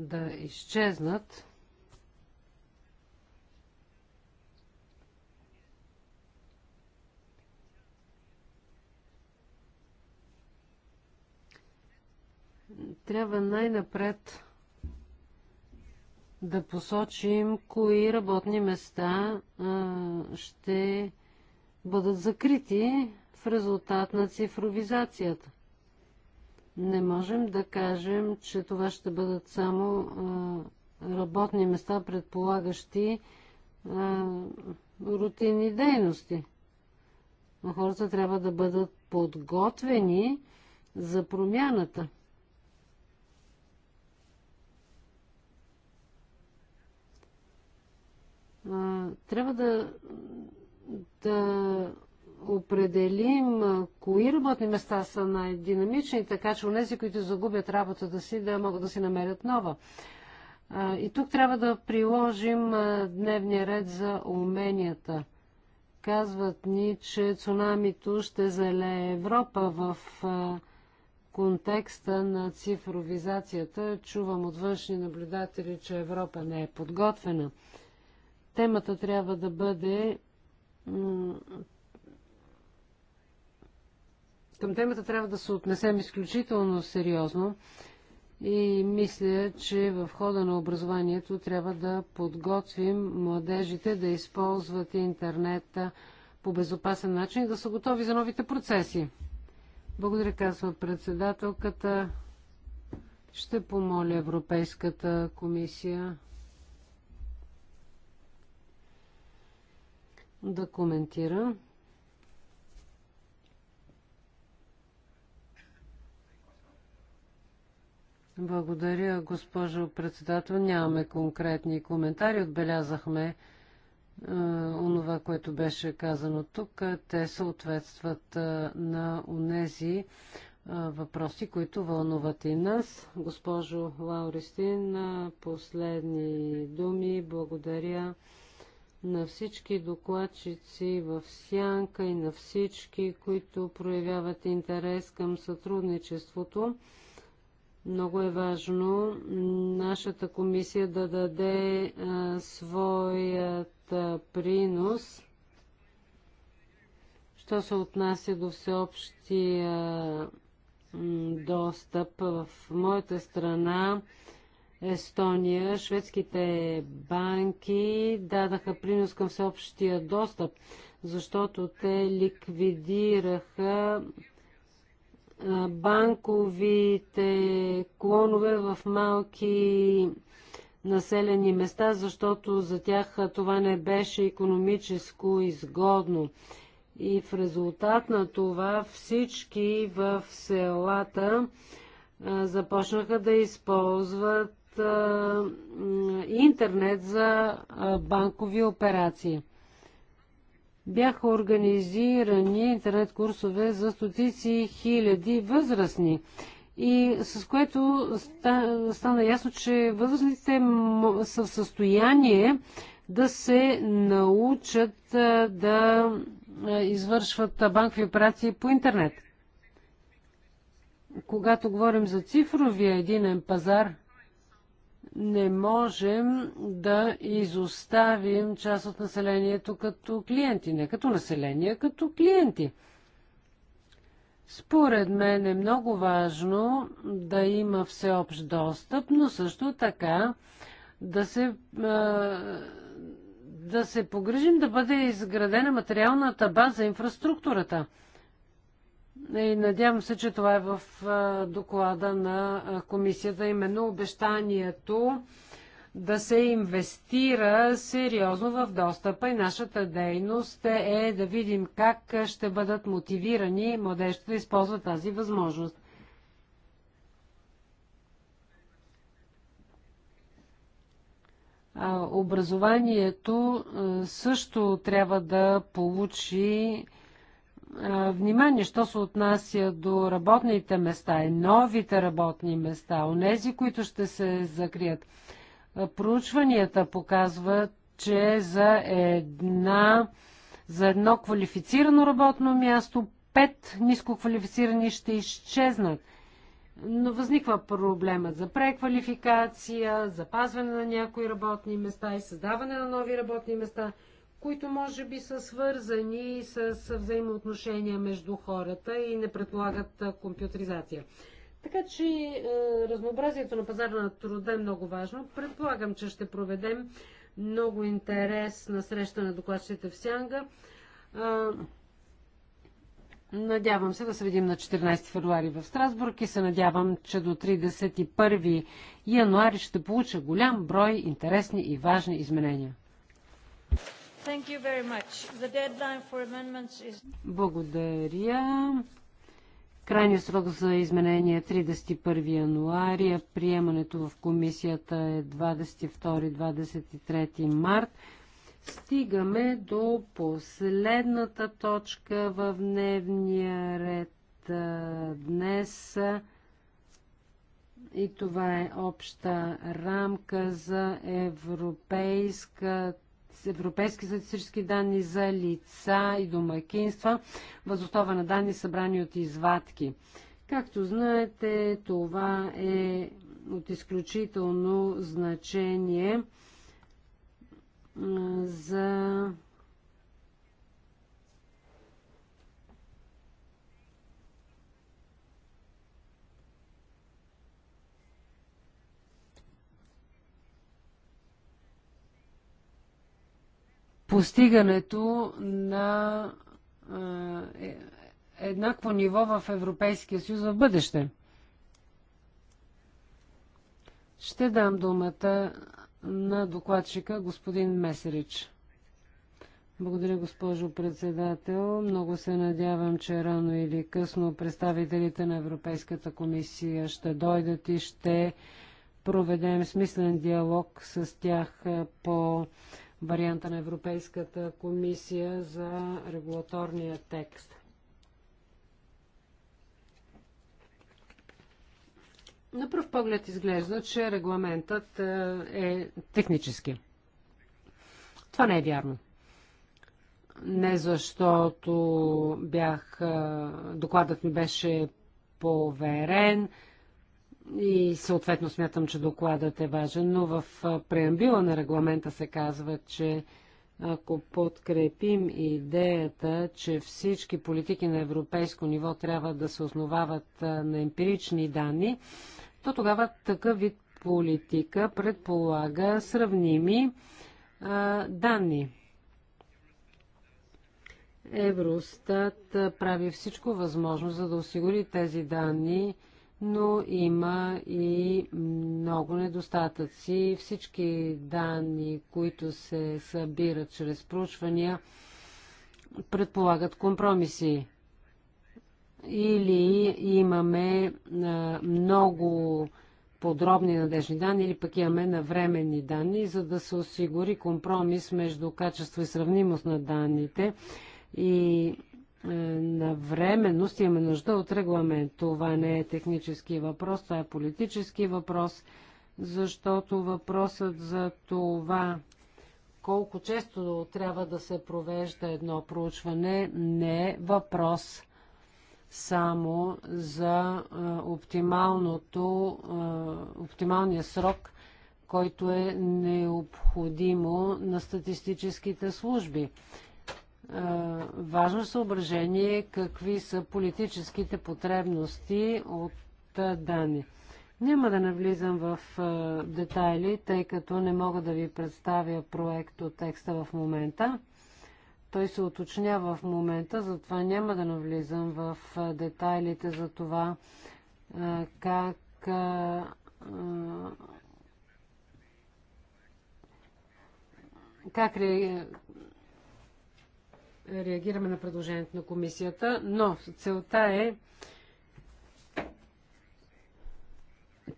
да изчезнат. Трябва най-напред да посочим кои работни места ще бъдат закрити в резултат на цифровизацията. Не можем да кажем, че това ще бъдат само а, работни места, предполагащи а, рутинни дейности. Но хората трябва да бъдат подготвени за промяната. А, трябва да, да определим кои работни места са най-динамични, така че онези, които загубят работата си, да могат да си намерят нова. И тук трябва да приложим дневния ред за уменията. Казват ни, че цунамито ще залее Европа в контекста на цифровизацията. Чувам от външни наблюдатели, че Европа не е подготвена. Темата трябва да бъде към темата трябва да се отнесем изключително сериозно и мисля, че в хода на образованието трябва да подготвим младежите да използват интернета по безопасен начин и да са готови за новите процеси. Благодаря, казва председателката. Ще помоля Европейската комисия да коментира. Благодаря, госпожо председател. Нямаме конкретни коментари. Отбелязахме е, онова, което беше казано тук. Те съответстват е, на унези е, въпроси, които вълнуват и нас. Госпожо Лауристин, последни думи. Благодаря на всички докладчици в Сянка и на всички, които проявяват интерес към сътрудничеството. Много е важно нашата комисия да даде своят принос. Що се отнася до всеобщия достъп в моята страна, Естония, шведските банки дадаха принос към всеобщия достъп, защото те ликвидираха банковите клонове в малки населени места, защото за тях това не беше економическо изгодно. И в резултат на това всички в селата започнаха да използват интернет за банкови операции бяха организирани интернет курсове за стотици хиляди възрастни. И с което стана ясно, че възрастните са в състояние да се научат да извършват банкови операции по интернет. Когато говорим за цифровия единен пазар, не можем да изоставим част от населението като клиенти. Не като население, като клиенти. Според мен е много важно да има всеобщ достъп, но също така да се, да се погрижим да бъде изградена материалната база, инфраструктурата – и надявам се, че това е в доклада на комисията, именно обещанието да се инвестира сериозно в достъпа и нашата дейност е да видим как ще бъдат мотивирани младежите да използват тази възможност. Образованието също трябва да получи внимание, що се отнася до работните места и новите работни места, онези, които ще се закрият. Проучванията показват, че за, една, за едно квалифицирано работно място пет нискоквалифицирани ще изчезнат. Но възниква проблемът за преквалификация, запазване на някои работни места и създаване на нови работни места – които може би са свързани с взаимоотношения между хората и не предполагат компютризация. Така че е, разнообразието на пазара на труда е много важно. Предполагам, че ще проведем много интерес на среща на докладчите в Сянга. Е, надявам се да се видим на 14 февруари в Страсбург и се надявам, че до 31 януари ще получа голям брой интересни и важни изменения. Благодаря. Крайният срок за изменение е 31 януари, а приемането в комисията е 22-23 март. Стигаме до последната точка в дневния ред днес. И това е обща рамка за европейската европейски статистически данни за лица и домакинства, възоснова на данни събрани от извадки. Както знаете, това е от изключително значение за постигането на е, е, еднакво ниво в Европейския съюз в бъдеще. Ще дам думата на докладчика господин Месерич. Благодаря, госпожо председател. Много се надявам, че рано или късно представителите на Европейската комисия ще дойдат и ще проведем смислен диалог с тях е, по варианта на Европейската комисия за регулаторния текст. На пръв поглед изглежда, че регламентът е, е технически. Това не е вярно. Не защото бях, е, докладът ми беше поверен, и съответно смятам, че докладът е важен, но в преамбила на регламента се казва, че ако подкрепим идеята, че всички политики на европейско ниво трябва да се основават на емпирични данни, то тогава такъв вид политика предполага сравними а, данни. Евростат прави всичко възможно, за да осигури тези данни но има и много недостатъци. Всички данни, които се събират чрез проучвания, предполагат компромиси. Или имаме много подробни надежни данни, или пък имаме навременни данни, за да се осигури компромис между качество и сравнимост на данните и е, на временност имаме нужда от регламент. Това не е технически въпрос, това е политически въпрос, защото въпросът за това колко често трябва да се провежда едно проучване не е въпрос само за е, оптималното, е, оптималния срок, който е необходимо на статистическите служби важно съображение е какви са политическите потребности от данни. Няма да навлизам в детайли, тъй като не мога да ви представя проект от текста в момента. Той се уточнява в момента, затова няма да навлизам в детайлите за това как как, реагираме на предложението на комисията, но целта е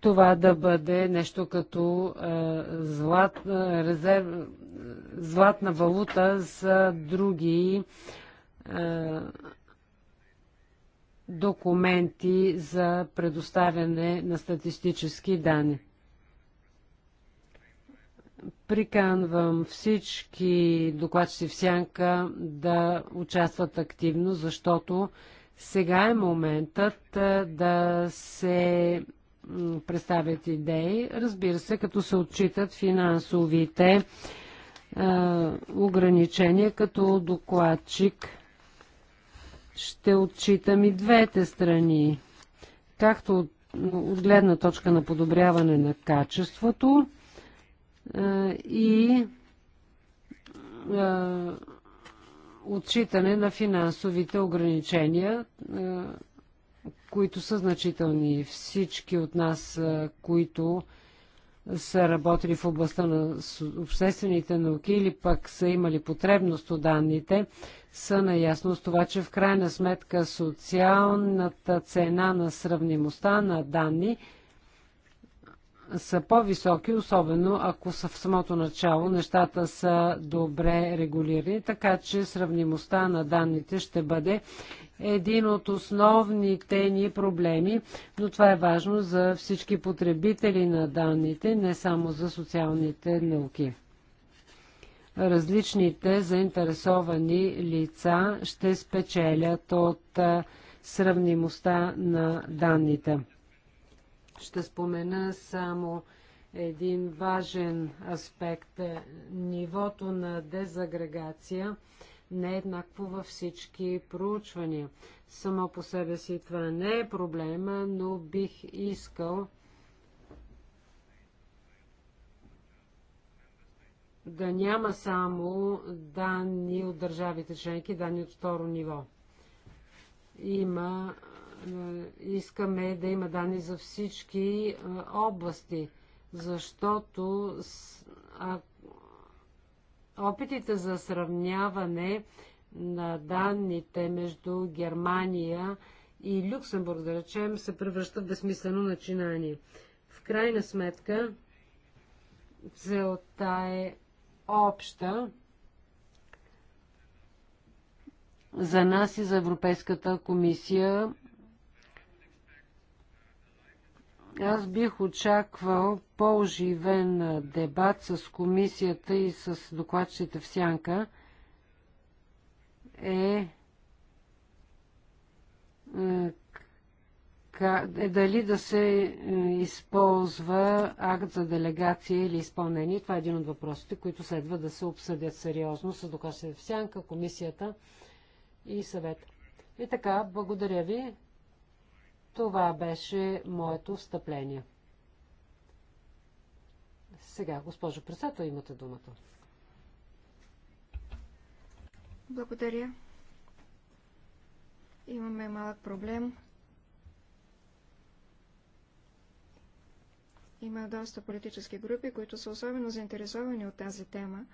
това да бъде нещо като е, злат, е, резерв, златна валута за други е, документи за предоставяне на статистически данни. Приканвам всички докладчици в сянка да участват активно, защото сега е моментът да се представят идеи, разбира се, като се отчитат финансовите е, ограничения като докладчик. Ще отчитам и двете страни, както от, от гледна точка на подобряване на качеството, е, и е, отчитане на финансовите ограничения, е, които са значителни. Всички от нас, които са работили в областта на обществените науки или пък са имали потребност от данните, са наясно с това, че в крайна сметка социалната цена на сравнимостта на данни – са по-високи, особено ако са в самото начало нещата са добре регулирани, така че сравнимостта на данните ще бъде един от основните ни проблеми, но това е важно за всички потребители на данните, не само за социалните науки. Различните заинтересовани лица ще спечелят от сравнимостта на данните. Ще спомена само един важен аспект. Нивото на дезагрегация не е еднакво във всички проучвания. Само по себе си това не е проблема, но бих искал да няма само данни от държавите членки, данни от второ ниво. Има е, искаме да има данни за всички е, области, защото опитите за сравняване на данните между Германия и Люксембург, да речем, се превръща в безсмислено начинание. В крайна сметка, целта е обща за нас и за Европейската комисия Аз бих очаквал по-оживен дебат с комисията и с докладчите в сянка е, е, е дали да се е, използва акт за делегация или изпълнение. Това е един от въпросите, които следва да се обсъдят сериозно с докладчите в сянка, комисията и съвет. И така, благодаря ви. Това беше моето встъпление. Сега, госпожо председател, имате думата. Благодаря. Имаме малък проблем. Има доста политически групи, които са особено заинтересовани от тази тема,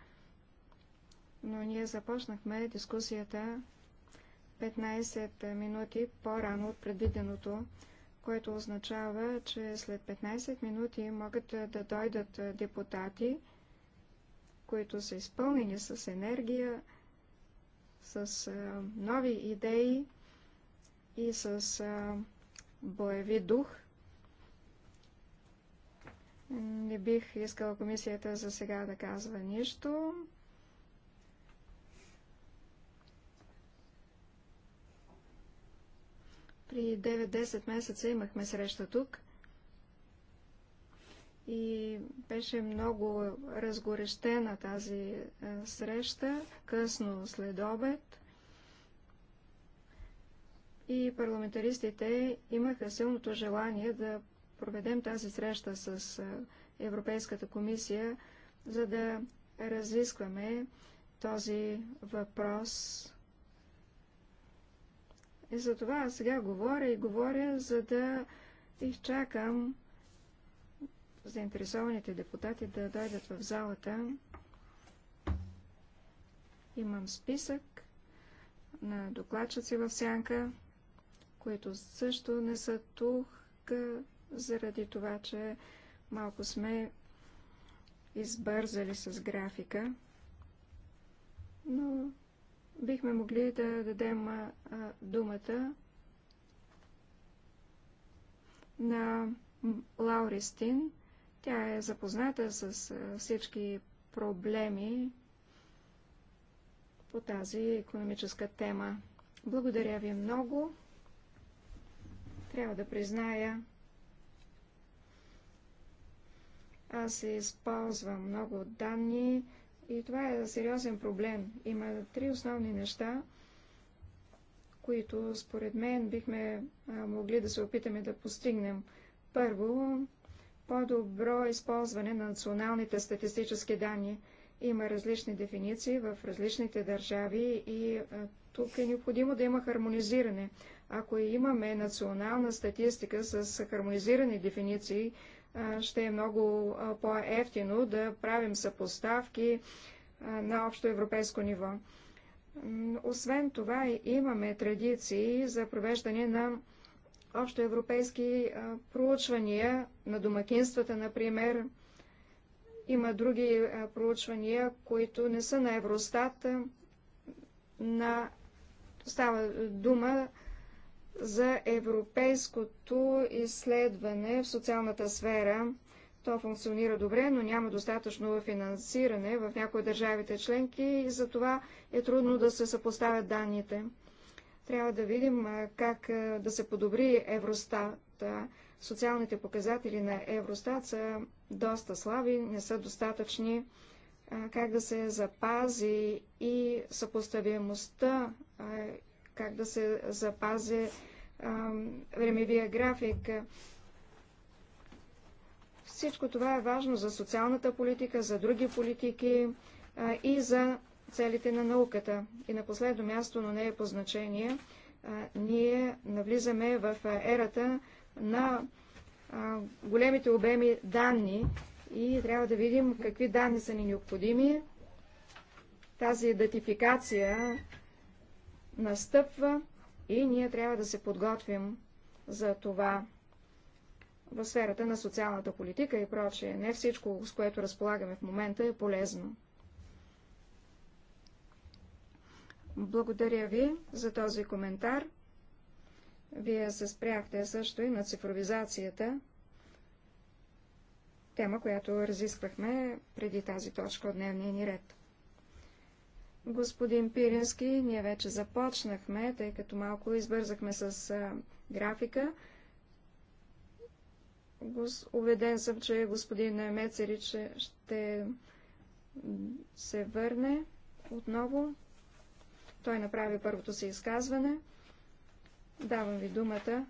но ние започнахме дискусията 15 минути по-рано от предвиденото, което означава, че след 15 минути могат да дойдат депутати, които са изпълнени с енергия, с нови идеи и с боеви дух. Не бих искала комисията за сега да казва нищо. При 9-10 месеца имахме среща тук и беше много разгорещена тази е, среща, късно след обед. И парламентаристите имаха силното желание да проведем тази среща с е, Европейската комисия, за да разискваме този въпрос и е, затова аз сега говоря и говоря, за да изчакам заинтересованите депутати да дойдат в залата. Имам списък на докладчици в сянка, които също не са тук, заради това, че малко сме избързали с графика. Но бихме могли да дадем а, думата на Лауристин. Тя е запозната с а, всички проблеми по тази економическа тема. Благодаря ви много. Трябва да призная, аз използвам много данни, и това е сериозен проблем. Има три основни неща, които според мен бихме могли да се опитаме да постигнем. Първо, по-добро използване на националните статистически данни. Има различни дефиниции в различните държави и тук е необходимо да има хармонизиране. Ако имаме национална статистика с хармонизирани дефиниции, ще е много по-ефтино да правим съпоставки на общо европейско ниво. Освен това, имаме традиции за провеждане на общоевропейски проучвания на домакинствата, например. Има други проучвания, които не са на Евростат, на... става дума за европейското изследване в социалната сфера. То функционира добре, но няма достатъчно финансиране в някои държавите членки и за това е трудно да се съпоставят данните. Трябва да видим как да се подобри Евростат. Социалните показатели на Евростат са доста слаби, не са достатъчни. Как да се запази и съпоставимостта как да се запази времевия график. Всичко това е важно за социалната политика, за други политики а, и за целите на науката. И на последно място, но не е по значение, а, ние навлизаме в ерата на а, големите обеми данни и трябва да видим какви данни са ни необходими. Тази идентификация настъпва и ние трябва да се подготвим за това в сферата на социалната политика и прочее. Не всичко, с което разполагаме в момента, е полезно. Благодаря ви за този коментар. Вие се спряхте също и на цифровизацията, тема, която разисквахме преди тази точка от дневния ни ред. Господин Пирински, ние вече започнахме, тъй като малко избързахме с графика. Уведен съм, че господин Мецерич ще се върне отново. Той направи първото си изказване. Давам ви думата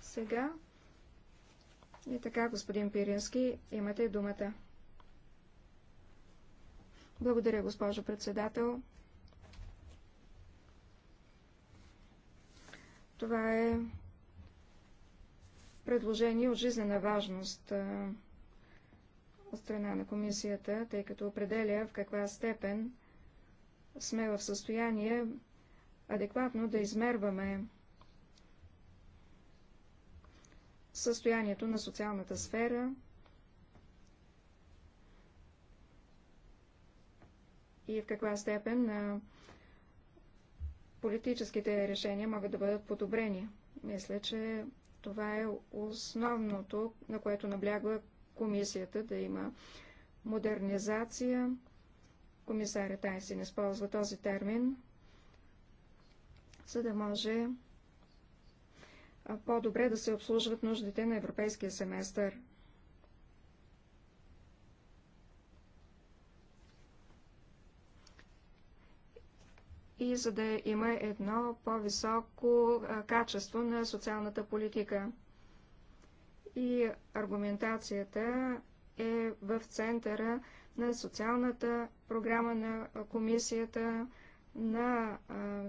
сега. И така, господин Пирински, имате думата. Благодаря, госпожо председател. Това е предложение от жизнена важност от страна на комисията, тъй като определя в каква степен сме в състояние адекватно да измерваме състоянието на социалната сфера и в каква степен политическите решения могат да бъдат подобрени. Мисля, че това е основното, на което наблягва комисията да има модернизация. Комисарят Тайсин използва този термин, за да може по-добре да се обслужват нуждите на европейския семестър. и за да има едно по-високо качество на социалната политика. И аргументацията е в центъра на социалната програма на комисията на а,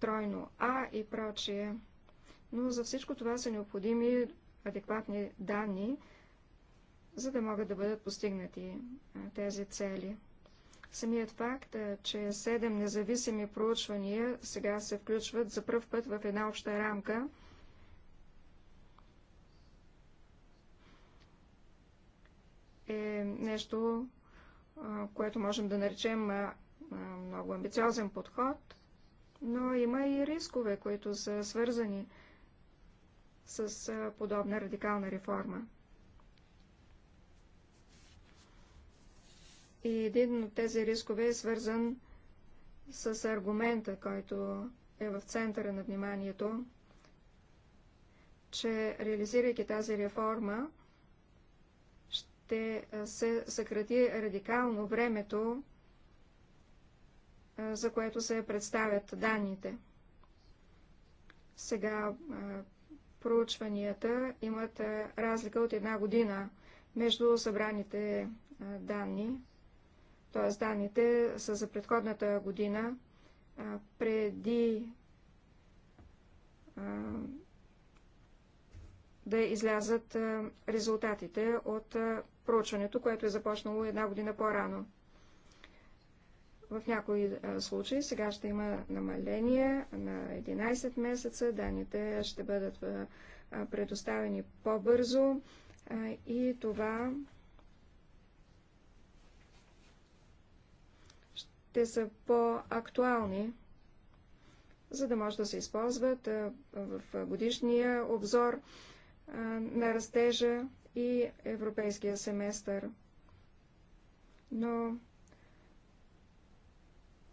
тройно А и прочие. Но за всичко това са необходими адекватни данни, за да могат да бъдат постигнати тези цели. Самият факт, е, че седем независими проучвания сега се включват за първ път в една обща рамка, е нещо, което можем да наречем много амбициозен подход, но има и рискове, които са свързани с подобна радикална реформа. И един от тези рискове е свързан с аргумента, който е в центъра на вниманието, че реализирайки тази реформа, ще се съкрати радикално времето, за което се представят данните. Сега проучванията имат разлика от една година между събраните данни т.е. данните са за предходната година, преди да излязат резултатите от проучването, което е започнало една година по-рано. В някои случаи сега ще има намаление на 11 месеца, данните ще бъдат предоставени по-бързо и това те са по-актуални, за да може да се използват в годишния обзор на растежа и европейския семестър. Но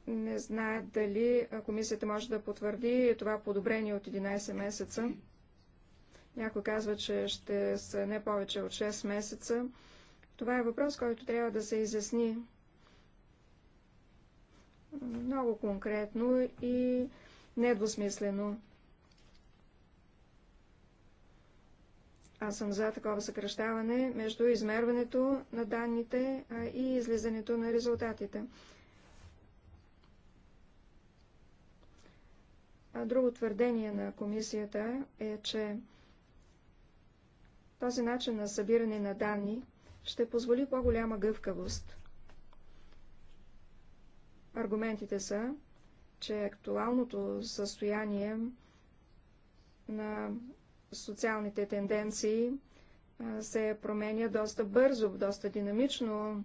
не знае дали комисията може да потвърди това подобрение от 11 месеца. Някой казва, че ще са не повече от 6 месеца. Това е въпрос, който трябва да се изясни много конкретно и недвусмислено. Аз съм за такова съкръщаване между измерването на данните и излизането на резултатите. А друго твърдение на комисията е, че този начин на събиране на данни ще позволи по-голяма гъвкавост. Аргументите са, че актуалното състояние на социалните тенденции се променя доста бързо, доста динамично,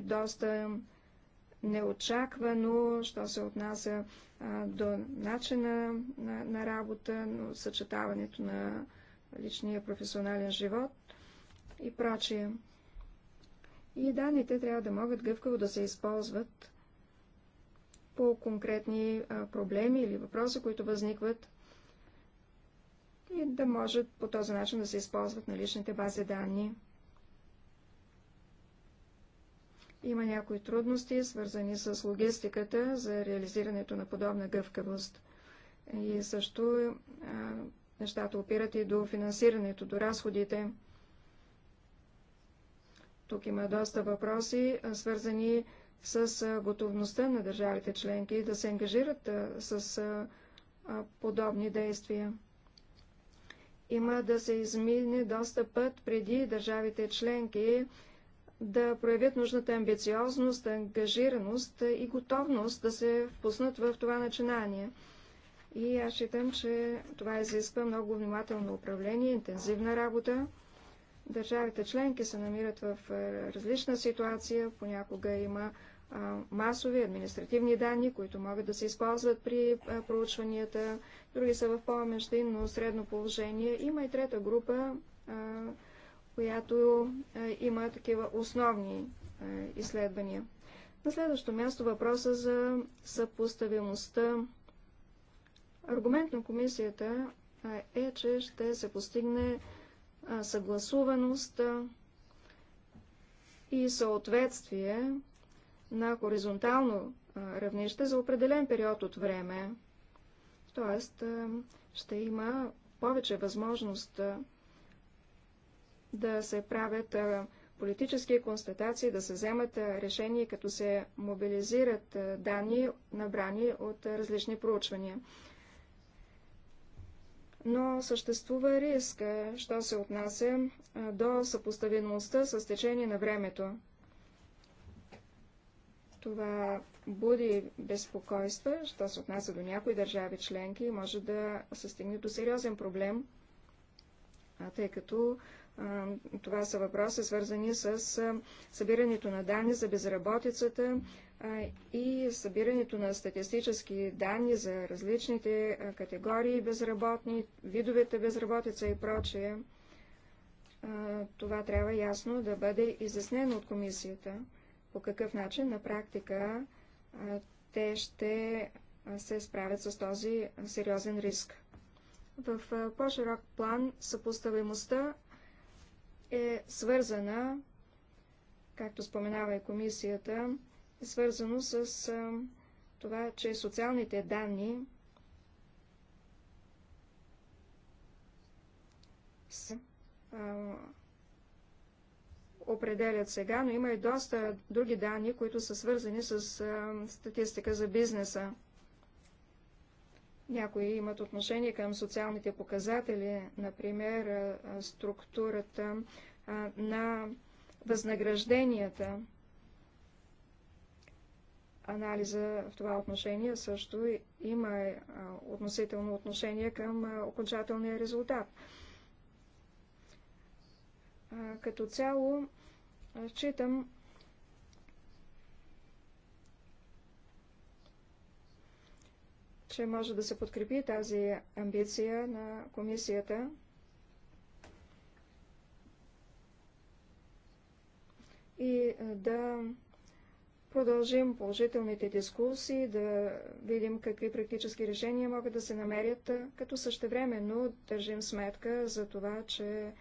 доста неочаквано, що се отнася до начина на, работа, но съчетаването на личния професионален живот и прочие. И данните трябва да могат гъвкаво да се използват по конкретни проблеми или въпроси, които възникват и да може по този начин да се използват наличните бази данни. Има някои трудности, свързани с логистиката за реализирането на подобна гъвкавост. И също а, нещата опират и до финансирането, до разходите. Тук има доста въпроси, свързани с с готовността на държавите членки да се ангажират с подобни действия. Има да се измине доста път преди държавите членки да проявят нужната амбициозност, ангажираност и готовност да се впуснат в това начинание. И аз считам, че това изисква много внимателно управление, интензивна работа. Държавите членки се намират в е, различна ситуация, понякога има масови административни данни, които могат да се използват при проучванията, други са в по-междинно средно положение. Има и трета група, която има такива основни изследвания. На следващо място въпроса за съпоставимостта. Аргумент на комисията е, че ще се постигне съгласуваност и съответствие на хоризонтално равнище за определен период от време. Тоест, ще има повече възможност да се правят политически констатации, да се вземат решения, като се мобилизират данни, набрани от различни проучвания но съществува риск, е, що се отнася е, до съпоставеността с течение на времето. Това буди безпокойства, що се отнася до някои държави членки и може да се стигне до сериозен проблем, тъй като е, това са въпроси свързани с събирането на данни за безработицата, и събирането на статистически данни за различните категории безработни, видовете безработица и прочее. Това трябва ясно да бъде изяснено от комисията, по какъв начин на практика те ще се справят с този сериозен риск. В по-широк план съпоставимостта е свързана, както споменава и комисията, е свързано с това, че социалните данни с определят сега, но има и доста други данни, които са свързани с а, статистика за бизнеса. Някои имат отношение към социалните показатели, например структурата на възнагражденията анализа в това отношение също има е, относително отношение към окончателния резултат. Като цяло, считам, че може да се подкрепи тази амбиция на комисията. И да продължим положителните дискусии, да видим какви практически решения могат да се намерят, като същевременно държим сметка за това, че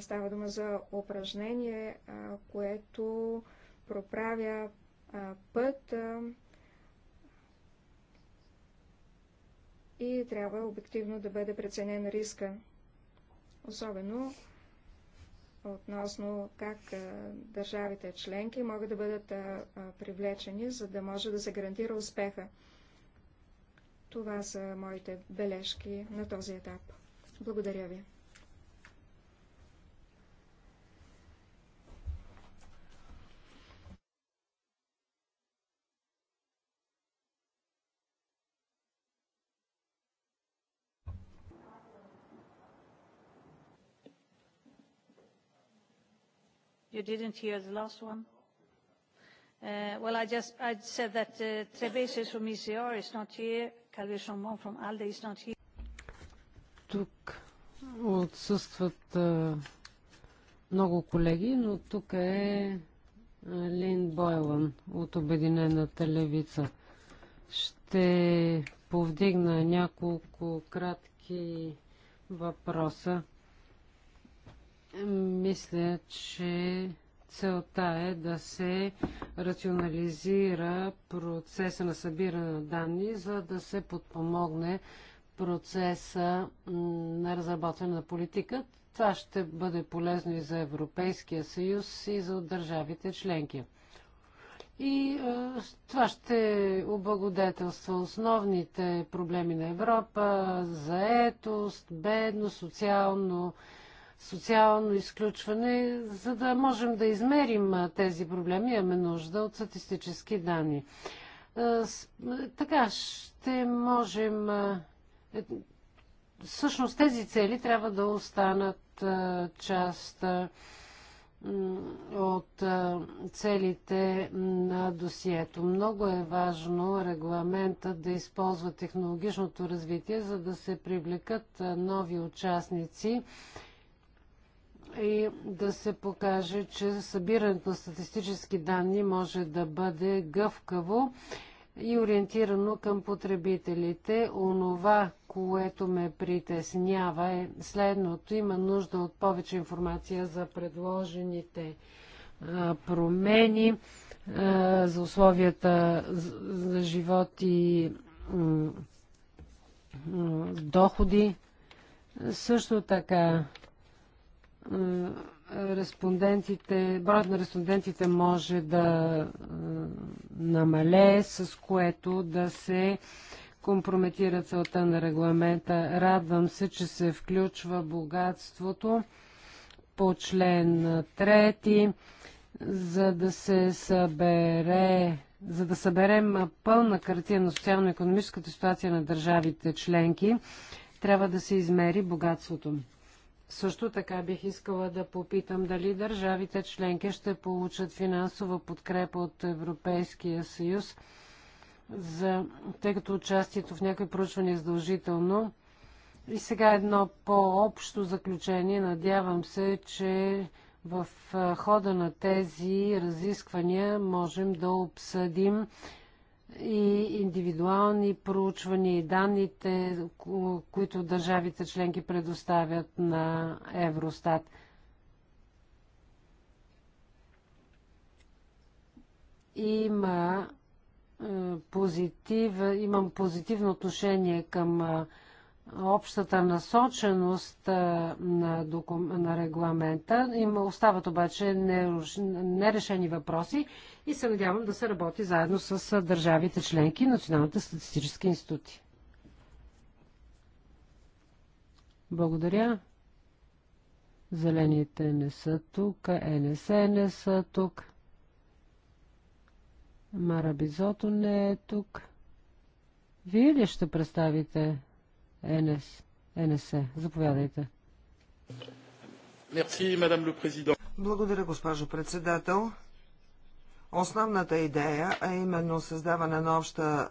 става дума за упражнение, което проправя път и трябва обективно да бъде преценен риска. Особено относно как държавите членки могат да бъдат привлечени, за да може да се гарантира успеха. Това са моите бележки на този етап. Благодаря ви. You didn't hear the last one? Uh, well, I just I said that uh, Trebesius from ECR is not here, Calvi Chambon from ALDE is not here. Тук отсъстват а, много колеги, но тук е Лин Бойлан от Обединената левица. Ще повдигна няколко кратки въпроса. Мисля, че целта е да се рационализира процеса на събиране на данни, за да се подпомогне процеса на разработване на политика. Това ще бъде полезно и за Европейския съюз и за държавите членки. И е, това ще облагодетелства основните проблеми на Европа, заетост, бедност, социално социално изключване, за да можем да измерим тези проблеми, имаме нужда от статистически данни. Така ще можем. Е, всъщност тези цели трябва да останат част от целите на досието. Много е важно регламентът да използва технологичното развитие, за да се привлекат нови участници и е да се покаже, че събирането на статистически данни може да бъде гъвкаво и ориентирано към потребителите. Онова, което ме притеснява е следното. Има нужда от повече информация за предложените промени за условията за живот и доходи. Също така е, респондентите, броят на респондентите може да е, намалее, с което да се компрометира целта на регламента. Радвам се, че се включва богатството по член 3, за да се събере за да съберем пълна картина на социално-економическата ситуация на държавите членки, трябва да се измери богатството. Също така бих искала да попитам дали държавите членки ще получат финансова подкрепа от Европейския съюз, за... тъй като участието в някои проучвания е задължително. И сега едно по-общо заключение. Надявам се, че в хода на тези разисквания можем да обсъдим и индивидуални проучвания и данните, които държавите членки предоставят на Евростат. Има е, позитив, имам позитивно отношение към е, общата насоченост е, на, докум, на регламента. Има, остават обаче нерешени въпроси и се надявам да се работи заедно с държавите членки и националните статистически институти. Благодаря. Зелените не са тук, НС не са тук. Марабизото не е тук. Вие ли ще представите НС? НСЕ? Заповядайте. Благодаря, госпожо председател. Основната идея, а е именно създаване на обща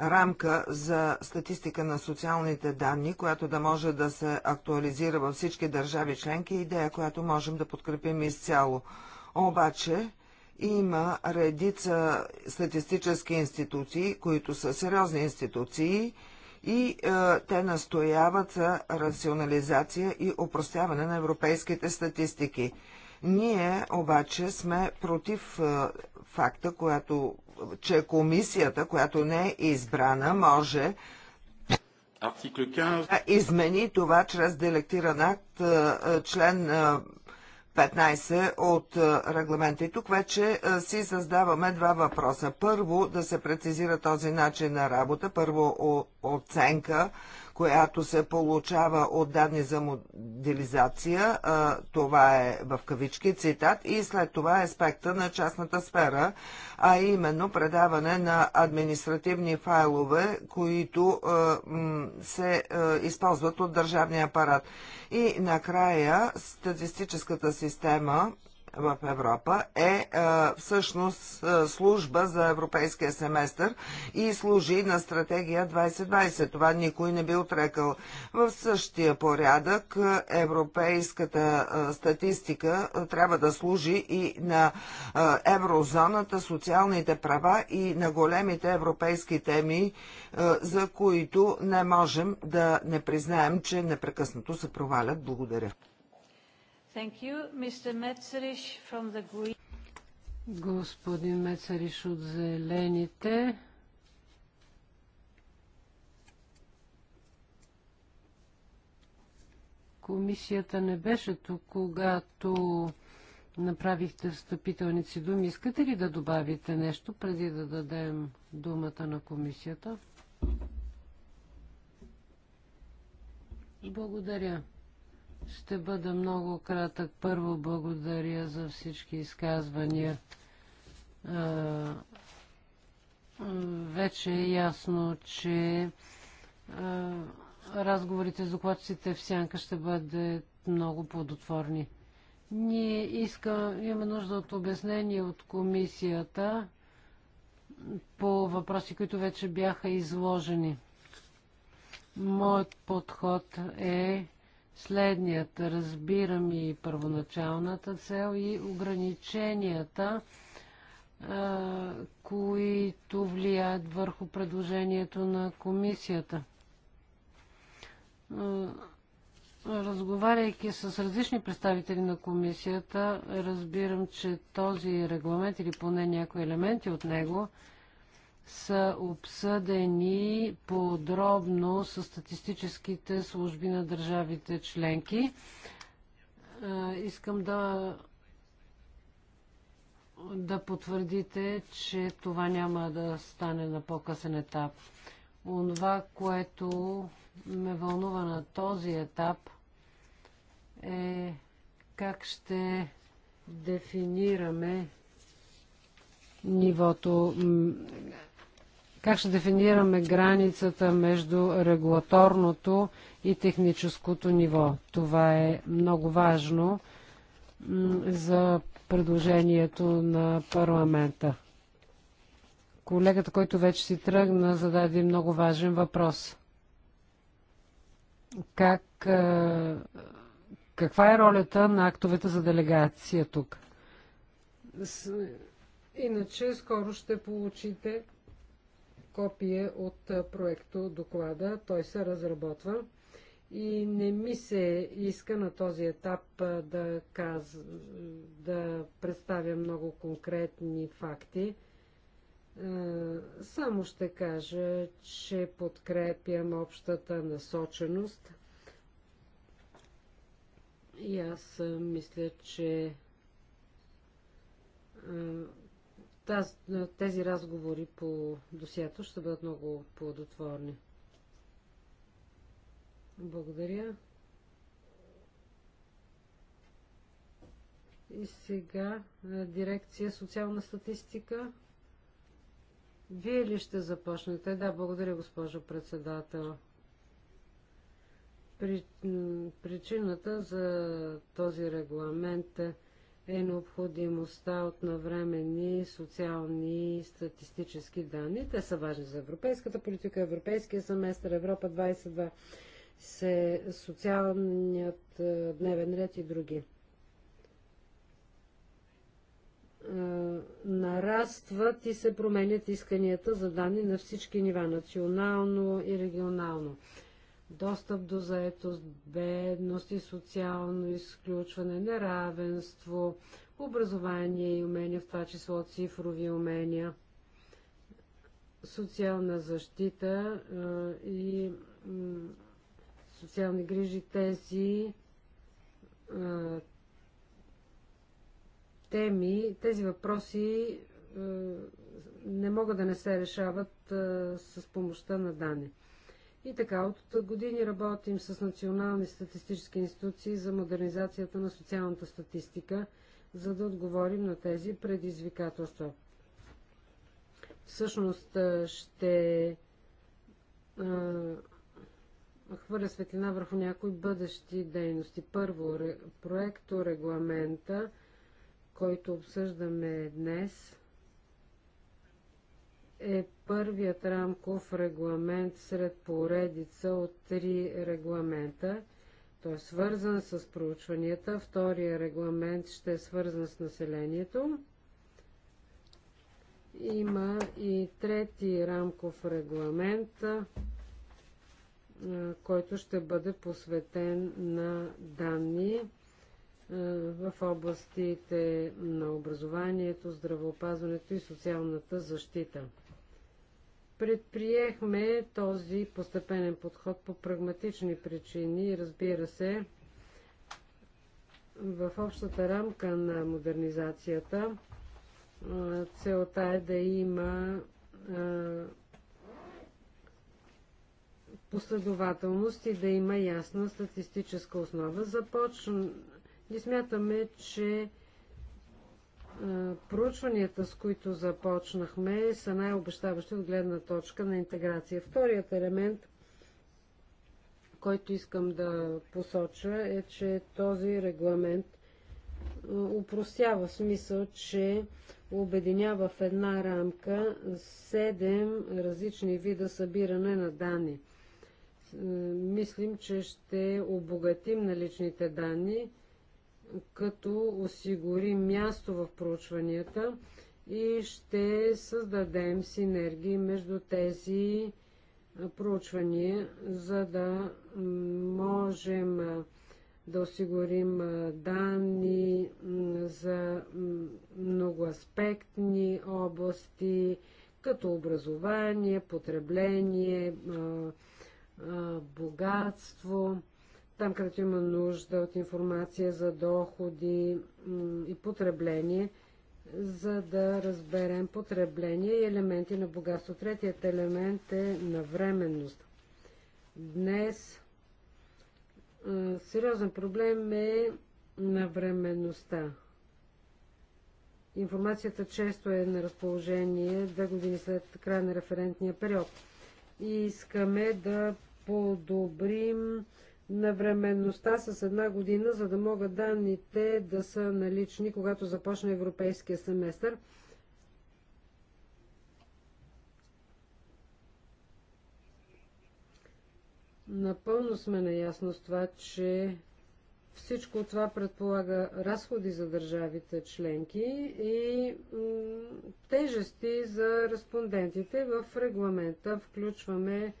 рамка за статистика на социалните данни, която да може да се актуализира във всички държави членки, идея, която можем да подкрепим изцяло. Обаче има редица статистически институции, които са сериозни институции и е, те настояват за рационализация и упростяване на европейските статистики. Ние обаче сме против е, факта, която, че комисията, която не е избрана, може да измени това чрез делектиран акт е, е, член 15 от регламента. И тук вече си създаваме два въпроса. Първо, да се прецизира този начин на работа. Първо, оценка която се получава от данни за моделизация, това е в кавички цитат, и след това е аспекта на частната сфера, а именно предаване на административни файлове, които се използват от държавния апарат. И накрая статистическата система в Европа е всъщност служба за европейския семестър и служи на стратегия 2020. Това никой не би отрекал. В същия порядък европейската статистика трябва да служи и на еврозоната, социалните права и на големите европейски теми, за които не можем да не признаем, че непрекъснато се провалят. Благодаря. Thank you. Mr. from the Green. Господин Мецариш от Зелените. Комисията не беше тук, когато направихте встъпителници думи. Искате ли да добавите нещо преди да дадем думата на комисията? Благодаря. Ще бъда много кратък. Първо благодаря за всички изказвания. Вече е ясно, че разговорите за докладците в сянка ще бъдат много плодотворни. Ние искам, имаме нужда от обяснение от комисията по въпроси, които вече бяха изложени. Моят подход е следният. Разбирам и първоначалната цел и ограниченията, които влияят върху предложението на комисията. Разговаряйки с различни представители на комисията, разбирам, че този регламент или поне някои елементи от него – са обсъдени подробно с статистическите служби на държавите членки. Искам да да потвърдите, че това няма да стане на по-късен етап. Онова, което ме вълнува на този етап е как ще дефинираме нивото как ще дефинираме границата между регулаторното и техническото ниво? Това е много важно за предложението на парламента. Колегата, който вече си тръгна, зададе много важен въпрос. Как, каква е ролята на актовете за делегация тук? Иначе скоро ще получите копие от проекто доклада. Той се разработва и не ми се иска на този етап да, каз... да представя много конкретни факти. Само ще кажа, че подкрепям общата насоченост. И аз мисля, че Таз, е, тези разговори по досието ще бъдат много плодотворни. Благодаря. И сега е, дирекция социална статистика. Вие ли ще започнете? Да, благодаря, госпожо председател. При, причината за този регламент е е необходимостта от навременни социални и статистически данни. Те са важни за европейската политика, европейския семестър, Европа 22, се социалният е, дневен ред и други. Е, нарастват и се променят исканията за данни на всички нива, национално и регионално достъп до заетост, бедност и социално изключване, неравенство, образование и умения, в това число цифрови умения, социална защита и социални грижи, тези теми, тези въпроси не могат да не се решават с помощта на данни. И така, от години работим с национални статистически институции за модернизацията на социалната статистика, за да отговорим на тези предизвикателства. Всъщност ще а, хвърля светлина върху някои бъдещи дейности. Първо, ре, проекто регламента, който обсъждаме днес – е първият рамков регламент сред поредица от три регламента. Той е свързан с проучванията. Втория регламент ще е свързан с населението. Има и трети рамков регламент, който ще бъде посветен на данни в областите на образованието, здравеопазването и социалната защита. Предприехме този постепенен подход по прагматични причини. Разбира се, в общата рамка на модернизацията целта е да има последователност и да има ясна статистическа основа. Започваме И смятаме, че е, проучванията, с които започнахме, са най-обещаващи от гледна точка на интеграция. Вторият елемент, който искам да посоча, е, че този регламент е, упростява смисъл, че обединява в една рамка седем различни вида събиране на данни. Е, мислим, че ще обогатим наличните данни, като осигурим място в проучванията и ще създадем синергии между тези проучвания, за да можем да осигурим данни за многоаспектни области, като образование, потребление, богатство там, където има нужда от информация за доходи и потребление, за да разберем потребление и елементи на богатство. Третият елемент е навременност. Днес сериозен проблем е навременността. Информацията често е на разположение две години след края на референтния период. И искаме да подобрим на временността с една година, за да могат данните да са налични, когато започне европейския семестър. Напълно сме наясно с това, че всичко това предполага разходи за държавите членки и тежести за респондентите. В регламента включваме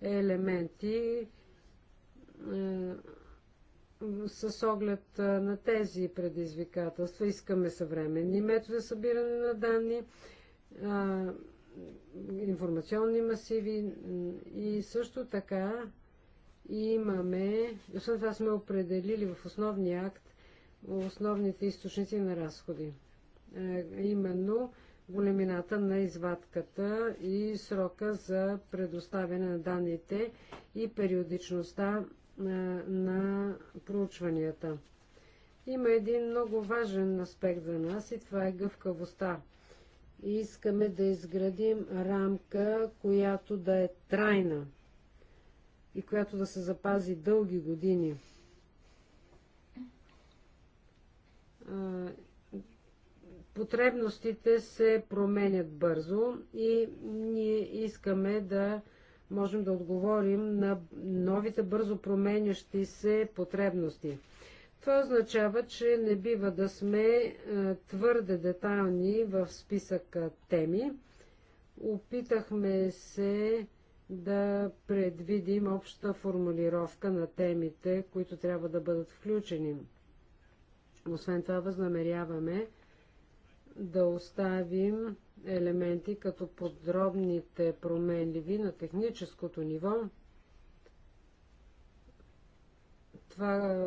елементи, е, с оглед е, на тези предизвикателства искаме съвременни методи за събиране на данни, е, информационни масиви и също така имаме, освен това сме определили в основния акт основните източници на разходи. Именно големината на извадката и срока за предоставяне на данните и периодичността е, на проучванията. Има един много важен аспект за нас и това е гъвкавостта. Искаме да изградим рамка, която да е трайна и която да се запази дълги години. Е, потребностите се променят бързо и ние искаме да можем да отговорим на новите бързо променящи се потребности. Това означава, че не бива да сме е, твърде детайлни в списък теми. Опитахме се да предвидим обща формулировка на темите, които трябва да бъдат включени. Освен това възнамеряваме да оставим елементи, като подробните променливи на техническото ниво. Това,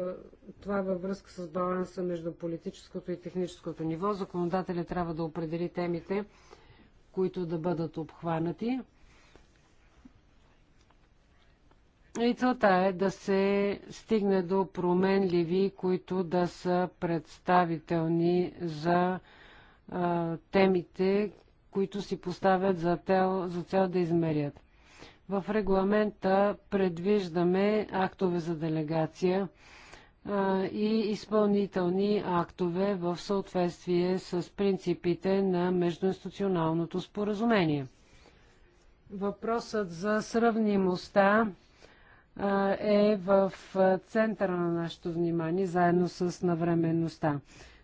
това е във връзка с баланса между политическото и техническото ниво. Законодателя трябва да определи темите, които да бъдат обхванати. И целта е да се стигне до променливи, които да са представителни за а, темите, които си поставят за цел, за цел да измерят. В регламента предвиждаме актове за делегация а, и изпълнителни актове в съответствие с принципите на междуинституционалното споразумение. Въпросът за сравнимостта а, е в центъра на нашето внимание, заедно с навременността.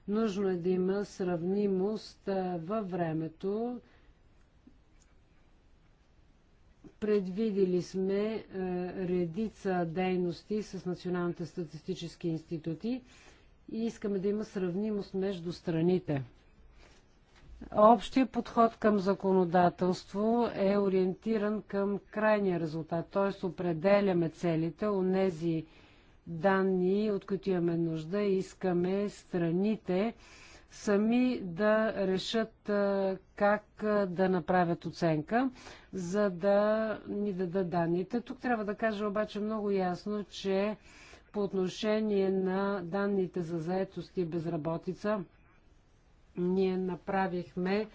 Нужно е да има сравнимост във времето. Предвидили сме редица дейности с националните статистически институти и искаме да има сравнимост между страните. Общия подход към законодателство е ориентиран към крайния резултат, т.е. определяме целите, у нези данни, от които имаме нужда. Искаме страните сами да решат как да направят оценка, за да ни дадат данните. Тук трябва да кажа обаче много ясно, че по отношение на данните за заетост и безработица, ние направихме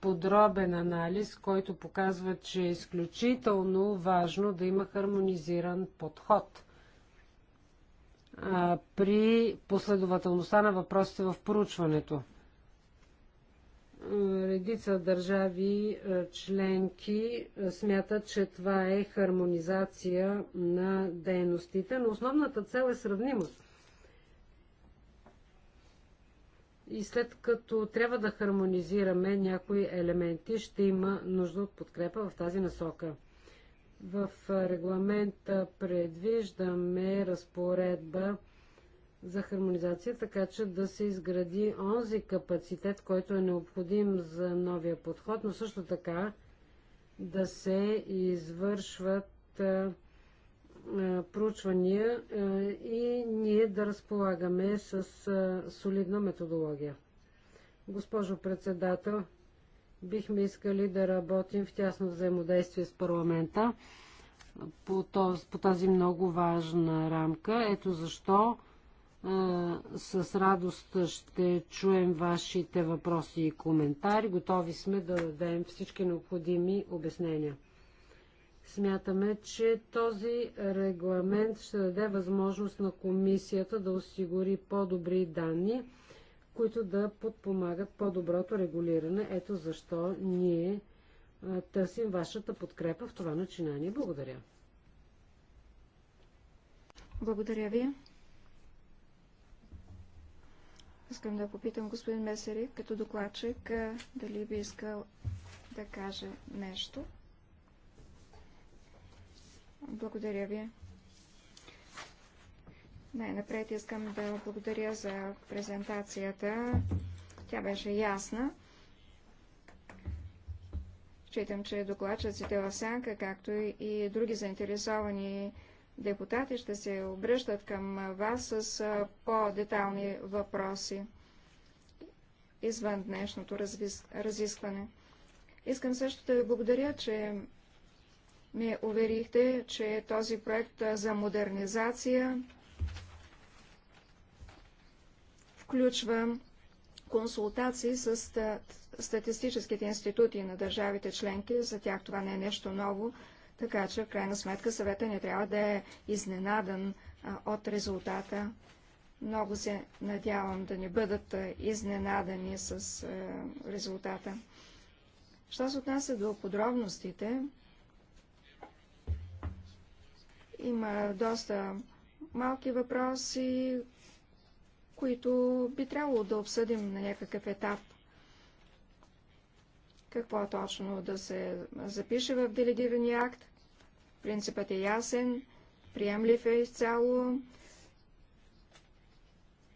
подробен анализ, който показва, че е изключително важно да има хармонизиран подход – а, при последователността на въпросите в поручването. Редица държави членки смятат, че това е хармонизация на дейностите, но основната цел е сравнимост. И след като трябва да хармонизираме някои елементи, ще има нужда от подкрепа в тази насока. В регламента предвиждаме разпоредба за хармонизация, така че да се изгради онзи капацитет, който е необходим за новия подход, но също така да се извършват проучвания и ние да разполагаме с солидна методология. Госпожо председател, Бихме искали да работим в тясно взаимодействие с парламента по, тази много важна рамка. Ето защо с радост ще чуем вашите въпроси и коментари. Готови сме да дадем всички необходими обяснения. Смятаме, че този регламент ще даде възможност на комисията да осигури по-добри данни които да подпомагат по-доброто регулиране. Ето защо ние търсим вашата подкрепа в това начинание. Благодаря. Благодаря ви. Искам да попитам господин Месери, като докладчик, дали би искал да каже нещо. Благодаря ви. Най-напред искам да благодаря за презентацията. Тя беше ясна. Считам, че докладчиците в Сянка, както и други заинтересовани депутати, ще се обръщат към вас с по-детални въпроси извън днешното разискване. Искам също да ви благодаря, че ме уверихте, че този проект за модернизация включва консултации с статистическите институти на държавите членки. За тях това не е нещо ново, така че в крайна сметка съвета не трябва да е изненадан от резултата. Много се надявам да не бъдат изненадани с резултата. Що се отнася до подробностите, има доста малки въпроси, които би трябвало да обсъдим на някакъв етап. Какво точно да се запише в делегирания акт? Принципът е ясен, приемлив е изцяло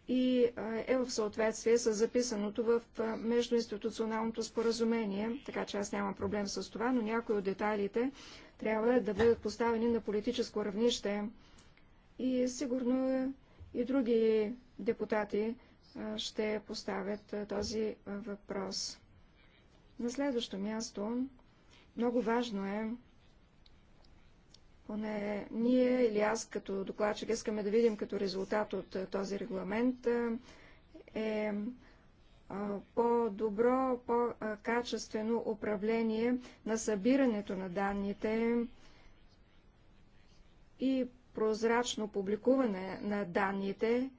и е в съответствие с записаното в междуинституционалното споразумение, така че аз нямам проблем с това, но някои от детайлите трябва да бъдат поставени на политическо равнище и сигурно е и други депутати ще поставят този въпрос. На следващо място, много важно е, поне ние или аз като докладчик искаме да видим като резултат от този регламент, е по-добро, по-качествено управление на събирането на данните и прозрачно публикуване на данните,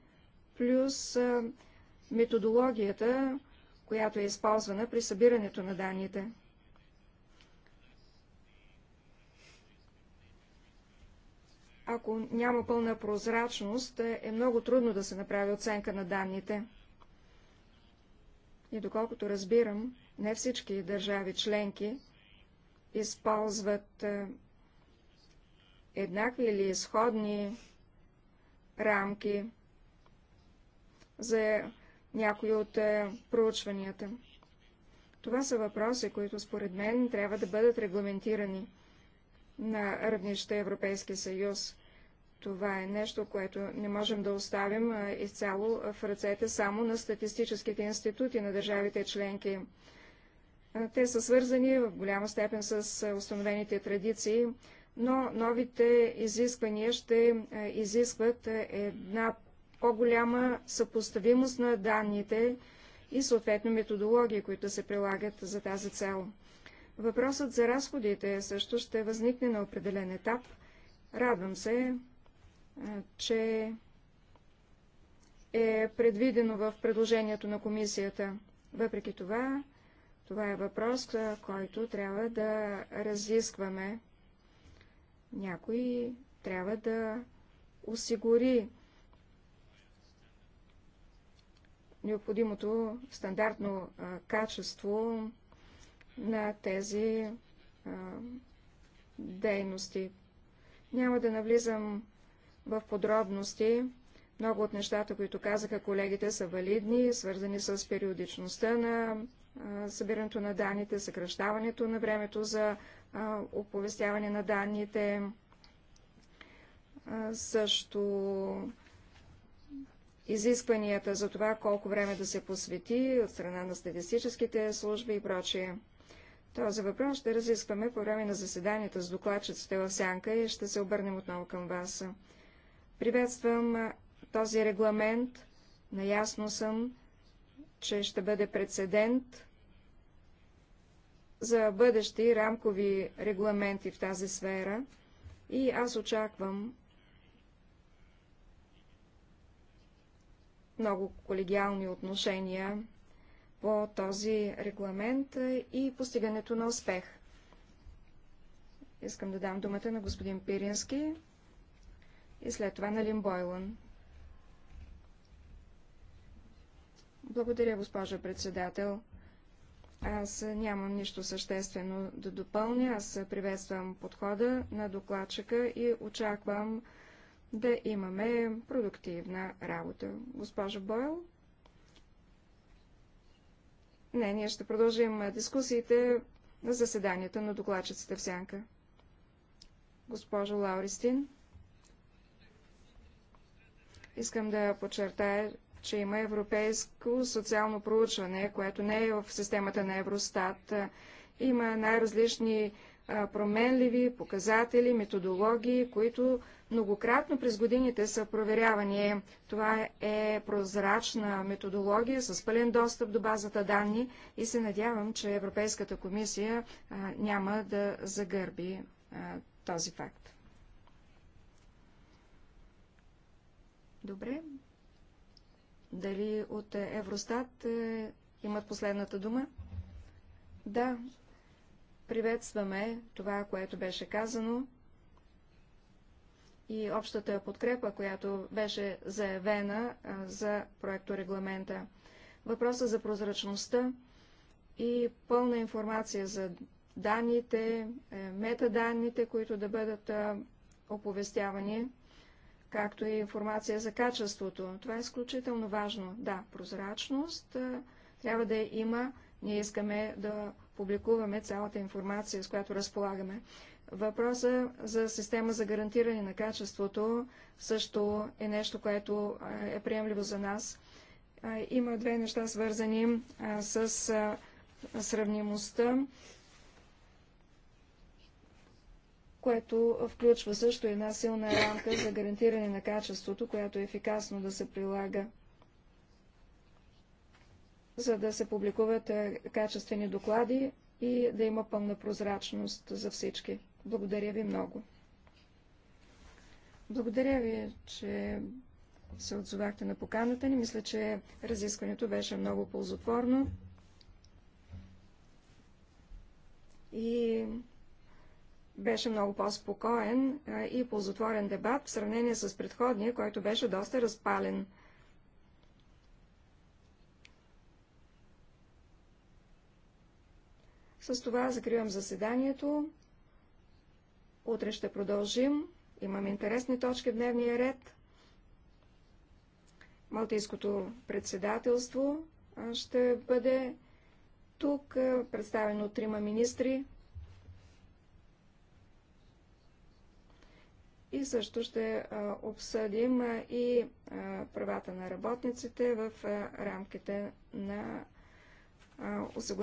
плюс методологията, която е използвана при събирането на данните. Ако няма пълна прозрачност, е много трудно да се направи оценка на данните. И доколкото разбирам, не всички държави членки използват еднакви или изходни рамки за някои от е, проучванията. Това са въпроси, които според мен трябва да бъдат регламентирани на равнище Европейски съюз. Това е нещо, което не можем да оставим е, изцяло в ръцете само на статистическите институти на държавите членки. Е, те са свързани в голяма степен с установените традиции, но новите изисквания ще изискват една по-голяма съпоставимост на данните и съответно методологии, които се прилагат за тази цел. Въпросът за разходите също ще възникне на определен етап. Радвам се, че е предвидено в предложението на комисията. Въпреки това, това е въпрос, който трябва да разискваме. Някой трябва да осигури необходимото стандартно качество на тези дейности. Няма да навлизам в подробности. Много от нещата, които казаха колегите, са валидни, свързани с периодичността на събирането на данните, съкръщаването на времето за оповестяване на данните, също изискванията за това колко време да се посвети от страна на статистическите служби и прочие. Този въпрос ще разискваме по време на заседанията с докладчиците в Сянка и ще се обърнем отново към вас. Приветствам този регламент. Наясно съм, че ще бъде прецедент за бъдещи рамкови регламенти в тази сфера и аз очаквам много колегиални отношения по този регламент е, и постигането на успех. Искам да дам думата на господин Пирински и след това на Лим Бойлан. Благодаря, госпожа председател. Аз нямам нищо съществено да допълня. Аз приветствам подхода на докладчика и очаквам да имаме продуктивна работа. Госпожо Бойл? Не, ние ще продължим дискусиите на заседанията на докладчицата в Сянка. Госпожо Лауристин? Искам да подчертая, че има европейско социално проучване, което не е в системата на Евростат. Има най-различни променливи, показатели, методологии, които многократно през годините са проверявани. Това е прозрачна методология с пълен достъп до базата данни и се надявам, че Европейската комисия няма да загърби този факт. Добре. Дали от Евростат е, имат последната дума? Да, Приветстваме това, което беше казано и общата подкрепа, която беше заявена за проекторегламента. Въпроса за прозрачността и пълна информация за данните, е, метаданните, които да бъдат оповестявани, както и информация за качеството. Това е изключително важно. Да, прозрачност трябва да има. Ние искаме да публикуваме цялата информация, с която разполагаме. Въпроса за система за гарантиране на качеството също е нещо, което е приемливо за нас. Има две неща свързани с сравнимостта, което включва също една силна рамка за гарантиране на качеството, която е ефикасно да се прилага за да се публикуват е, качествени доклади и да има пълна прозрачност за всички. Благодаря ви много. Благодаря ви, че се отзовахте на поканата ни. Мисля, че разискването беше много ползотворно. И беше много по-спокоен е, и ползотворен дебат в сравнение с предходния, който беше доста разпален. С това закривам заседанието. Утре ще продължим. Имам интересни точки в дневния ред. Малтийското председателство ще бъде тук, представено от трима министри. И също ще обсъдим и правата на работниците в рамките на осигуряването.